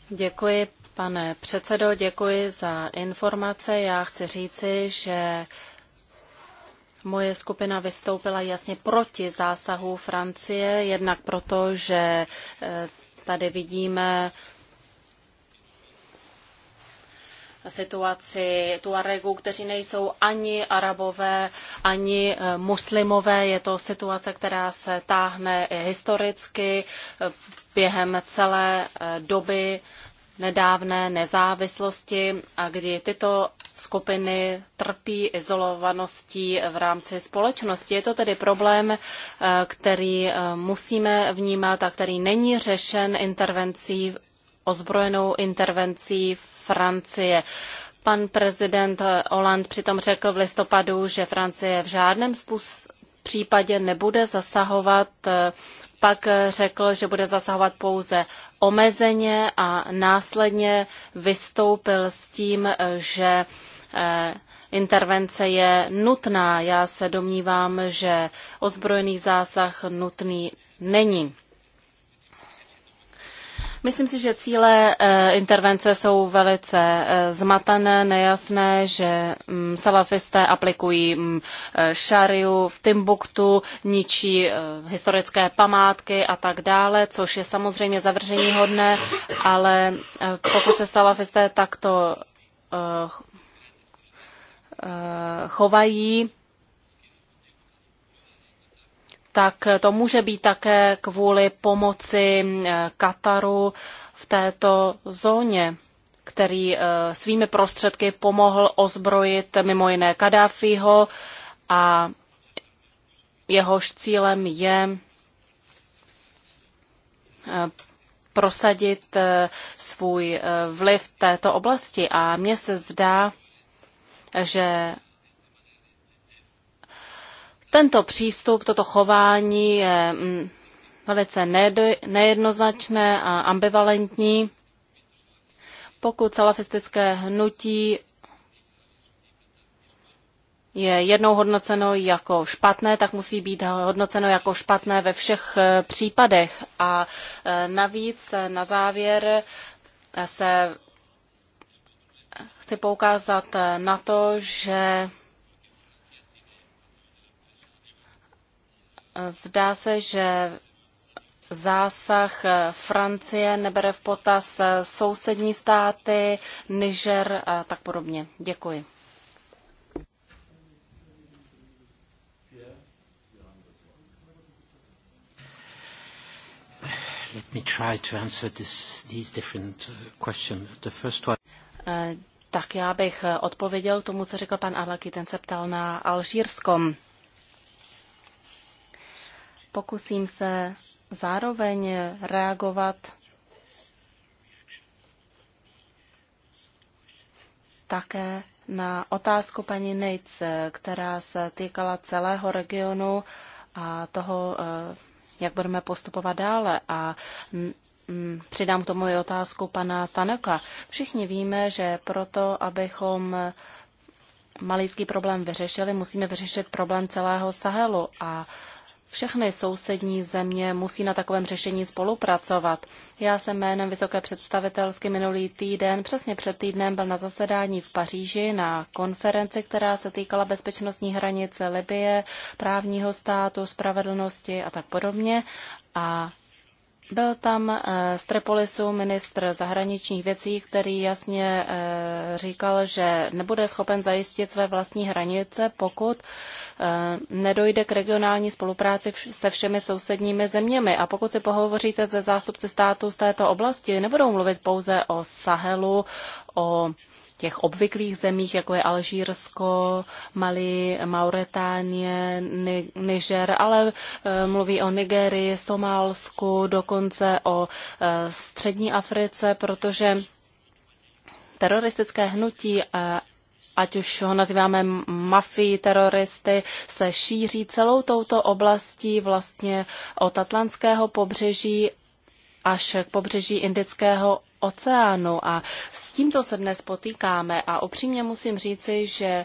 Děkuji, pane předsedo, děkuji za informace. Já chci říci, že Moje skupina vystoupila jasně proti zásahu Francie, jednak proto, že eh, tady vidíme situaci Tuaregů, kteří nejsou ani arabové, ani eh, muslimové. Je to situace, která se táhne historicky eh, během celé doby nedávné nezávislosti, a kdy tyto skupiny trpí izolovaností v rámci společnosti. Je to tedy problém, eh, který eh, musíme vnímat a který není řešen intervencí, ozbrojenou intervencí Francie. Pan prezident Hollande přitom řekl v listopadu, že Francie v žádném případě nebude zasahovat eh, pak eh, řekl, že bude zasahovat pouze omezeně a následně vystoupil s tím, eh, že eh, intervence je nutná. Já se domnívám, že ozbrojený zásah nutný není. Myslím si, že cíle eh, intervence jsou velice eh, zmatené, nejasné, že mm, salafisté aplikují mm, eh, šariu v Timbuktu, ničí historické památky a tak dále, což je samozřejmě zavržení hodné, ale pokud se salafisté takto chovají, tak to může být také kvůli pomoci eh, Kataru v této zóně, který eh, svými prostředky pomohl ozbrojit mimo jiné Kadáfího a jehož cílem je eh, prosadit svůj vliv v této oblasti. A mně se zdá, že tento přístup, toto chování je mm, velice nejednoznačné a ambivalentní. Pokud salafistické hnutí je jednou hodnoceno jako špatné, tak musí být hodnoceno jako špatné ve všech eh, případech. A eh, navíc eh, na závěr se chci poukázat na to, že Zdá se, že zásah eh, Francie nebere v potaz eh, sousední státy, Niger a tak podobně. Děkuji. Let me try to answer this, these different uh, The first one. Eh, tak já bych odpověděl tomu, co řekl pan Alaki, ten se ptal na Alžírskom. Pokusím se zároveň reagovat také na otázku paní Nejc, která se týkala celého regionu a toho, eh, jak budeme postupovat dále. A mm, mm, přidám k tomu i otázku pana Tanaka. Všichni víme, že proto, abychom malýský problém vyřešili, musíme vyřešit problém celého Sahelu. A všechny sousední země musí na takovém řešení spolupracovat. Já jsem jménem vysoké představitelsky minulý týden, přesně před týdnem, byl na zasedání v Paříži na konferenci, která se týkala bezpečnostní hranice Libie, právního státu, spravedlnosti a tak podobně. A byl tam eh, z Trepolisu ministr zahraničních věcí, který jasně eh, říkal, že nebude schopen zajistit své vlastní hranice, pokud eh, nedojde k regionální spolupráci se všemi sousedními zeměmi. A pokud si pohovoříte ze zástupci států z této oblasti, nebudou mluvit pouze o Sahelu, o těch obvyklých zemích, jako je Alžírsko, Mali, Mauretánie, Niger, ale eh, mluví o Nigerii, Somálsku, dokonce o eh, střední Africe, protože teroristické hnutí eh, ať už ho nazýváme mafii, teroristy, se šíří celou touto oblastí vlastně od Atlantského pobřeží až k pobřeží Indického oceánu a s tímto se dnes potýkáme a opřímně musím říci, že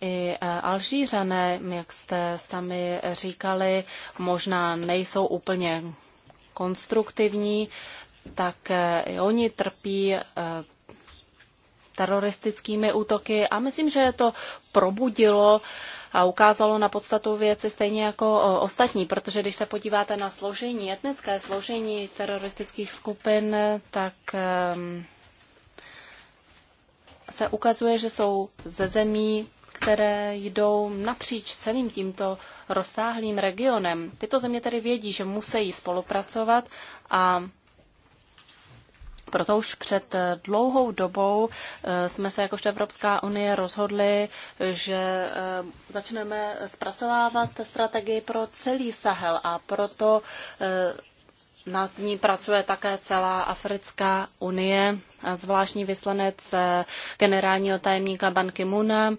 i e, Alžířané, jak jste sami říkali, možná nejsou úplně konstruktivní, tak e, oni trpí e, teroristickými útoky a myslím, že to probudilo a ukázalo na podstatu věci stejně jako ostatní, protože když se podíváte na složení, etnické složení teroristických skupin, tak ehm, se ukazuje, že jsou ze zemí, které jdou napříč celým tímto rozsáhlým regionem. Tyto země tedy vědí, že musí spolupracovat a proto už před eh, dlouhou dobou eh, jsme se jakožto Evropská unie rozhodli, že eh, začneme zpracovávat strategii pro celý Sahel a proto nad ní pracuje také celá Africká unie, zvláštní vyslanec generálního tajemníka Ban Muna,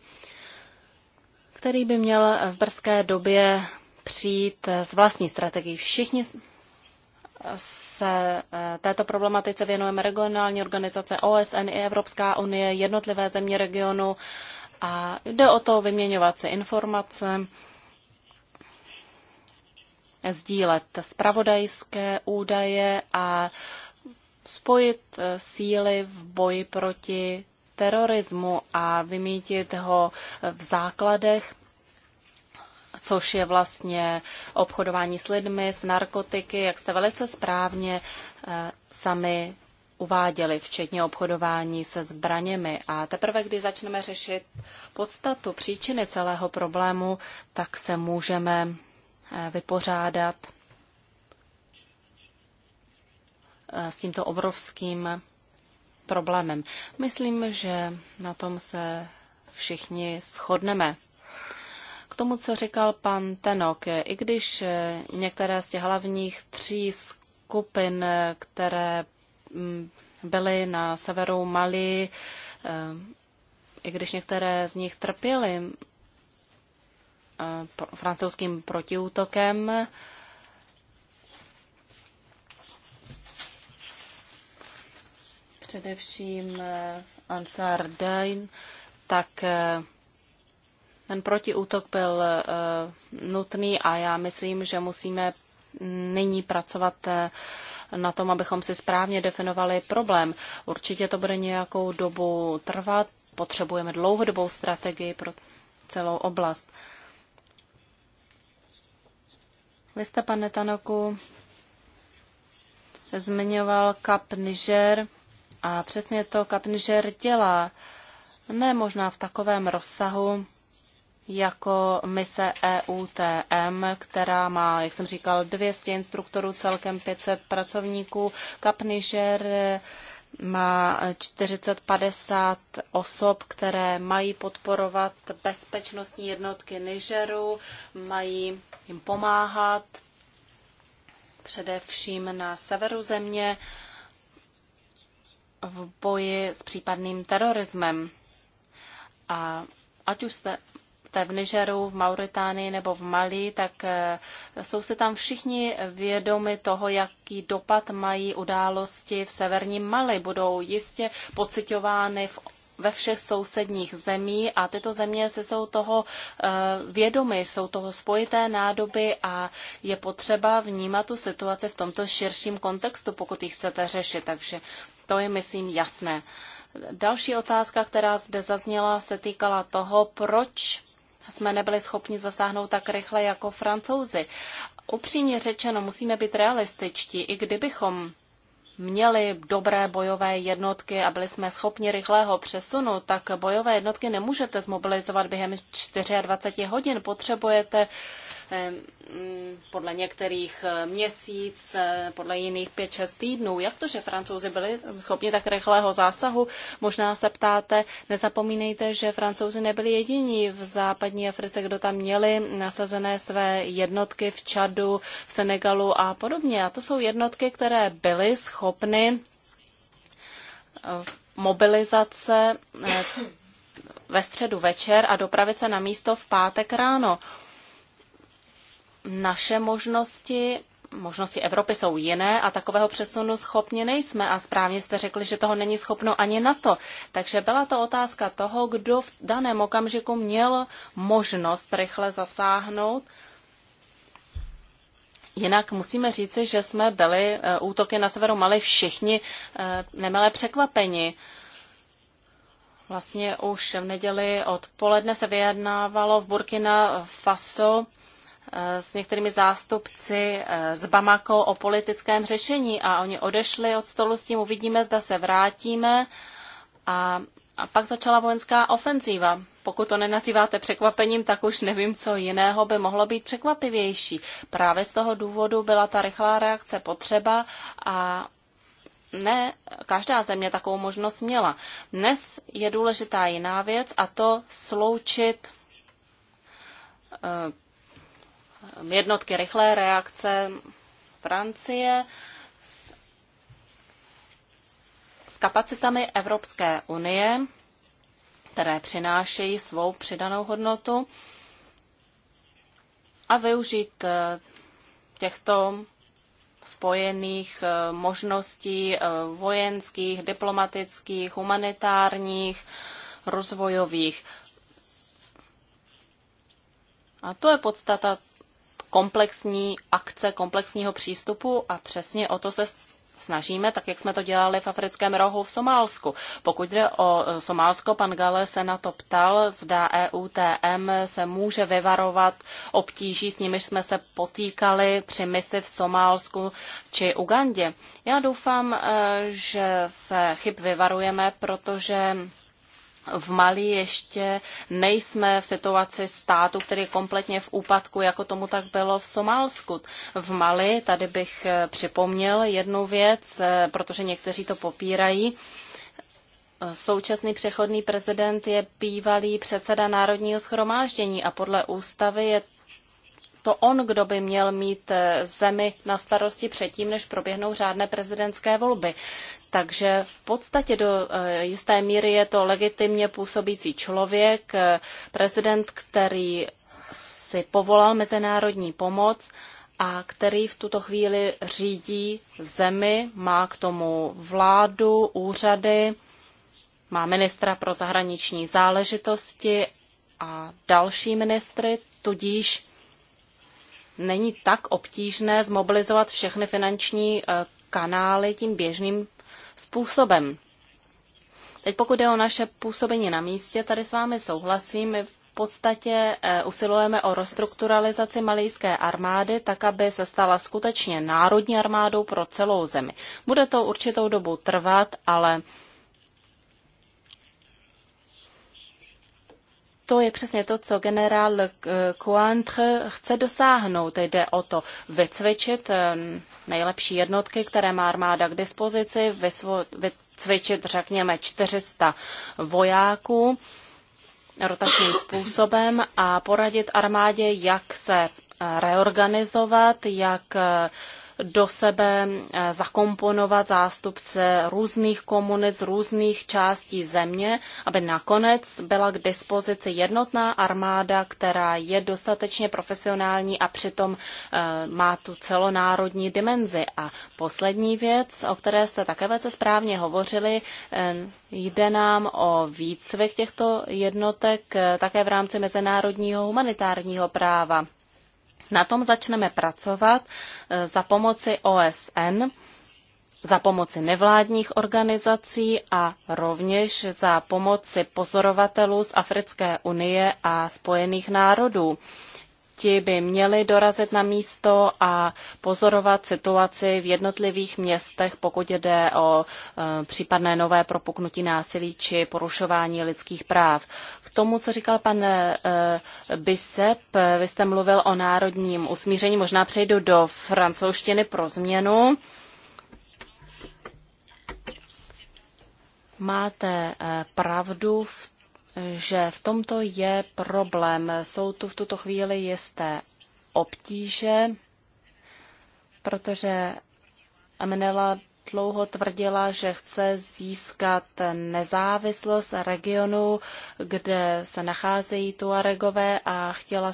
který by měl v brzké době přijít s vlastní strategií. Všichni se eh, této problematice věnujeme regionální organizace OSN i Evropská unie, jednotlivé země regionu a jde o to vyměňovat si informace, sdílet spravodajské údaje a spojit eh, síly v boji proti terorismu a vymítit ho v základech což je vlastně obchodování s lidmi, s narkotiky, jak jste velice správně eh, sami uváděli, včetně obchodování se zbraněmi. A teprve, když začneme řešit podstatu příčiny celého problému, tak se můžeme eh, vypořádat eh, s tímto obrovským problémem. Myslím, že na tom se všichni shodneme. K tomu, co říkal pan Tenok, i když eh, některé z těch hlavních tří skupin, eh, které mm, byly na severu Mali, eh, i když některé z nich trpěly francouzským protiútokem, především Ansar Dain, tak ten protiútok byl eh, nutný a já myslím, že musíme nyní pracovat eh, na tom, abychom si správně definovali problém. Určitě to bude nějakou dobu trvat, potřebujeme dlouhodobou strategii pro celou oblast. Vy jste, pane Tanoku, zmiňoval Kap Niger a přesně to Kap Niger dělá. Ne možná v takovém rozsahu, jako mise EUTM, která má, jak jsem říkal, 200 instruktorů, celkem 500 pracovníků. Cap Niger má 40-50 osob, které mají podporovat bezpečnostní jednotky Nigeru, mají jim pomáhat, především na severu země, v boji s případným terorismem. A ať už jste jste v Nigeru, v Mauritánii nebo v Mali, tak eh, jsou se tam všichni vědomi toho, jaký dopad mají události v severním Mali. Budou jistě pocitovány v ve všech sousedních zemí a tyto země se jsou toho eh, vědomy, jsou toho spojité nádoby a je potřeba vnímat tu situaci v tomto širším kontextu, pokud ji chcete řešit. Takže to je, myslím, jasné. Další otázka, která zde zazněla, se týkala toho, proč jsme nebyli schopni zasáhnout tak rychle jako francouzi. Upřímně řečeno, musíme být realističtí, i kdybychom měli dobré bojové jednotky a byli jsme schopni rychlého přesunu, tak bojové jednotky nemůžete zmobilizovat během 24 hodin. Potřebujete Mm, podle některých eh, měsíc, eh, podle jiných 5-6 týdnů. Jak to, že francouzi byli schopni tak rychlého zásahu? Možná se ptáte, nezapomínejte, že francouzi nebyli jediní v západní Africe, kdo tam měli nasazené své jednotky v Čadu, v Senegalu a podobně. A to jsou jednotky, které byly schopny eh, mobilizace ve středu večer a dopravit se na místo v pátek ráno naše možnosti, možnosti Evropy jsou jiné a takového přesunu schopni nejsme. A správně jste řekli, že toho není schopno ani na to. Takže byla to otázka toho, kdo v daném okamžiku měl možnost rychle zasáhnout. Jinak musíme říci, že jsme byli eh, útoky na severu Mali všichni eh, nemalé překvapeni. Vlastně už v neděli odpoledne se vyjednávalo v Burkina Faso s některými zástupci eh, z Bamako o politickém řešení a oni odešli od stolu s tím, uvidíme, zda se vrátíme. A, a pak začala vojenská ofenzíva. Pokud to nenazýváte překvapením, tak už nevím, co jiného by mohlo být překvapivější. Právě z toho důvodu byla ta rychlá reakce potřeba a ne každá země takovou možnost měla. Dnes je důležitá jiná věc a to sloučit eh, jednotky rychlé reakce Francie s, s kapacitami Evropské unie, které přinášejí svou přidanou hodnotu a využít eh, těchto spojených eh, možností eh, vojenských, diplomatických, humanitárních, rozvojových. A to je podstata komplexní akce, komplexního přístupu a přesně o to se snažíme, tak jak jsme to dělali v africkém rohu v Somálsku. Pokud jde o e, Somálsko, pan Gale se na to ptal, zda EUTM se může vyvarovat obtíží, s nimiž jsme se potýkali při misi v Somálsku či Ugandě. Já doufám, e, že se chyb vyvarujeme, protože v Mali ještě nejsme v situaci státu, který je kompletně v úpadku, jako tomu tak bylo v Somálsku. V Mali, tady bych eh, připomněl jednu věc, eh, protože někteří to popírají, Současný přechodný prezident je bývalý předseda Národního schromáždění a podle ústavy je to on, kdo by měl mít eh, zemi na starosti předtím, než proběhnou řádné prezidentské volby. Takže v podstatě do eh, jisté míry je to legitimně působící člověk, eh, prezident, který si povolal mezinárodní pomoc a který v tuto chvíli řídí zemi, má k tomu vládu, úřady, má ministra pro zahraniční záležitosti a další ministry, tudíž není tak obtížné zmobilizovat všechny finanční eh, kanály tím běžným způsobem. Teď pokud je o naše působení na místě, tady s vámi souhlasím. My v podstatě eh, usilujeme o restrukturalizaci malijské armády, tak aby se stala skutečně národní armádou pro celou zemi. Bude to určitou dobu trvat, ale to je přesně to, co generál Cointre chce dosáhnout. Jde o to vycvičit nejlepší jednotky, které má armáda k dispozici, vycvičit, řekněme, 400 vojáků rotačním způsobem a poradit armádě, jak se eh, reorganizovat, jak eh, do sebe eh, zakomponovat zástupce různých komunit z různých částí země, aby nakonec byla k dispozici jednotná armáda, která je dostatečně profesionální a přitom eh, má tu celonárodní dimenzi. A poslední věc, o které jste také velice správně hovořili, eh, jde nám o výcvik těchto jednotek také v rámci mezinárodního humanitárního práva. Na tom začneme pracovat e, za pomoci OSN, za pomoci nevládních organizací a rovněž za pomoci pozorovatelů z Africké unie a Spojených národů. Ti by měli dorazit na místo a pozorovat situaci v jednotlivých městech, pokud jde o e, případné nové propuknutí násilí či porušování lidských práv. K tomu, co říkal pan e, Bisep, vy jste mluvil o národním usmíření, možná přejdu do francouzštiny pro změnu. Máte e, pravdu v že v tomto je problém. Jsou tu v tuto chvíli jisté obtíže, protože Amenela dlouho tvrdila, že chce získat nezávislost regionu, kde se nacházejí Tuaregové a chtěla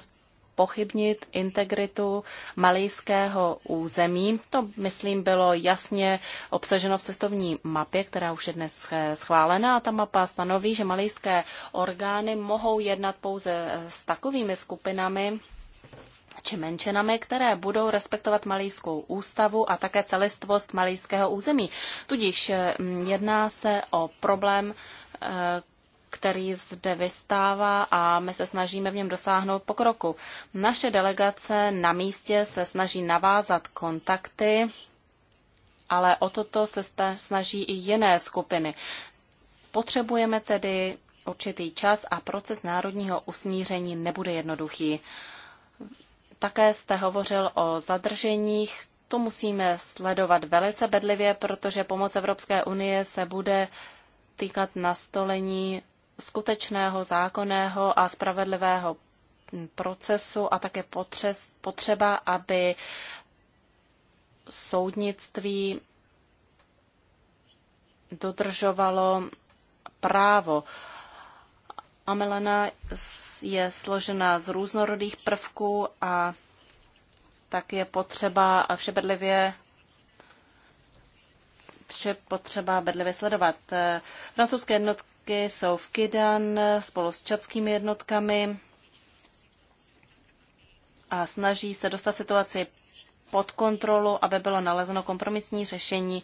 spochybnit integritu malijského území. To, myslím, bylo jasně obsaženo v cestovní mapě, která už je dnes eh, schválena a ta mapa stanoví, že malijské orgány mohou jednat pouze eh, s takovými skupinami, či menšinami, které budou respektovat malijskou ústavu a také celistvost malijského území. Tudíž eh, jedná se o problém, který zde vystává a my se snažíme v něm dosáhnout pokroku. Naše delegace na místě se snaží navázat kontakty, ale o toto se snaží i jiné skupiny. Potřebujeme tedy určitý čas a proces národního usmíření nebude jednoduchý. Také jste hovořil o zadrženích. To musíme sledovat velice bedlivě, protože pomoc Evropské unie se bude týkat nastolení skutečného, zákonného a spravedlivého procesu a také potřeba, aby soudnictví dodržovalo právo. Amelena je složena z různorodých prvků a tak je potřeba všebedlivě vše potřeba bedlivě sledovat. Francouzské jednotky jednotky jsou v Kidan spolu s čadskými jednotkami a snaží se dostat situaci pod kontrolu, aby bylo nalezeno kompromisní řešení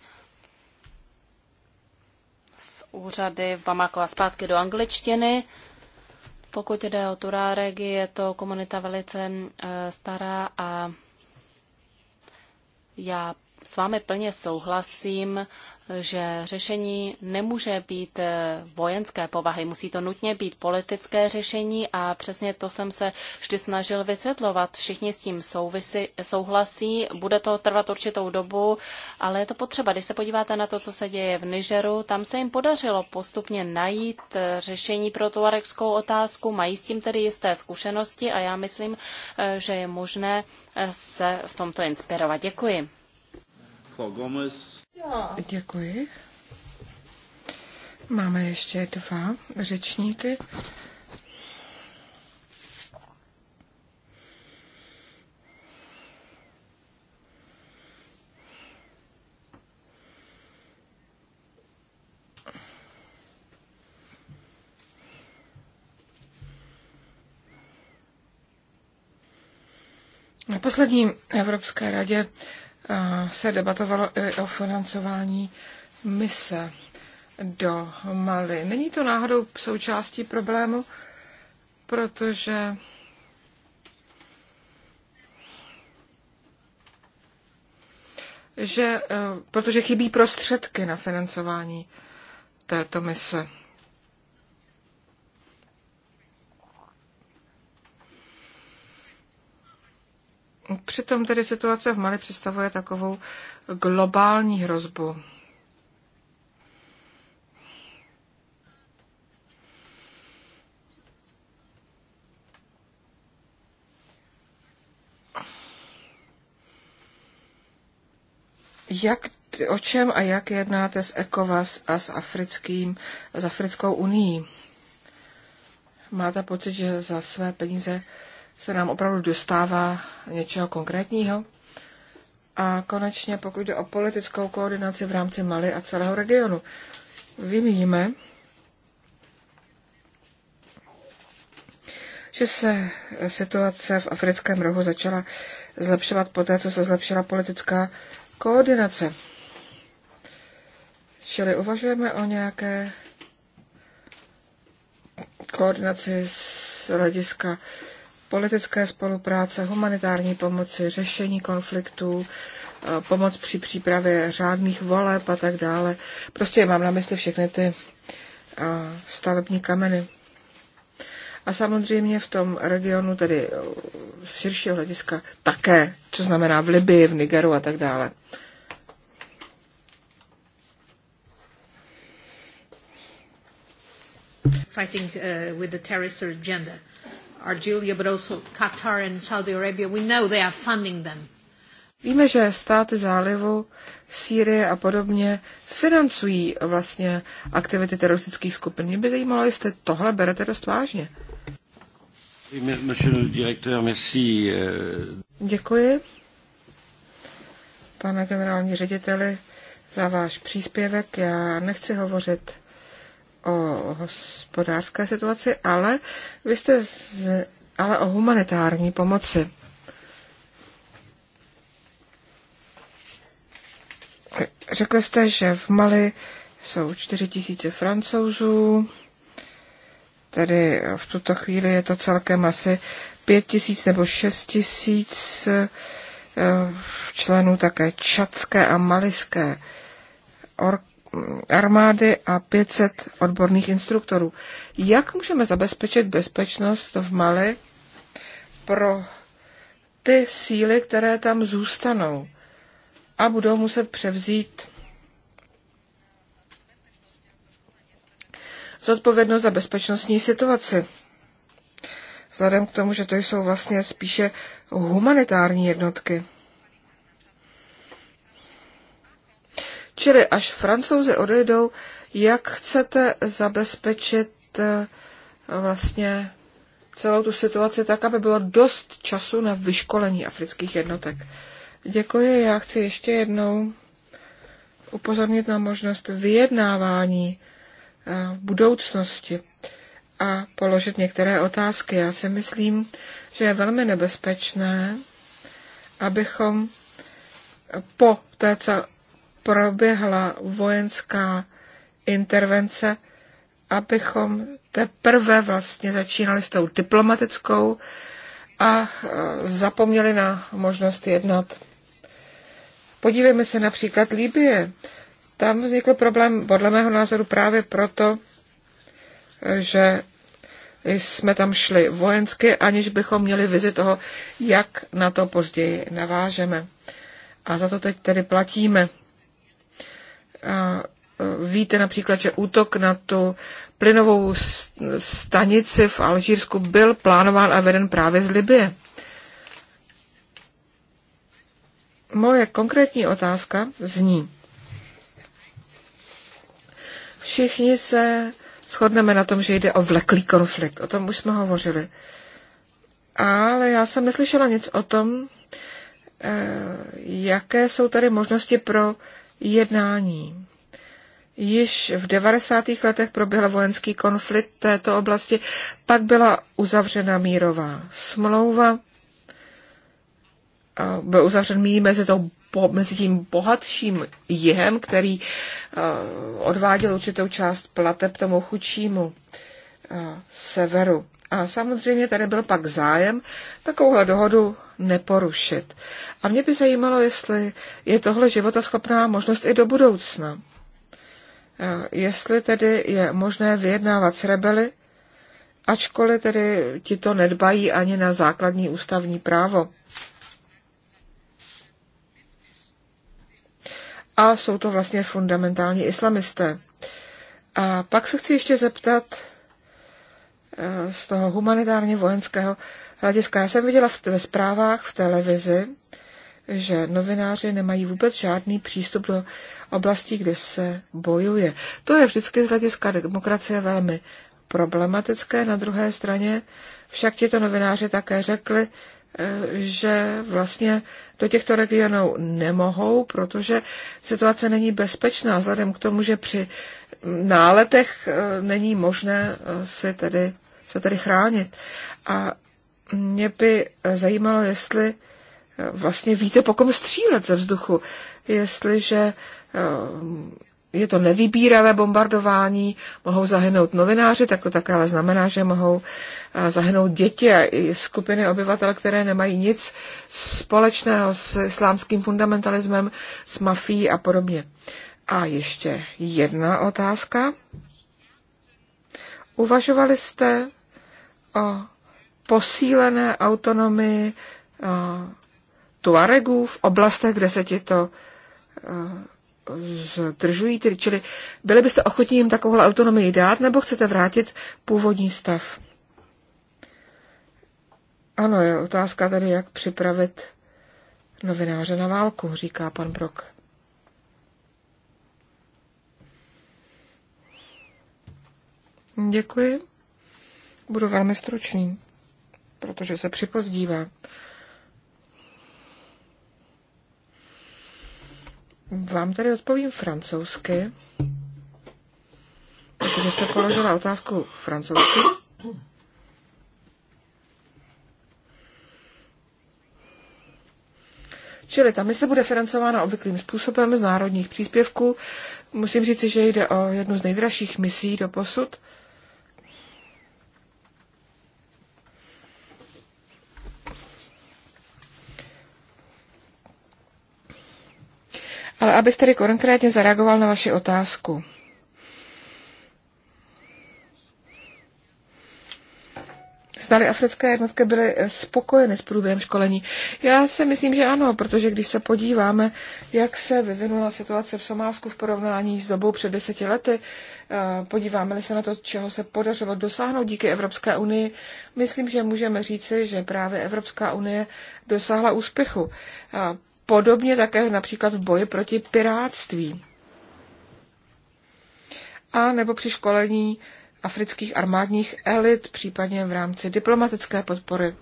z úřady v Bamako a zpátky do angličtiny. Pokud jde o Turáregi, je to komunita velice eh, stará a já s vámi plně souhlasím že řešení nemůže být eh, vojenské povahy, musí to nutně být politické řešení a přesně to jsem se vždy snažil vysvětlovat. Všichni s tím souvisí, souhlasí, bude to trvat určitou dobu, ale je to potřeba. Když se podíváte na to, co se děje v Nigeru, tam se jim podařilo postupně najít eh, řešení pro arekskou otázku, mají s tím tedy jisté zkušenosti a já myslím, eh, že je možné se v tomto inspirovat. Děkuji. Frau Gomez. Děkuji. Máme ještě dva řečníky. Na poslední Evropské radě se debatovalo i o financování mise do Mali. Není to náhodou součástí problému, protože že, eh, protože chybí prostředky na financování této mise. Přitom tedy situace v Mali představuje takovou globální hrozbu. Jak, o čem a jak jednáte s ECOVAS a s, africkým, s Africkou unii? Máte pocit, že za své peníze se nám opravdu dostává něčeho konkrétního. A konečně, pokud jde o politickou koordinaci v rámci Mali a celého regionu, vymíníme, že se situace v africkém rohu začala zlepšovat poté, co se zlepšila politická koordinace. Čili uvažujeme o nějaké koordinaci z hlediska politické spolupráce, humanitární pomoci, řešení konfliktů, eh, pomoc při přípravě řádných voleb a tak dále. Prostě mám na mysli všechny ty eh, stavební kameny. A samozřejmě v tom regionu, tedy eh, z širšího hlediska, také, co znamená v Libii, v Nigeru a tak dále. Fighting uh, with the terrorist agenda. Algeria, but also Qatar and Saudi Arabia, we know they are funding them. Víme, že státy zálivu, Sýrie a podobně financují vlastně aktivity teroristických skupin. Mě by zajímalo, jestli tohle berete dost vážně. Euh. Děkuji, pane generální řediteli, za váš příspěvek. Já nechci hovořit o hospodářské situaci, ale vy jste z, ale o humanitární pomoci. Řekl jste, že v Mali jsou 4 tisíce francouzů, tedy v tuto chvíli je to celkem asi 5 tisíc nebo 6 tisíc eh, členů také čatské a maliské orky armády a 500 odborných instruktorů. Jak můžeme zabezpečit bezpečnost v Mali pro ty síly, které tam zůstanou a budou muset převzít zodpovědnost za bezpečnostní situaci? Vzhledem k tomu, že to jsou vlastně spíše humanitární jednotky. Čili až francouzi odejdou, jak chcete zabezpečit eh, vlastně celou tu situaci tak, aby bylo dost času na vyškolení afrických jednotek. Děkuji, já chci ještě jednou upozornit na možnost vyjednávání v eh, budoucnosti a položit některé otázky. Já si myslím, že je velmi nebezpečné, abychom po té, co proběhla vojenská intervence, abychom teprve vlastně začínali s tou diplomatickou a e, zapomněli na možnost jednat. Podívejme se například Líbie. Tam vznikl problém, podle mého názoru, právě proto, že jsme tam šli vojensky, aniž bychom měli vizi toho, jak na to později navážeme. A za to teď tedy platíme. Víte například, že útok na tu plynovou stanici v Alžírsku byl plánován a veden právě z Libie. Moje konkrétní otázka zní. Všichni se shodneme na tom, že jde o vleklý konflikt. O tom už jsme hovořili. Ale já jsem neslyšela nic o tom, eh, jaké jsou tady možnosti pro jednání. Již v 90. letech proběhl vojenský konflikt této oblasti, pak byla uzavřena mírová smlouva, byl uzavřen mír mezi, to, mezi tím bohatším jihem, který odváděl určitou část plateb tomu chudšímu severu. A samozřejmě tady byl pak zájem takovouhle dohodu neporušit. A mě by zajímalo, jestli je tohle životaschopná možnost i do budoucna. E, jestli tedy je možné vyjednávat s rebeli, ačkoliv tedy ti to nedbají ani na základní ústavní právo. A jsou to vlastně fundamentální islamisté. A pak se chci ještě zeptat, Eh, z toho humanitárně vojenského hlediska. Já jsem viděla ve zprávách v televizi, že novináři nemají vůbec žádný přístup do oblastí, kde se bojuje. To je vždycky z hlediska demokracie velmi problematické. Na druhé straně však tito novináři také řekli, eh, že vlastně do těchto regionů nemohou, protože situace není bezpečná, vzhledem k tomu, že při náletech eh, není možné si tedy se tady chránit. A mě by zajímalo, jestli eh, vlastně víte, po kom střílet ze vzduchu, jestliže eh, je to nevybíravé bombardování, mohou zahynout novináři, tak to také ale znamená, že mohou eh, zahynout děti a i skupiny obyvatel, které nemají nic společného s islámským fundamentalismem, s mafií a podobně. A ještě jedna otázka. Uvažovali jste o posílené autonomii Tuaregů v oblastech, kde se ti to zdržují, tedy, čili byli byste ochotní jim takovou autonomii dát, nebo chcete vrátit původní stav? Ano, je otázka tady, jak připravit novináře na válku, říká pan Brok. Děkuji. Budu velmi stručný, protože se připozdívá. Vám tady odpovím francouzsky, protože jste položila otázku francouzsky. Čili ta mise bude financována obvyklým způsobem z národních příspěvků. Musím říci, že jde o jednu z nejdražších misí do posud. Ale abych tedy konkrétně zareagoval na vaši otázku. Zdali africké jednotky byly eh, spokojeny s průběhem školení? Já si myslím, že ano, protože když se podíváme, jak se vyvinula situace v Somálsku v porovnání s dobou před deseti lety, eh, podíváme se na to, čeho se podařilo dosáhnout díky Evropské unii, myslím, že můžeme říci, že právě Evropská unie dosáhla úspěchu. Eh, podobně také například v boji proti piráctví. A nebo při školení afrických armádních elit, případně v rámci diplomatické podpory.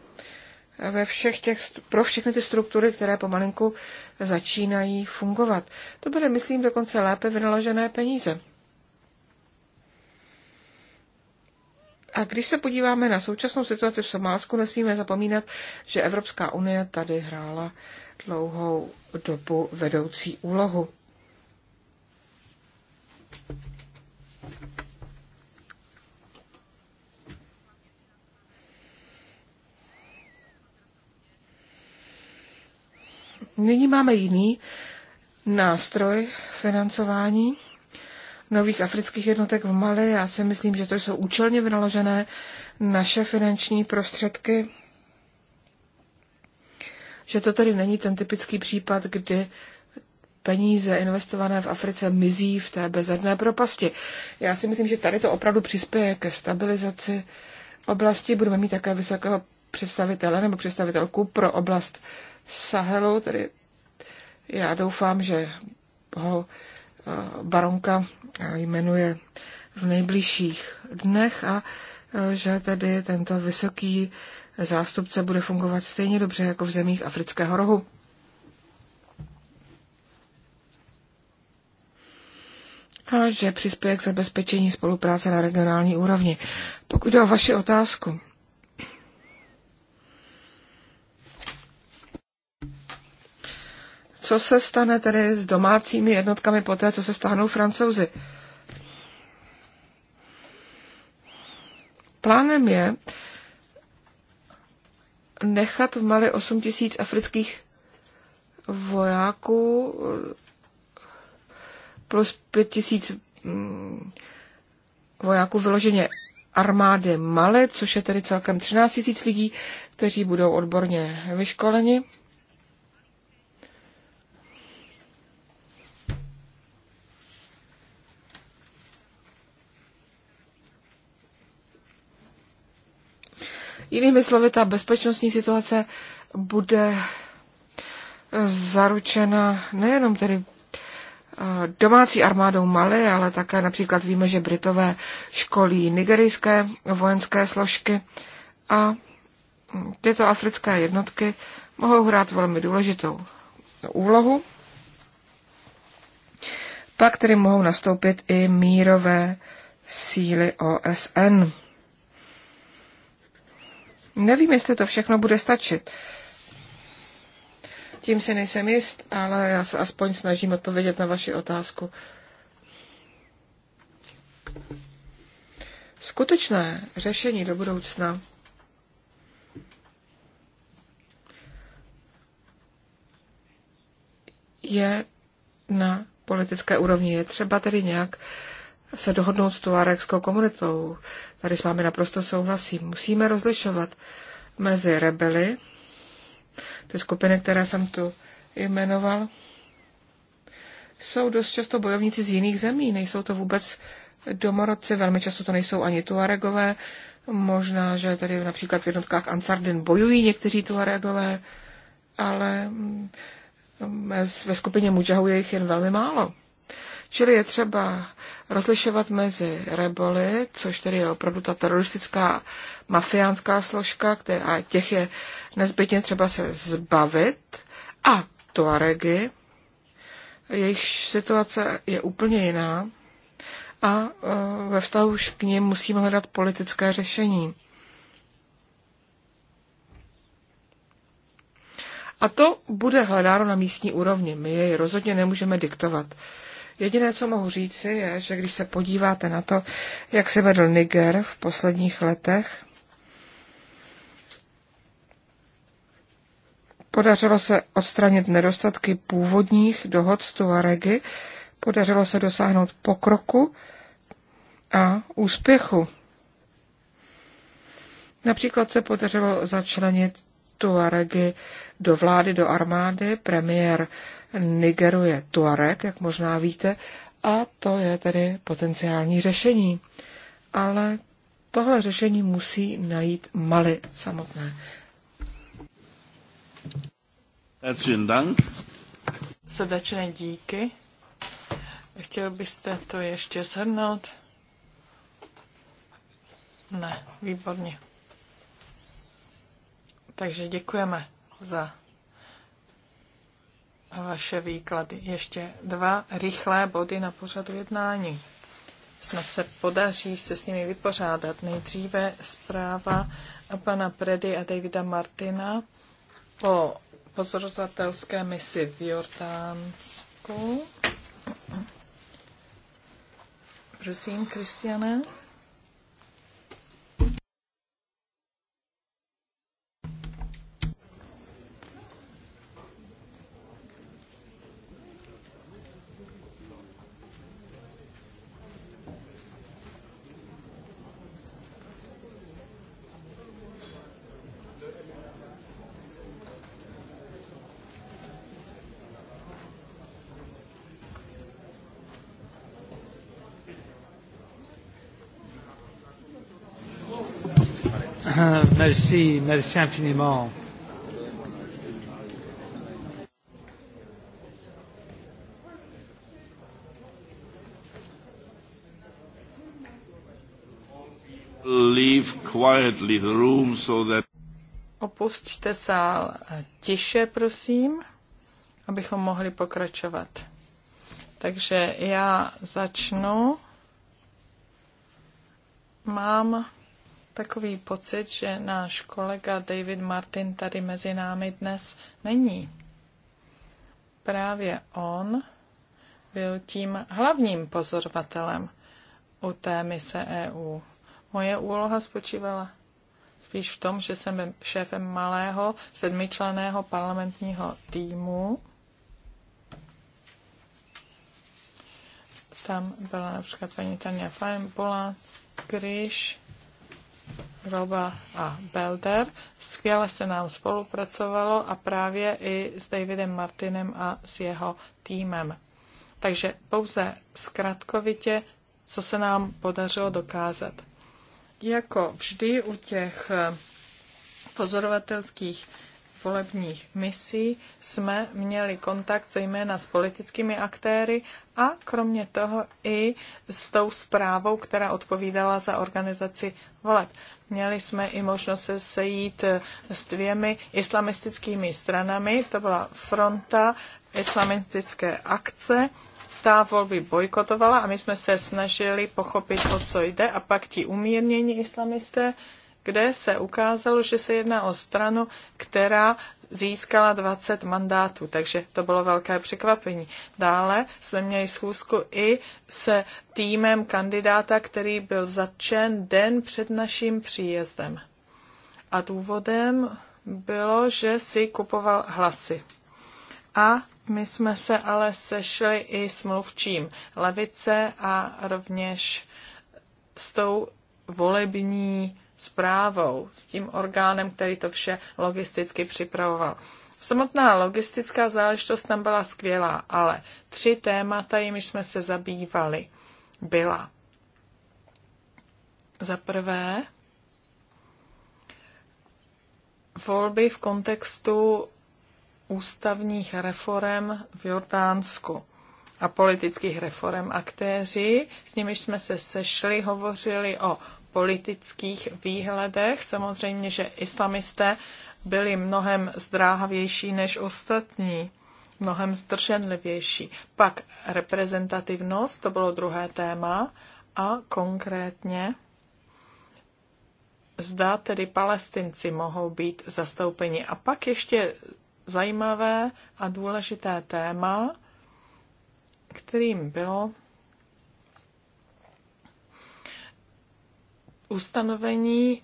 Ve všech těch, pro všechny ty struktury, které pomalinku začínají fungovat. To byly, myslím, dokonce lépe vynaložené peníze. A když se podíváme na současnou situaci v Somálsku, nesmíme zapomínat, že Evropská unie tady hrála dlouhou dobu vedoucí úlohu. Nyní máme jiný nástroj financování nových afrických jednotek v Mali. Já si myslím, že to jsou účelně vynaložené naše finanční prostředky že to tedy není ten typický případ, kdy peníze investované v Africe mizí v té bezedné propasti. Já si myslím, že tady to opravdu přispěje ke stabilizaci oblasti. Budeme mít také vysokého představitele nebo představitelku pro oblast Sahelu, tedy já doufám, že ho eh, baronka eh, jmenuje v nejbližších dnech a eh, že tedy tento vysoký zástupce bude fungovat stejně dobře jako v zemích Afrického rohu. a že přispěje k zabezpečení spolupráce na regionální úrovni. Pokud jde o vaši otázku, co se stane tedy s domácími jednotkami poté, co se stáhnou francouzi? Plánem je, nechat v Mali 8 tisíc afrických vojáků plus 5 tisíc mm, vojáků vyloženě armády Mali, což je tedy celkem 13 tisíc lidí, kteří budou odborně vyškoleni. Jinými slovy, ta bezpečnostní situace bude eh, zaručena nejenom tedy eh, domácí armádou Mali, ale také například víme, že Britové školí nigerijské vojenské složky a hm, tyto africké jednotky mohou hrát velmi důležitou úlohu. Pak tedy mohou nastoupit i mírové síly OSN. Nevím, jestli to všechno bude stačit. Tím si nejsem jist, ale já se aspoň snažím odpovědět na vaši otázku. Skutečné řešení do budoucna je na politické úrovni. Je třeba tedy nějak se dohodnout s tuaregskou komunitou. Tady s vámi naprosto souhlasím. Musíme rozlišovat mezi rebely, ty skupiny, které jsem tu jmenoval, jsou dost často bojovníci z jiných zemí, nejsou to vůbec domorodci, velmi často to nejsou ani tuaregové, možná, že tady například v jednotkách Ansardin bojují někteří tuaregové, ale mm, ve skupině mužahů je jich jen velmi málo. Čili je třeba rozlišovat mezi reboli, což tedy je opravdu ta teroristická mafiánská složka, která těch je nezbytně třeba se zbavit, a Tuaregy, jejich situace je úplně jiná a e, ve vztahu už k ním musíme hledat politické řešení. A to bude hledáno na místní úrovni. My jej rozhodně nemůžeme diktovat. Jediné, co mohu říci, je, že když se podíváte na to, jak se vedl Niger v posledních letech, podařilo se odstranit nedostatky původních dohod z Tuaregy, podařilo se dosáhnout pokroku a úspěchu. Například se podařilo začlenit Tuaregy do vlády, do armády. Premiér Nigeru je Tuareg, jak možná víte, a to je tedy potenciální řešení. Ale tohle řešení musí najít Mali samotné. Srdečné díky. Chtěl byste to ještě shrnout? Ne, výborně. Takže děkujeme za vaše výklady. Ještě dva rychlé body na pořadu jednání. Snad se podaří se s nimi vypořádat. Nejdříve zpráva pana Predy a Davida Martina po pozorovatelské misi v Jordánsku. Prosím, Kristiane. Merci, merci infiniment. Leave quietly the room so that... Opusťte sál tiše, prosím, abychom mohli pokračovat. Takže já začnu. Mám takový pocit, že náš kolega David Martin tady mezi námi dnes není. Právě on byl tím hlavním pozorovatelem u té mise EU. Moje úloha spočívala spíš v tom, že jsem šéfem malého sedmičleného parlamentního týmu. Tam byla například paní Tania Feinbola, Gryš, Roba a Belder. Skvěle se nám spolupracovalo a právě i s Davidem Martinem a s jeho týmem. Takže pouze zkratkovitě, co se nám podařilo dokázat. Jako vždy u těch eh, pozorovatelských volebních misí jsme měli kontakt zejména s politickými aktéry a kromě toho i s tou zprávou, která odpovídala za organizaci voleb. Měli jsme i možnost se sejít s dvěmi islamistickými stranami, to byla fronta islamistické akce, ta volby bojkotovala a my jsme se snažili pochopit, o co jde a pak ti umírnění islamisté kde se ukázalo, že se jedná o stranu, která získala 20 mandátů, takže to bylo velké překvapení. Dále jsme měli schůzku i se týmem kandidáta, který byl začen den před naším příjezdem. A důvodem bylo, že si kupoval hlasy. A my jsme se ale sešli i s mluvčím levice a rovněž s tou volební zprávou, s tím orgánem, který to vše logisticky připravoval. Samotná logistická záležitost tam byla skvělá, ale tři témata, jimiž jsme se zabývali, byla. Za prvé, volby v kontextu ústavních reform v Jordánsku a politických reform. Aktéři, s nimiž jsme se sešli, hovořili o politických výhledech. Samozřejmě, že islamisté byli mnohem zdráhavější než ostatní, mnohem zdrženlivější. Pak reprezentativnost, to bylo druhé téma, a konkrétně zda tedy palestinci mohou být zastoupeni. A pak ještě zajímavé a důležité téma, kterým bylo ustanovení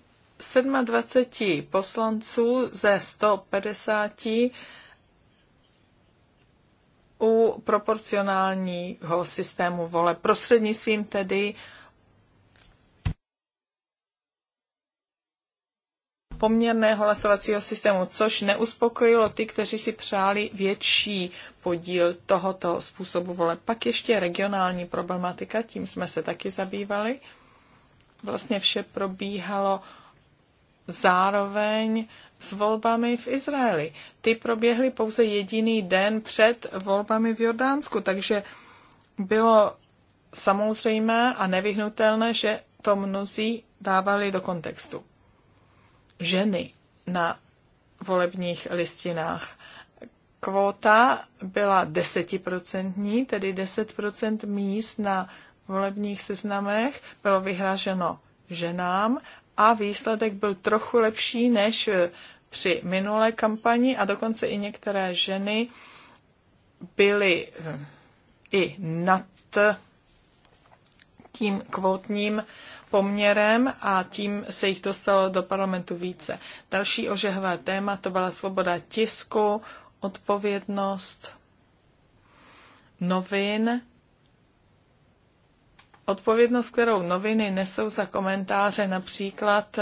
27 poslanců ze 150 u proporcionálního systému vole, prostřednictvím tedy poměrného hlasovacího systému, což neuspokojilo ty, kteří si přáli větší podíl tohoto způsobu vole. Pak ještě regionální problematika, tím jsme se taky zabývali vlastně vše probíhalo zároveň s volbami v Izraeli. Ty proběhly pouze jediný den před volbami v Jordánsku, takže bylo samozřejmé a nevyhnutelné, že to mnozí dávali do kontextu. Ženy na volebních listinách. kvota byla desetiprocentní, tedy 10% míst na volebních seznamech bylo vyhraženo ženám a výsledek byl trochu lepší než eh, při minulé kampani a dokonce i některé ženy byly eh, i nad tím kvotním poměrem a tím se jich dostalo do parlamentu více. Další ožehvé téma to byla svoboda tisku, odpovědnost novin Odpovědnost, kterou noviny nesou za komentáře například,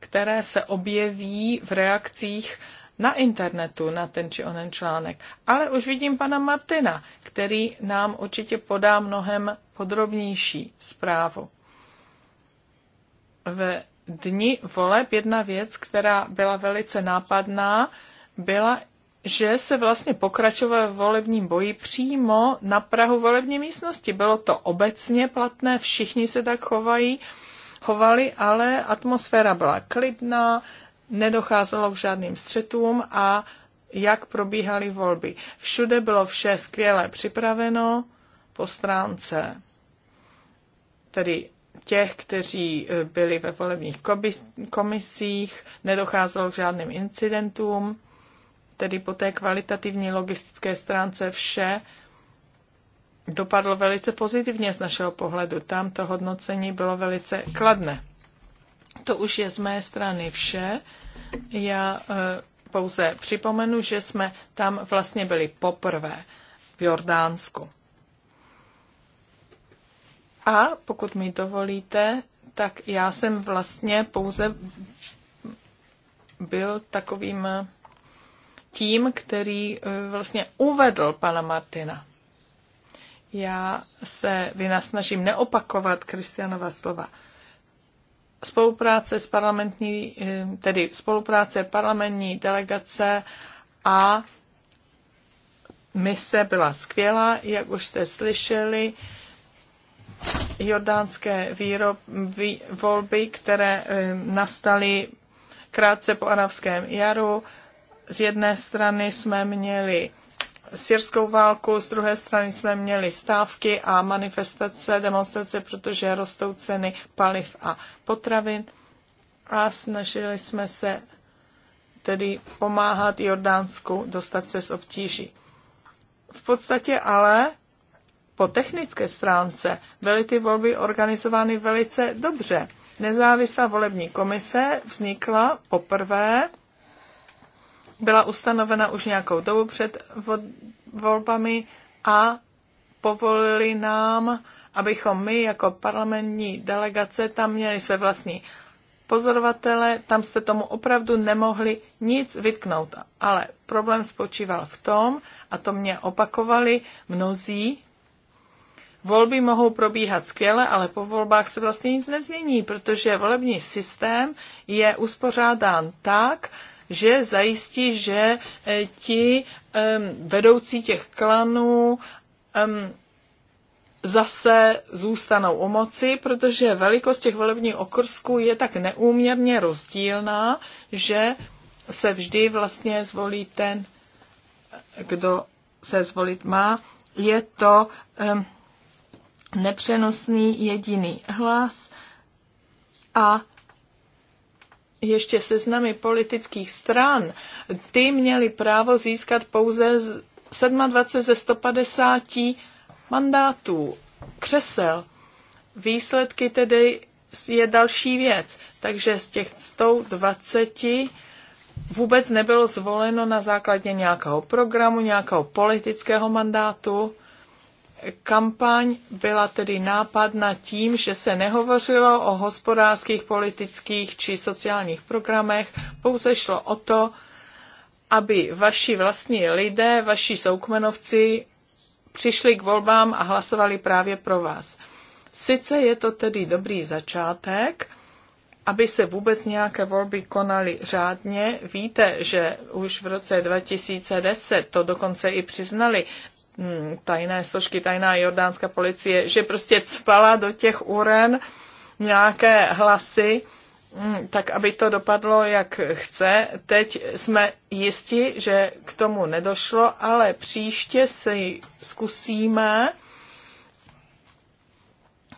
které se objeví v reakcích na internetu na ten či onen článek. Ale už vidím pana Martina, který nám určitě podá mnohem podrobnější zprávu. V dni voleb jedna věc, která byla velice nápadná, byla že se vlastně pokračovalo v volebním boji přímo na Prahu volební místnosti. Bylo to obecně platné, všichni se tak chovají, chovali, ale atmosféra byla klidná, nedocházelo k žádným střetům a jak probíhaly volby. Všude bylo vše skvěle připraveno po stránce tedy těch, kteří e, byli ve volebních komisích, nedocházelo k žádným incidentům tedy po té kvalitativní logistické stránce vše dopadlo velice pozitivně z našeho pohledu. Tam to hodnocení bylo velice kladné. To už je z mé strany vše. Já eh, pouze připomenu, že jsme tam vlastně byli poprvé v Jordánsku. A pokud mi dovolíte, tak já jsem vlastně pouze byl takovým tím, který eh, vlastně uvedl pana Martina. Já se vynasnažím neopakovat Kristianova slova. Spolupráce s parlamentní, eh, tedy spolupráce parlamentní delegace a mise byla skvělá, jak už jste slyšeli jordánské výrob, vý, volby, které eh, nastaly krátce po arabském jaru, z jedné strany jsme měli syrskou válku, z druhé strany jsme měli stávky a manifestace, demonstrace, protože rostou ceny paliv a potravin. A snažili jsme se tedy pomáhat Jordánsku dostat se z obtíží. V podstatě ale po technické stránce byly ty volby organizovány velice dobře. Nezávislá volební komise vznikla poprvé byla ustanovena už nějakou dobu před volbami a povolili nám, abychom my jako parlamentní delegace tam měli své vlastní pozorovatele, tam jste tomu opravdu nemohli nic vytknout. Ale problém spočíval v tom, a to mě opakovali mnozí, volby mohou probíhat skvěle, ale po volbách se vlastně nic nezmění, protože volební systém je uspořádán tak, že zajistí, že eh, ti vedoucí těch klanů zase zůstanou u moci, protože velikost těch volebních okrsků je tak neúměrně rozdílná, že se vždy vlastně zvolí ten, kdo se zvolit má. Je to nepřenosný jediný hlas a ještě seznamy politických stran, ty měly právo získat pouze 27 ze 150 mandátů, křesel. Výsledky tedy je další věc. Takže z těch 120 vůbec nebylo zvoleno na základě nějakého programu, nějakého politického mandátu kampaň byla tedy nápad na tím, že se nehovořilo o hospodářských, politických či sociálních programech, pouze šlo o to, aby vaši vlastní lidé, vaši soukmenovci přišli k volbám a hlasovali právě pro vás. Sice je to tedy dobrý začátek, aby se vůbec nějaké volby konaly řádně. Víte, že už v roce 2010 to dokonce i přiznali Hmm, tajné složky, tajná jordánská policie, že prostě cpala do těch uren nějaké hlasy, hmm, tak aby to dopadlo, jak chce. Teď jsme jisti, že k tomu nedošlo, ale příště si zkusíme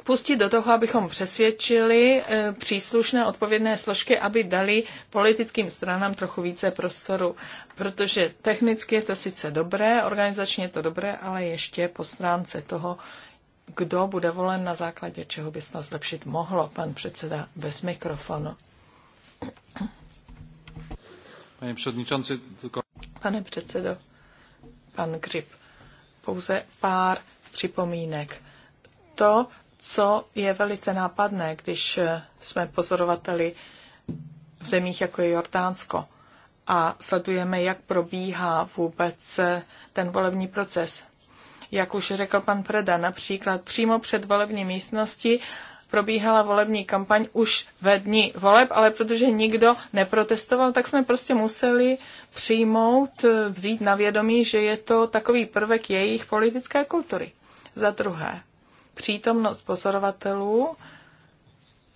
pustit do toho, abychom přesvědčili eh, příslušné odpovědné složky, aby dali politickým stranám trochu více prostoru. Protože technicky je to sice dobré, organizačně je to dobré, ale ještě po stránce toho, kdo bude volen na základě čeho by se to zlepšit mohlo, pan předseda bez mikrofonu. Pane předsedající, Pane předsedo, pan Grip, pouze pár připomínek. To, co je velice nápadné, když eh, jsme pozorovateli v zemích jako je Jordánsko a sledujeme, jak probíhá vůbec eh, ten volební proces. Jak už řekl pan Preda, například přímo před volební místnosti probíhala volební kampaň už ve dní voleb, ale protože nikdo neprotestoval, tak jsme prostě museli přijmout, eh, vzít na vědomí, že je to takový prvek jejich politické kultury. Za druhé, přítomnost pozorovatelů,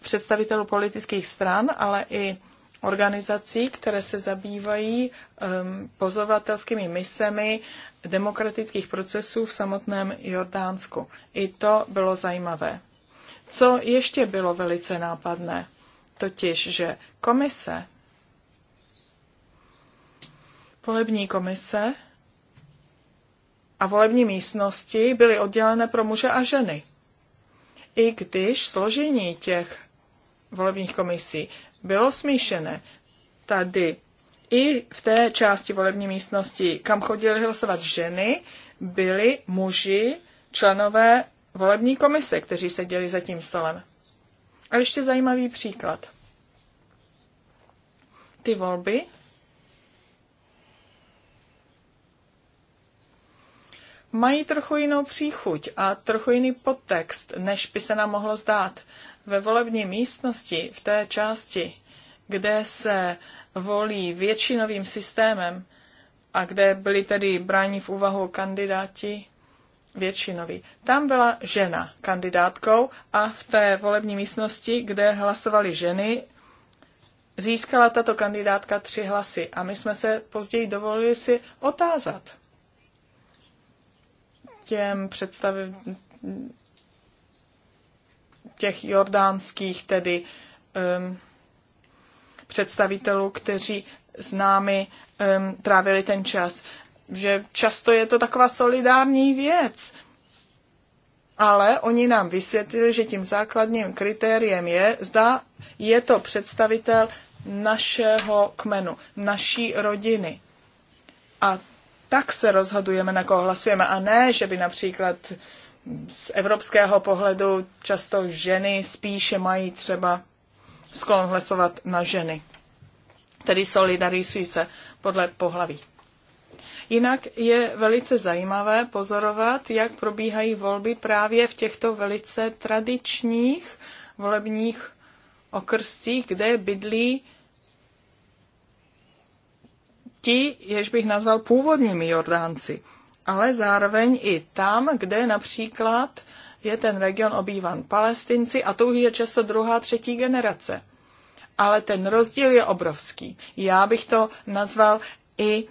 představitelů politických stran, ale i organizací, které se zabývají um, pozorovatelskými misemi demokratických procesů v samotném Jordánsku. I to bylo zajímavé. Co ještě bylo velice nápadné, totiž, že komise, volební komise, a volební místnosti byly oddělené pro muže a ženy. I když složení těch volebních komisí bylo smíšené, tady i v té části volební místnosti, kam chodili hlasovat ženy, byli muži, členové volební komise, kteří seděli za tím stolem. A ještě zajímavý příklad. Ty volby mají trochu jinou příchuť a trochu jiný podtext, než by se nám mohlo zdát. Ve volební místnosti, v té části, kde se volí většinovým systémem a kde byli tedy bráni v úvahu kandidáti většinoví. Tam byla žena kandidátkou a v té volební místnosti, kde hlasovali ženy, získala tato kandidátka tři hlasy. A my jsme se později dovolili si otázat těm představit těch jordánských tedy um, představitelů, kteří s námi um, trávili ten čas. Že často je to taková solidární věc. Ale oni nám vysvětlili, že tím základním kritériem je, zda je to představitel našeho kmenu, naší rodiny. A tak se rozhodujeme, na koho hlasujeme. A ne, že by například z evropského pohledu často ženy spíše mají třeba sklon hlasovat na ženy. Tedy solidarizují se podle pohlaví. Jinak je velice zajímavé pozorovat, jak probíhají volby právě v těchto velice tradičních volebních okrscích, kde bydlí ti, jež bych nazval původními Jordánci, ale zároveň i tam, kde například je ten region obývan palestinci a to už je často druhá, třetí generace. Ale ten rozdíl je obrovský. Já bych to nazval i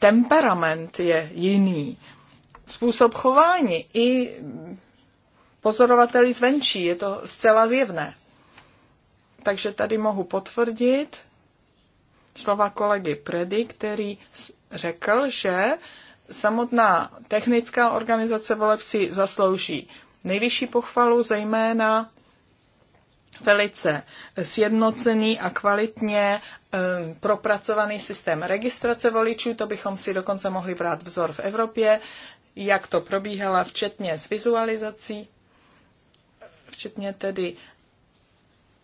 temperament je jiný. Způsob chování i pozorovateli zvenčí je to zcela zjevné. Takže tady mohu potvrdit, slova kolegy Predy, který řekl, že samotná technická organizace voleb si zaslouží nejvyšší pochvalu, zejména velice sjednocený a kvalitně eh, propracovaný systém registrace voličů, to bychom si dokonce mohli brát vzor v Evropě, jak to probíhala, včetně s vizualizací, včetně tedy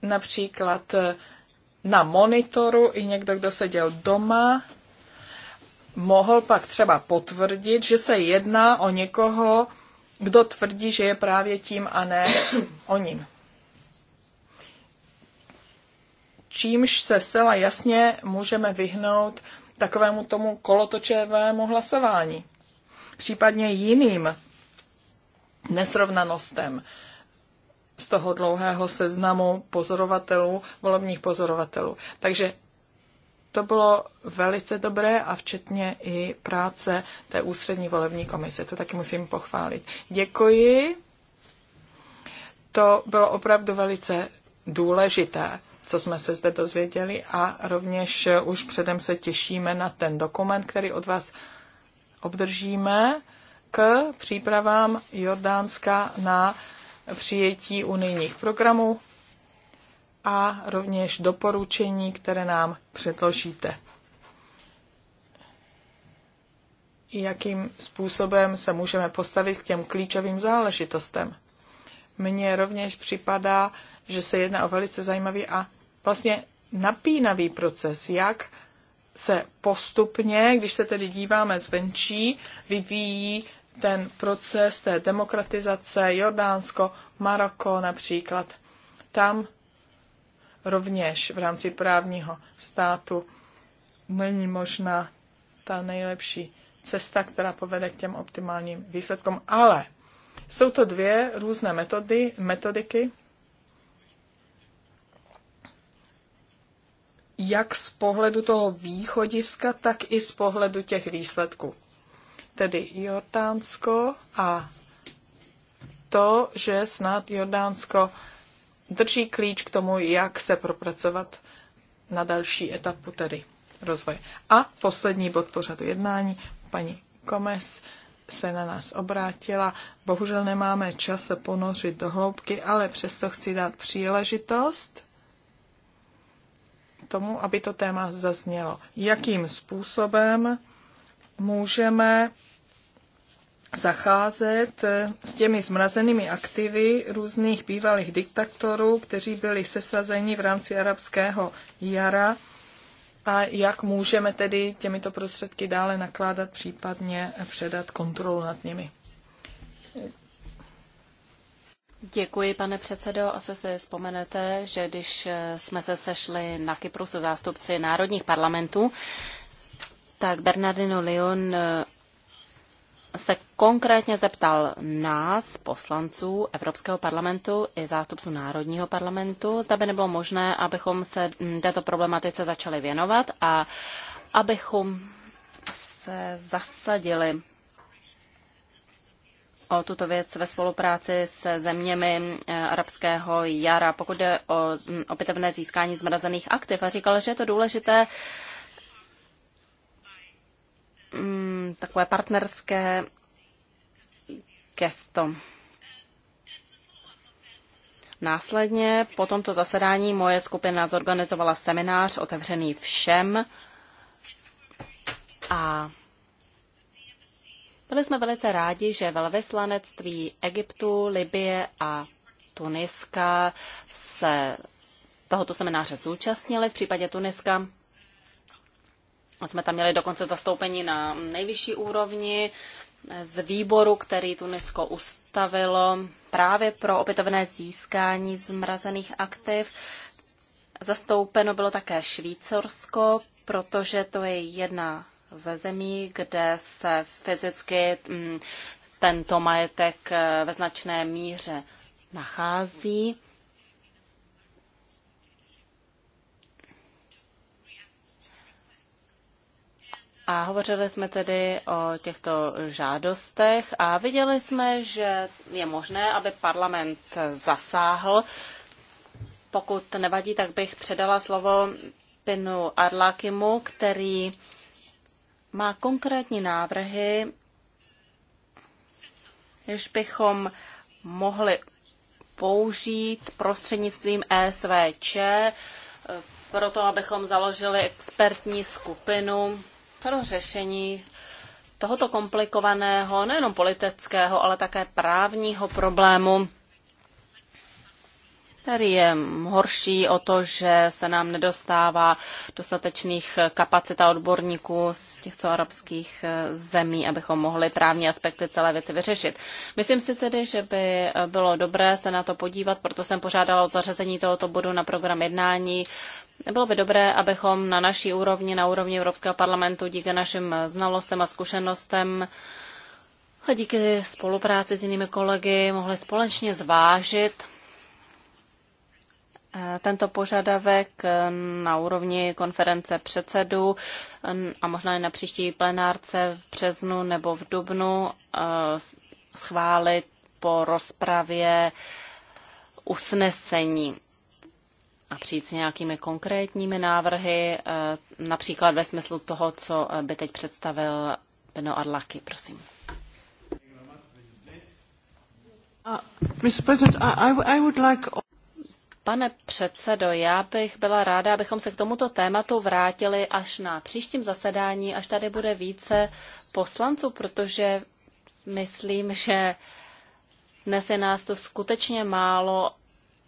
například eh, na monitoru i někdo, kdo seděl doma, mohl pak třeba potvrdit, že se jedná o někoho, kdo tvrdí, že je právě tím a ne o ním. Čímž se zcela jasně můžeme vyhnout takovému tomu kolotočevému hlasování, případně jiným nesrovnanostem z toho dlouhého seznamu pozorovatelů, volebních pozorovatelů. Takže to bylo velice dobré a včetně i práce té ústřední volební komise. To taky musím pochválit. Děkuji. To bylo opravdu velice důležité, co jsme se zde dozvěděli a rovněž už předem se těšíme na ten dokument, který od vás obdržíme k přípravám Jordánska na přijetí unijních programů a rovněž doporučení, které nám předložíte. Jakým způsobem se můžeme postavit k těm klíčovým záležitostem. Mně rovněž připadá, že se jedná o velice zajímavý a vlastně napínavý proces, jak se postupně, když se tedy díváme zvenčí, vyvíjí ten proces té demokratizace, Jordánsko, Maroko například. Tam rovněž v rámci právního státu není možná ta nejlepší cesta, která povede k těm optimálním výsledkům. Ale jsou to dvě různé metody, metodiky, jak z pohledu toho východiska, tak i z pohledu těch výsledků tedy Jordánsko a to, že snad Jordánsko drží klíč k tomu, jak se propracovat na další etapu tedy rozvoje. A poslední bod pořadu jednání, paní Komes se na nás obrátila. Bohužel nemáme čas se ponořit do hloubky, ale přesto chci dát příležitost tomu, aby to téma zaznělo. Jakým způsobem můžeme zacházet s těmi zmrazenými aktivy různých bývalých diktatorů, kteří byli sesazeni v rámci arabského jara a jak můžeme tedy těmito prostředky dále nakládat, případně předat kontrolu nad nimi. Děkuji, pane předsedo. Asi si vzpomenete, že když jsme se sešli na Kypru se zástupci národních parlamentů, tak Bernardino Leon eh, se konkrétně zeptal nás, poslanců Evropského parlamentu i zástupců Národního parlamentu, zda by nebylo možné, abychom se hm, této problematice začali věnovat a abychom se zasadili o tuto věc ve spolupráci se zeměmi eh, arabského jara, pokud je o hm, opětovné získání zmrazených aktiv. A říkal, že je to důležité Mm, takové partnerské gesto. Následně po tomto zasedání moje skupina zorganizovala seminář otevřený všem a byli jsme velice rádi, že velvyslanectví Egyptu, Libie a Tuniska se tohoto semináře zúčastnili. V případě Tuniska jsme tam měli dokonce zastoupení na nejvyšší úrovni z výboru, který Tunisko ustavilo právě pro opětovné získání zmrazených aktiv. Zastoupeno bylo také Švýcarsko, protože to je jedna ze zemí, kde se fyzicky mm, tento majetek eh, ve značné míře nachází. A hovořili jsme tedy o těchto žádostech a viděli jsme, že je možné, aby parlament zasáhl. Pokud nevadí, tak bych předala slovo Pinu Arlakimu, který má konkrétní návrhy, jež bychom mohli použít prostřednictvím ESVČ, eh, proto abychom založili expertní skupinu pro řešení tohoto komplikovaného, nejenom politického, ale také právního problému, který je horší o to, že se nám nedostává dostatečných kapacit a odborníků z těchto arabských eh, zemí, abychom mohli právní aspekty celé věci vyřešit. Myslím si tedy, že by eh, bylo dobré se na to podívat, proto jsem požádala o zařazení tohoto bodu na program jednání bylo by dobré, abychom na naší úrovni, na úrovni Evropského parlamentu, díky našim znalostem a zkušenostem a díky spolupráci s jinými kolegy mohli společně zvážit eh, tento požadavek eh, na úrovni konference předsedů eh, a možná i na příští plenárce v březnu nebo v dubnu schválit po rozpravě usnesení a přijít s nějakými konkrétními návrhy, eh, například ve smyslu toho, co eh, by teď představil Beno Arlaki, prosím. Uh, Pane předsedo, já bych byla ráda, abychom se k tomuto tématu vrátili až na příštím zasedání, až tady bude více poslanců, protože myslím, že dnes je nás to skutečně málo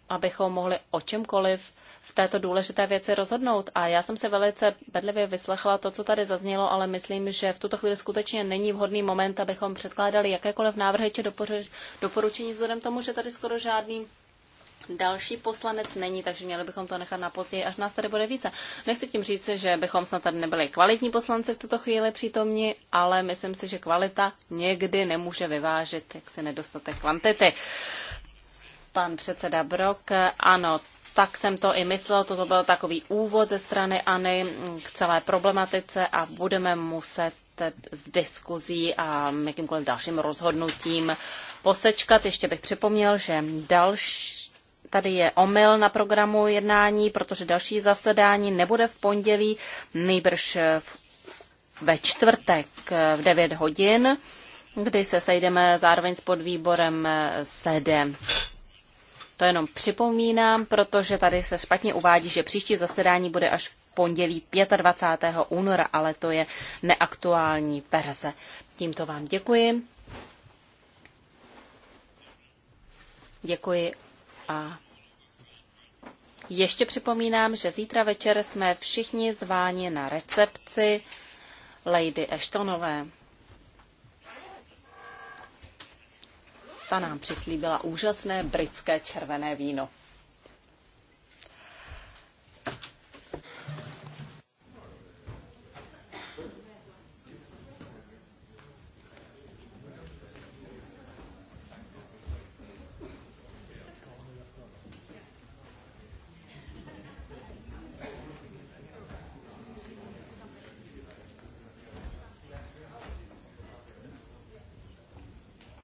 abychom mohli o čemkoliv v této důležité věci rozhodnout. A já jsem se velice bedlivě vyslechla to, co tady zaznělo, ale myslím, že v tuto chvíli skutečně není vhodný moment, abychom předkládali jakékoliv návrhy či doporučení vzhledem tomu, že tady skoro žádný další poslanec není, takže měli bychom to nechat na později, až nás tady bude více. Nechci tím říct, že bychom snad tady nebyli kvalitní poslanci v tuto chvíli přítomní, ale myslím si, že kvalita někdy nemůže vyvážit jaksi nedostatek kvantity. Uh, Pan předseda Brok, ano, tak jsem to i myslel, toto byl takový úvod ze strany Any k celé problematice a budeme muset s diskuzí a jakýmkoliv dalším rozhodnutím posečkat. Ještě bych připomněl, že další, tady je omyl na programu jednání, protože další zasedání nebude v pondělí, nejbrž v, ve čtvrtek v 9 hodin, kdy se sejdeme zároveň s podvýborem 7. To jenom připomínám, protože tady se špatně uvádí, že příští zasedání bude až v pondělí 25. února, ale to je neaktuální verze. Tímto vám děkuji. Děkuji a ještě připomínám, že zítra večer jsme všichni zváni na recepci Lady Ashtonové. Krista nám přislíbila úžasné britské červené víno.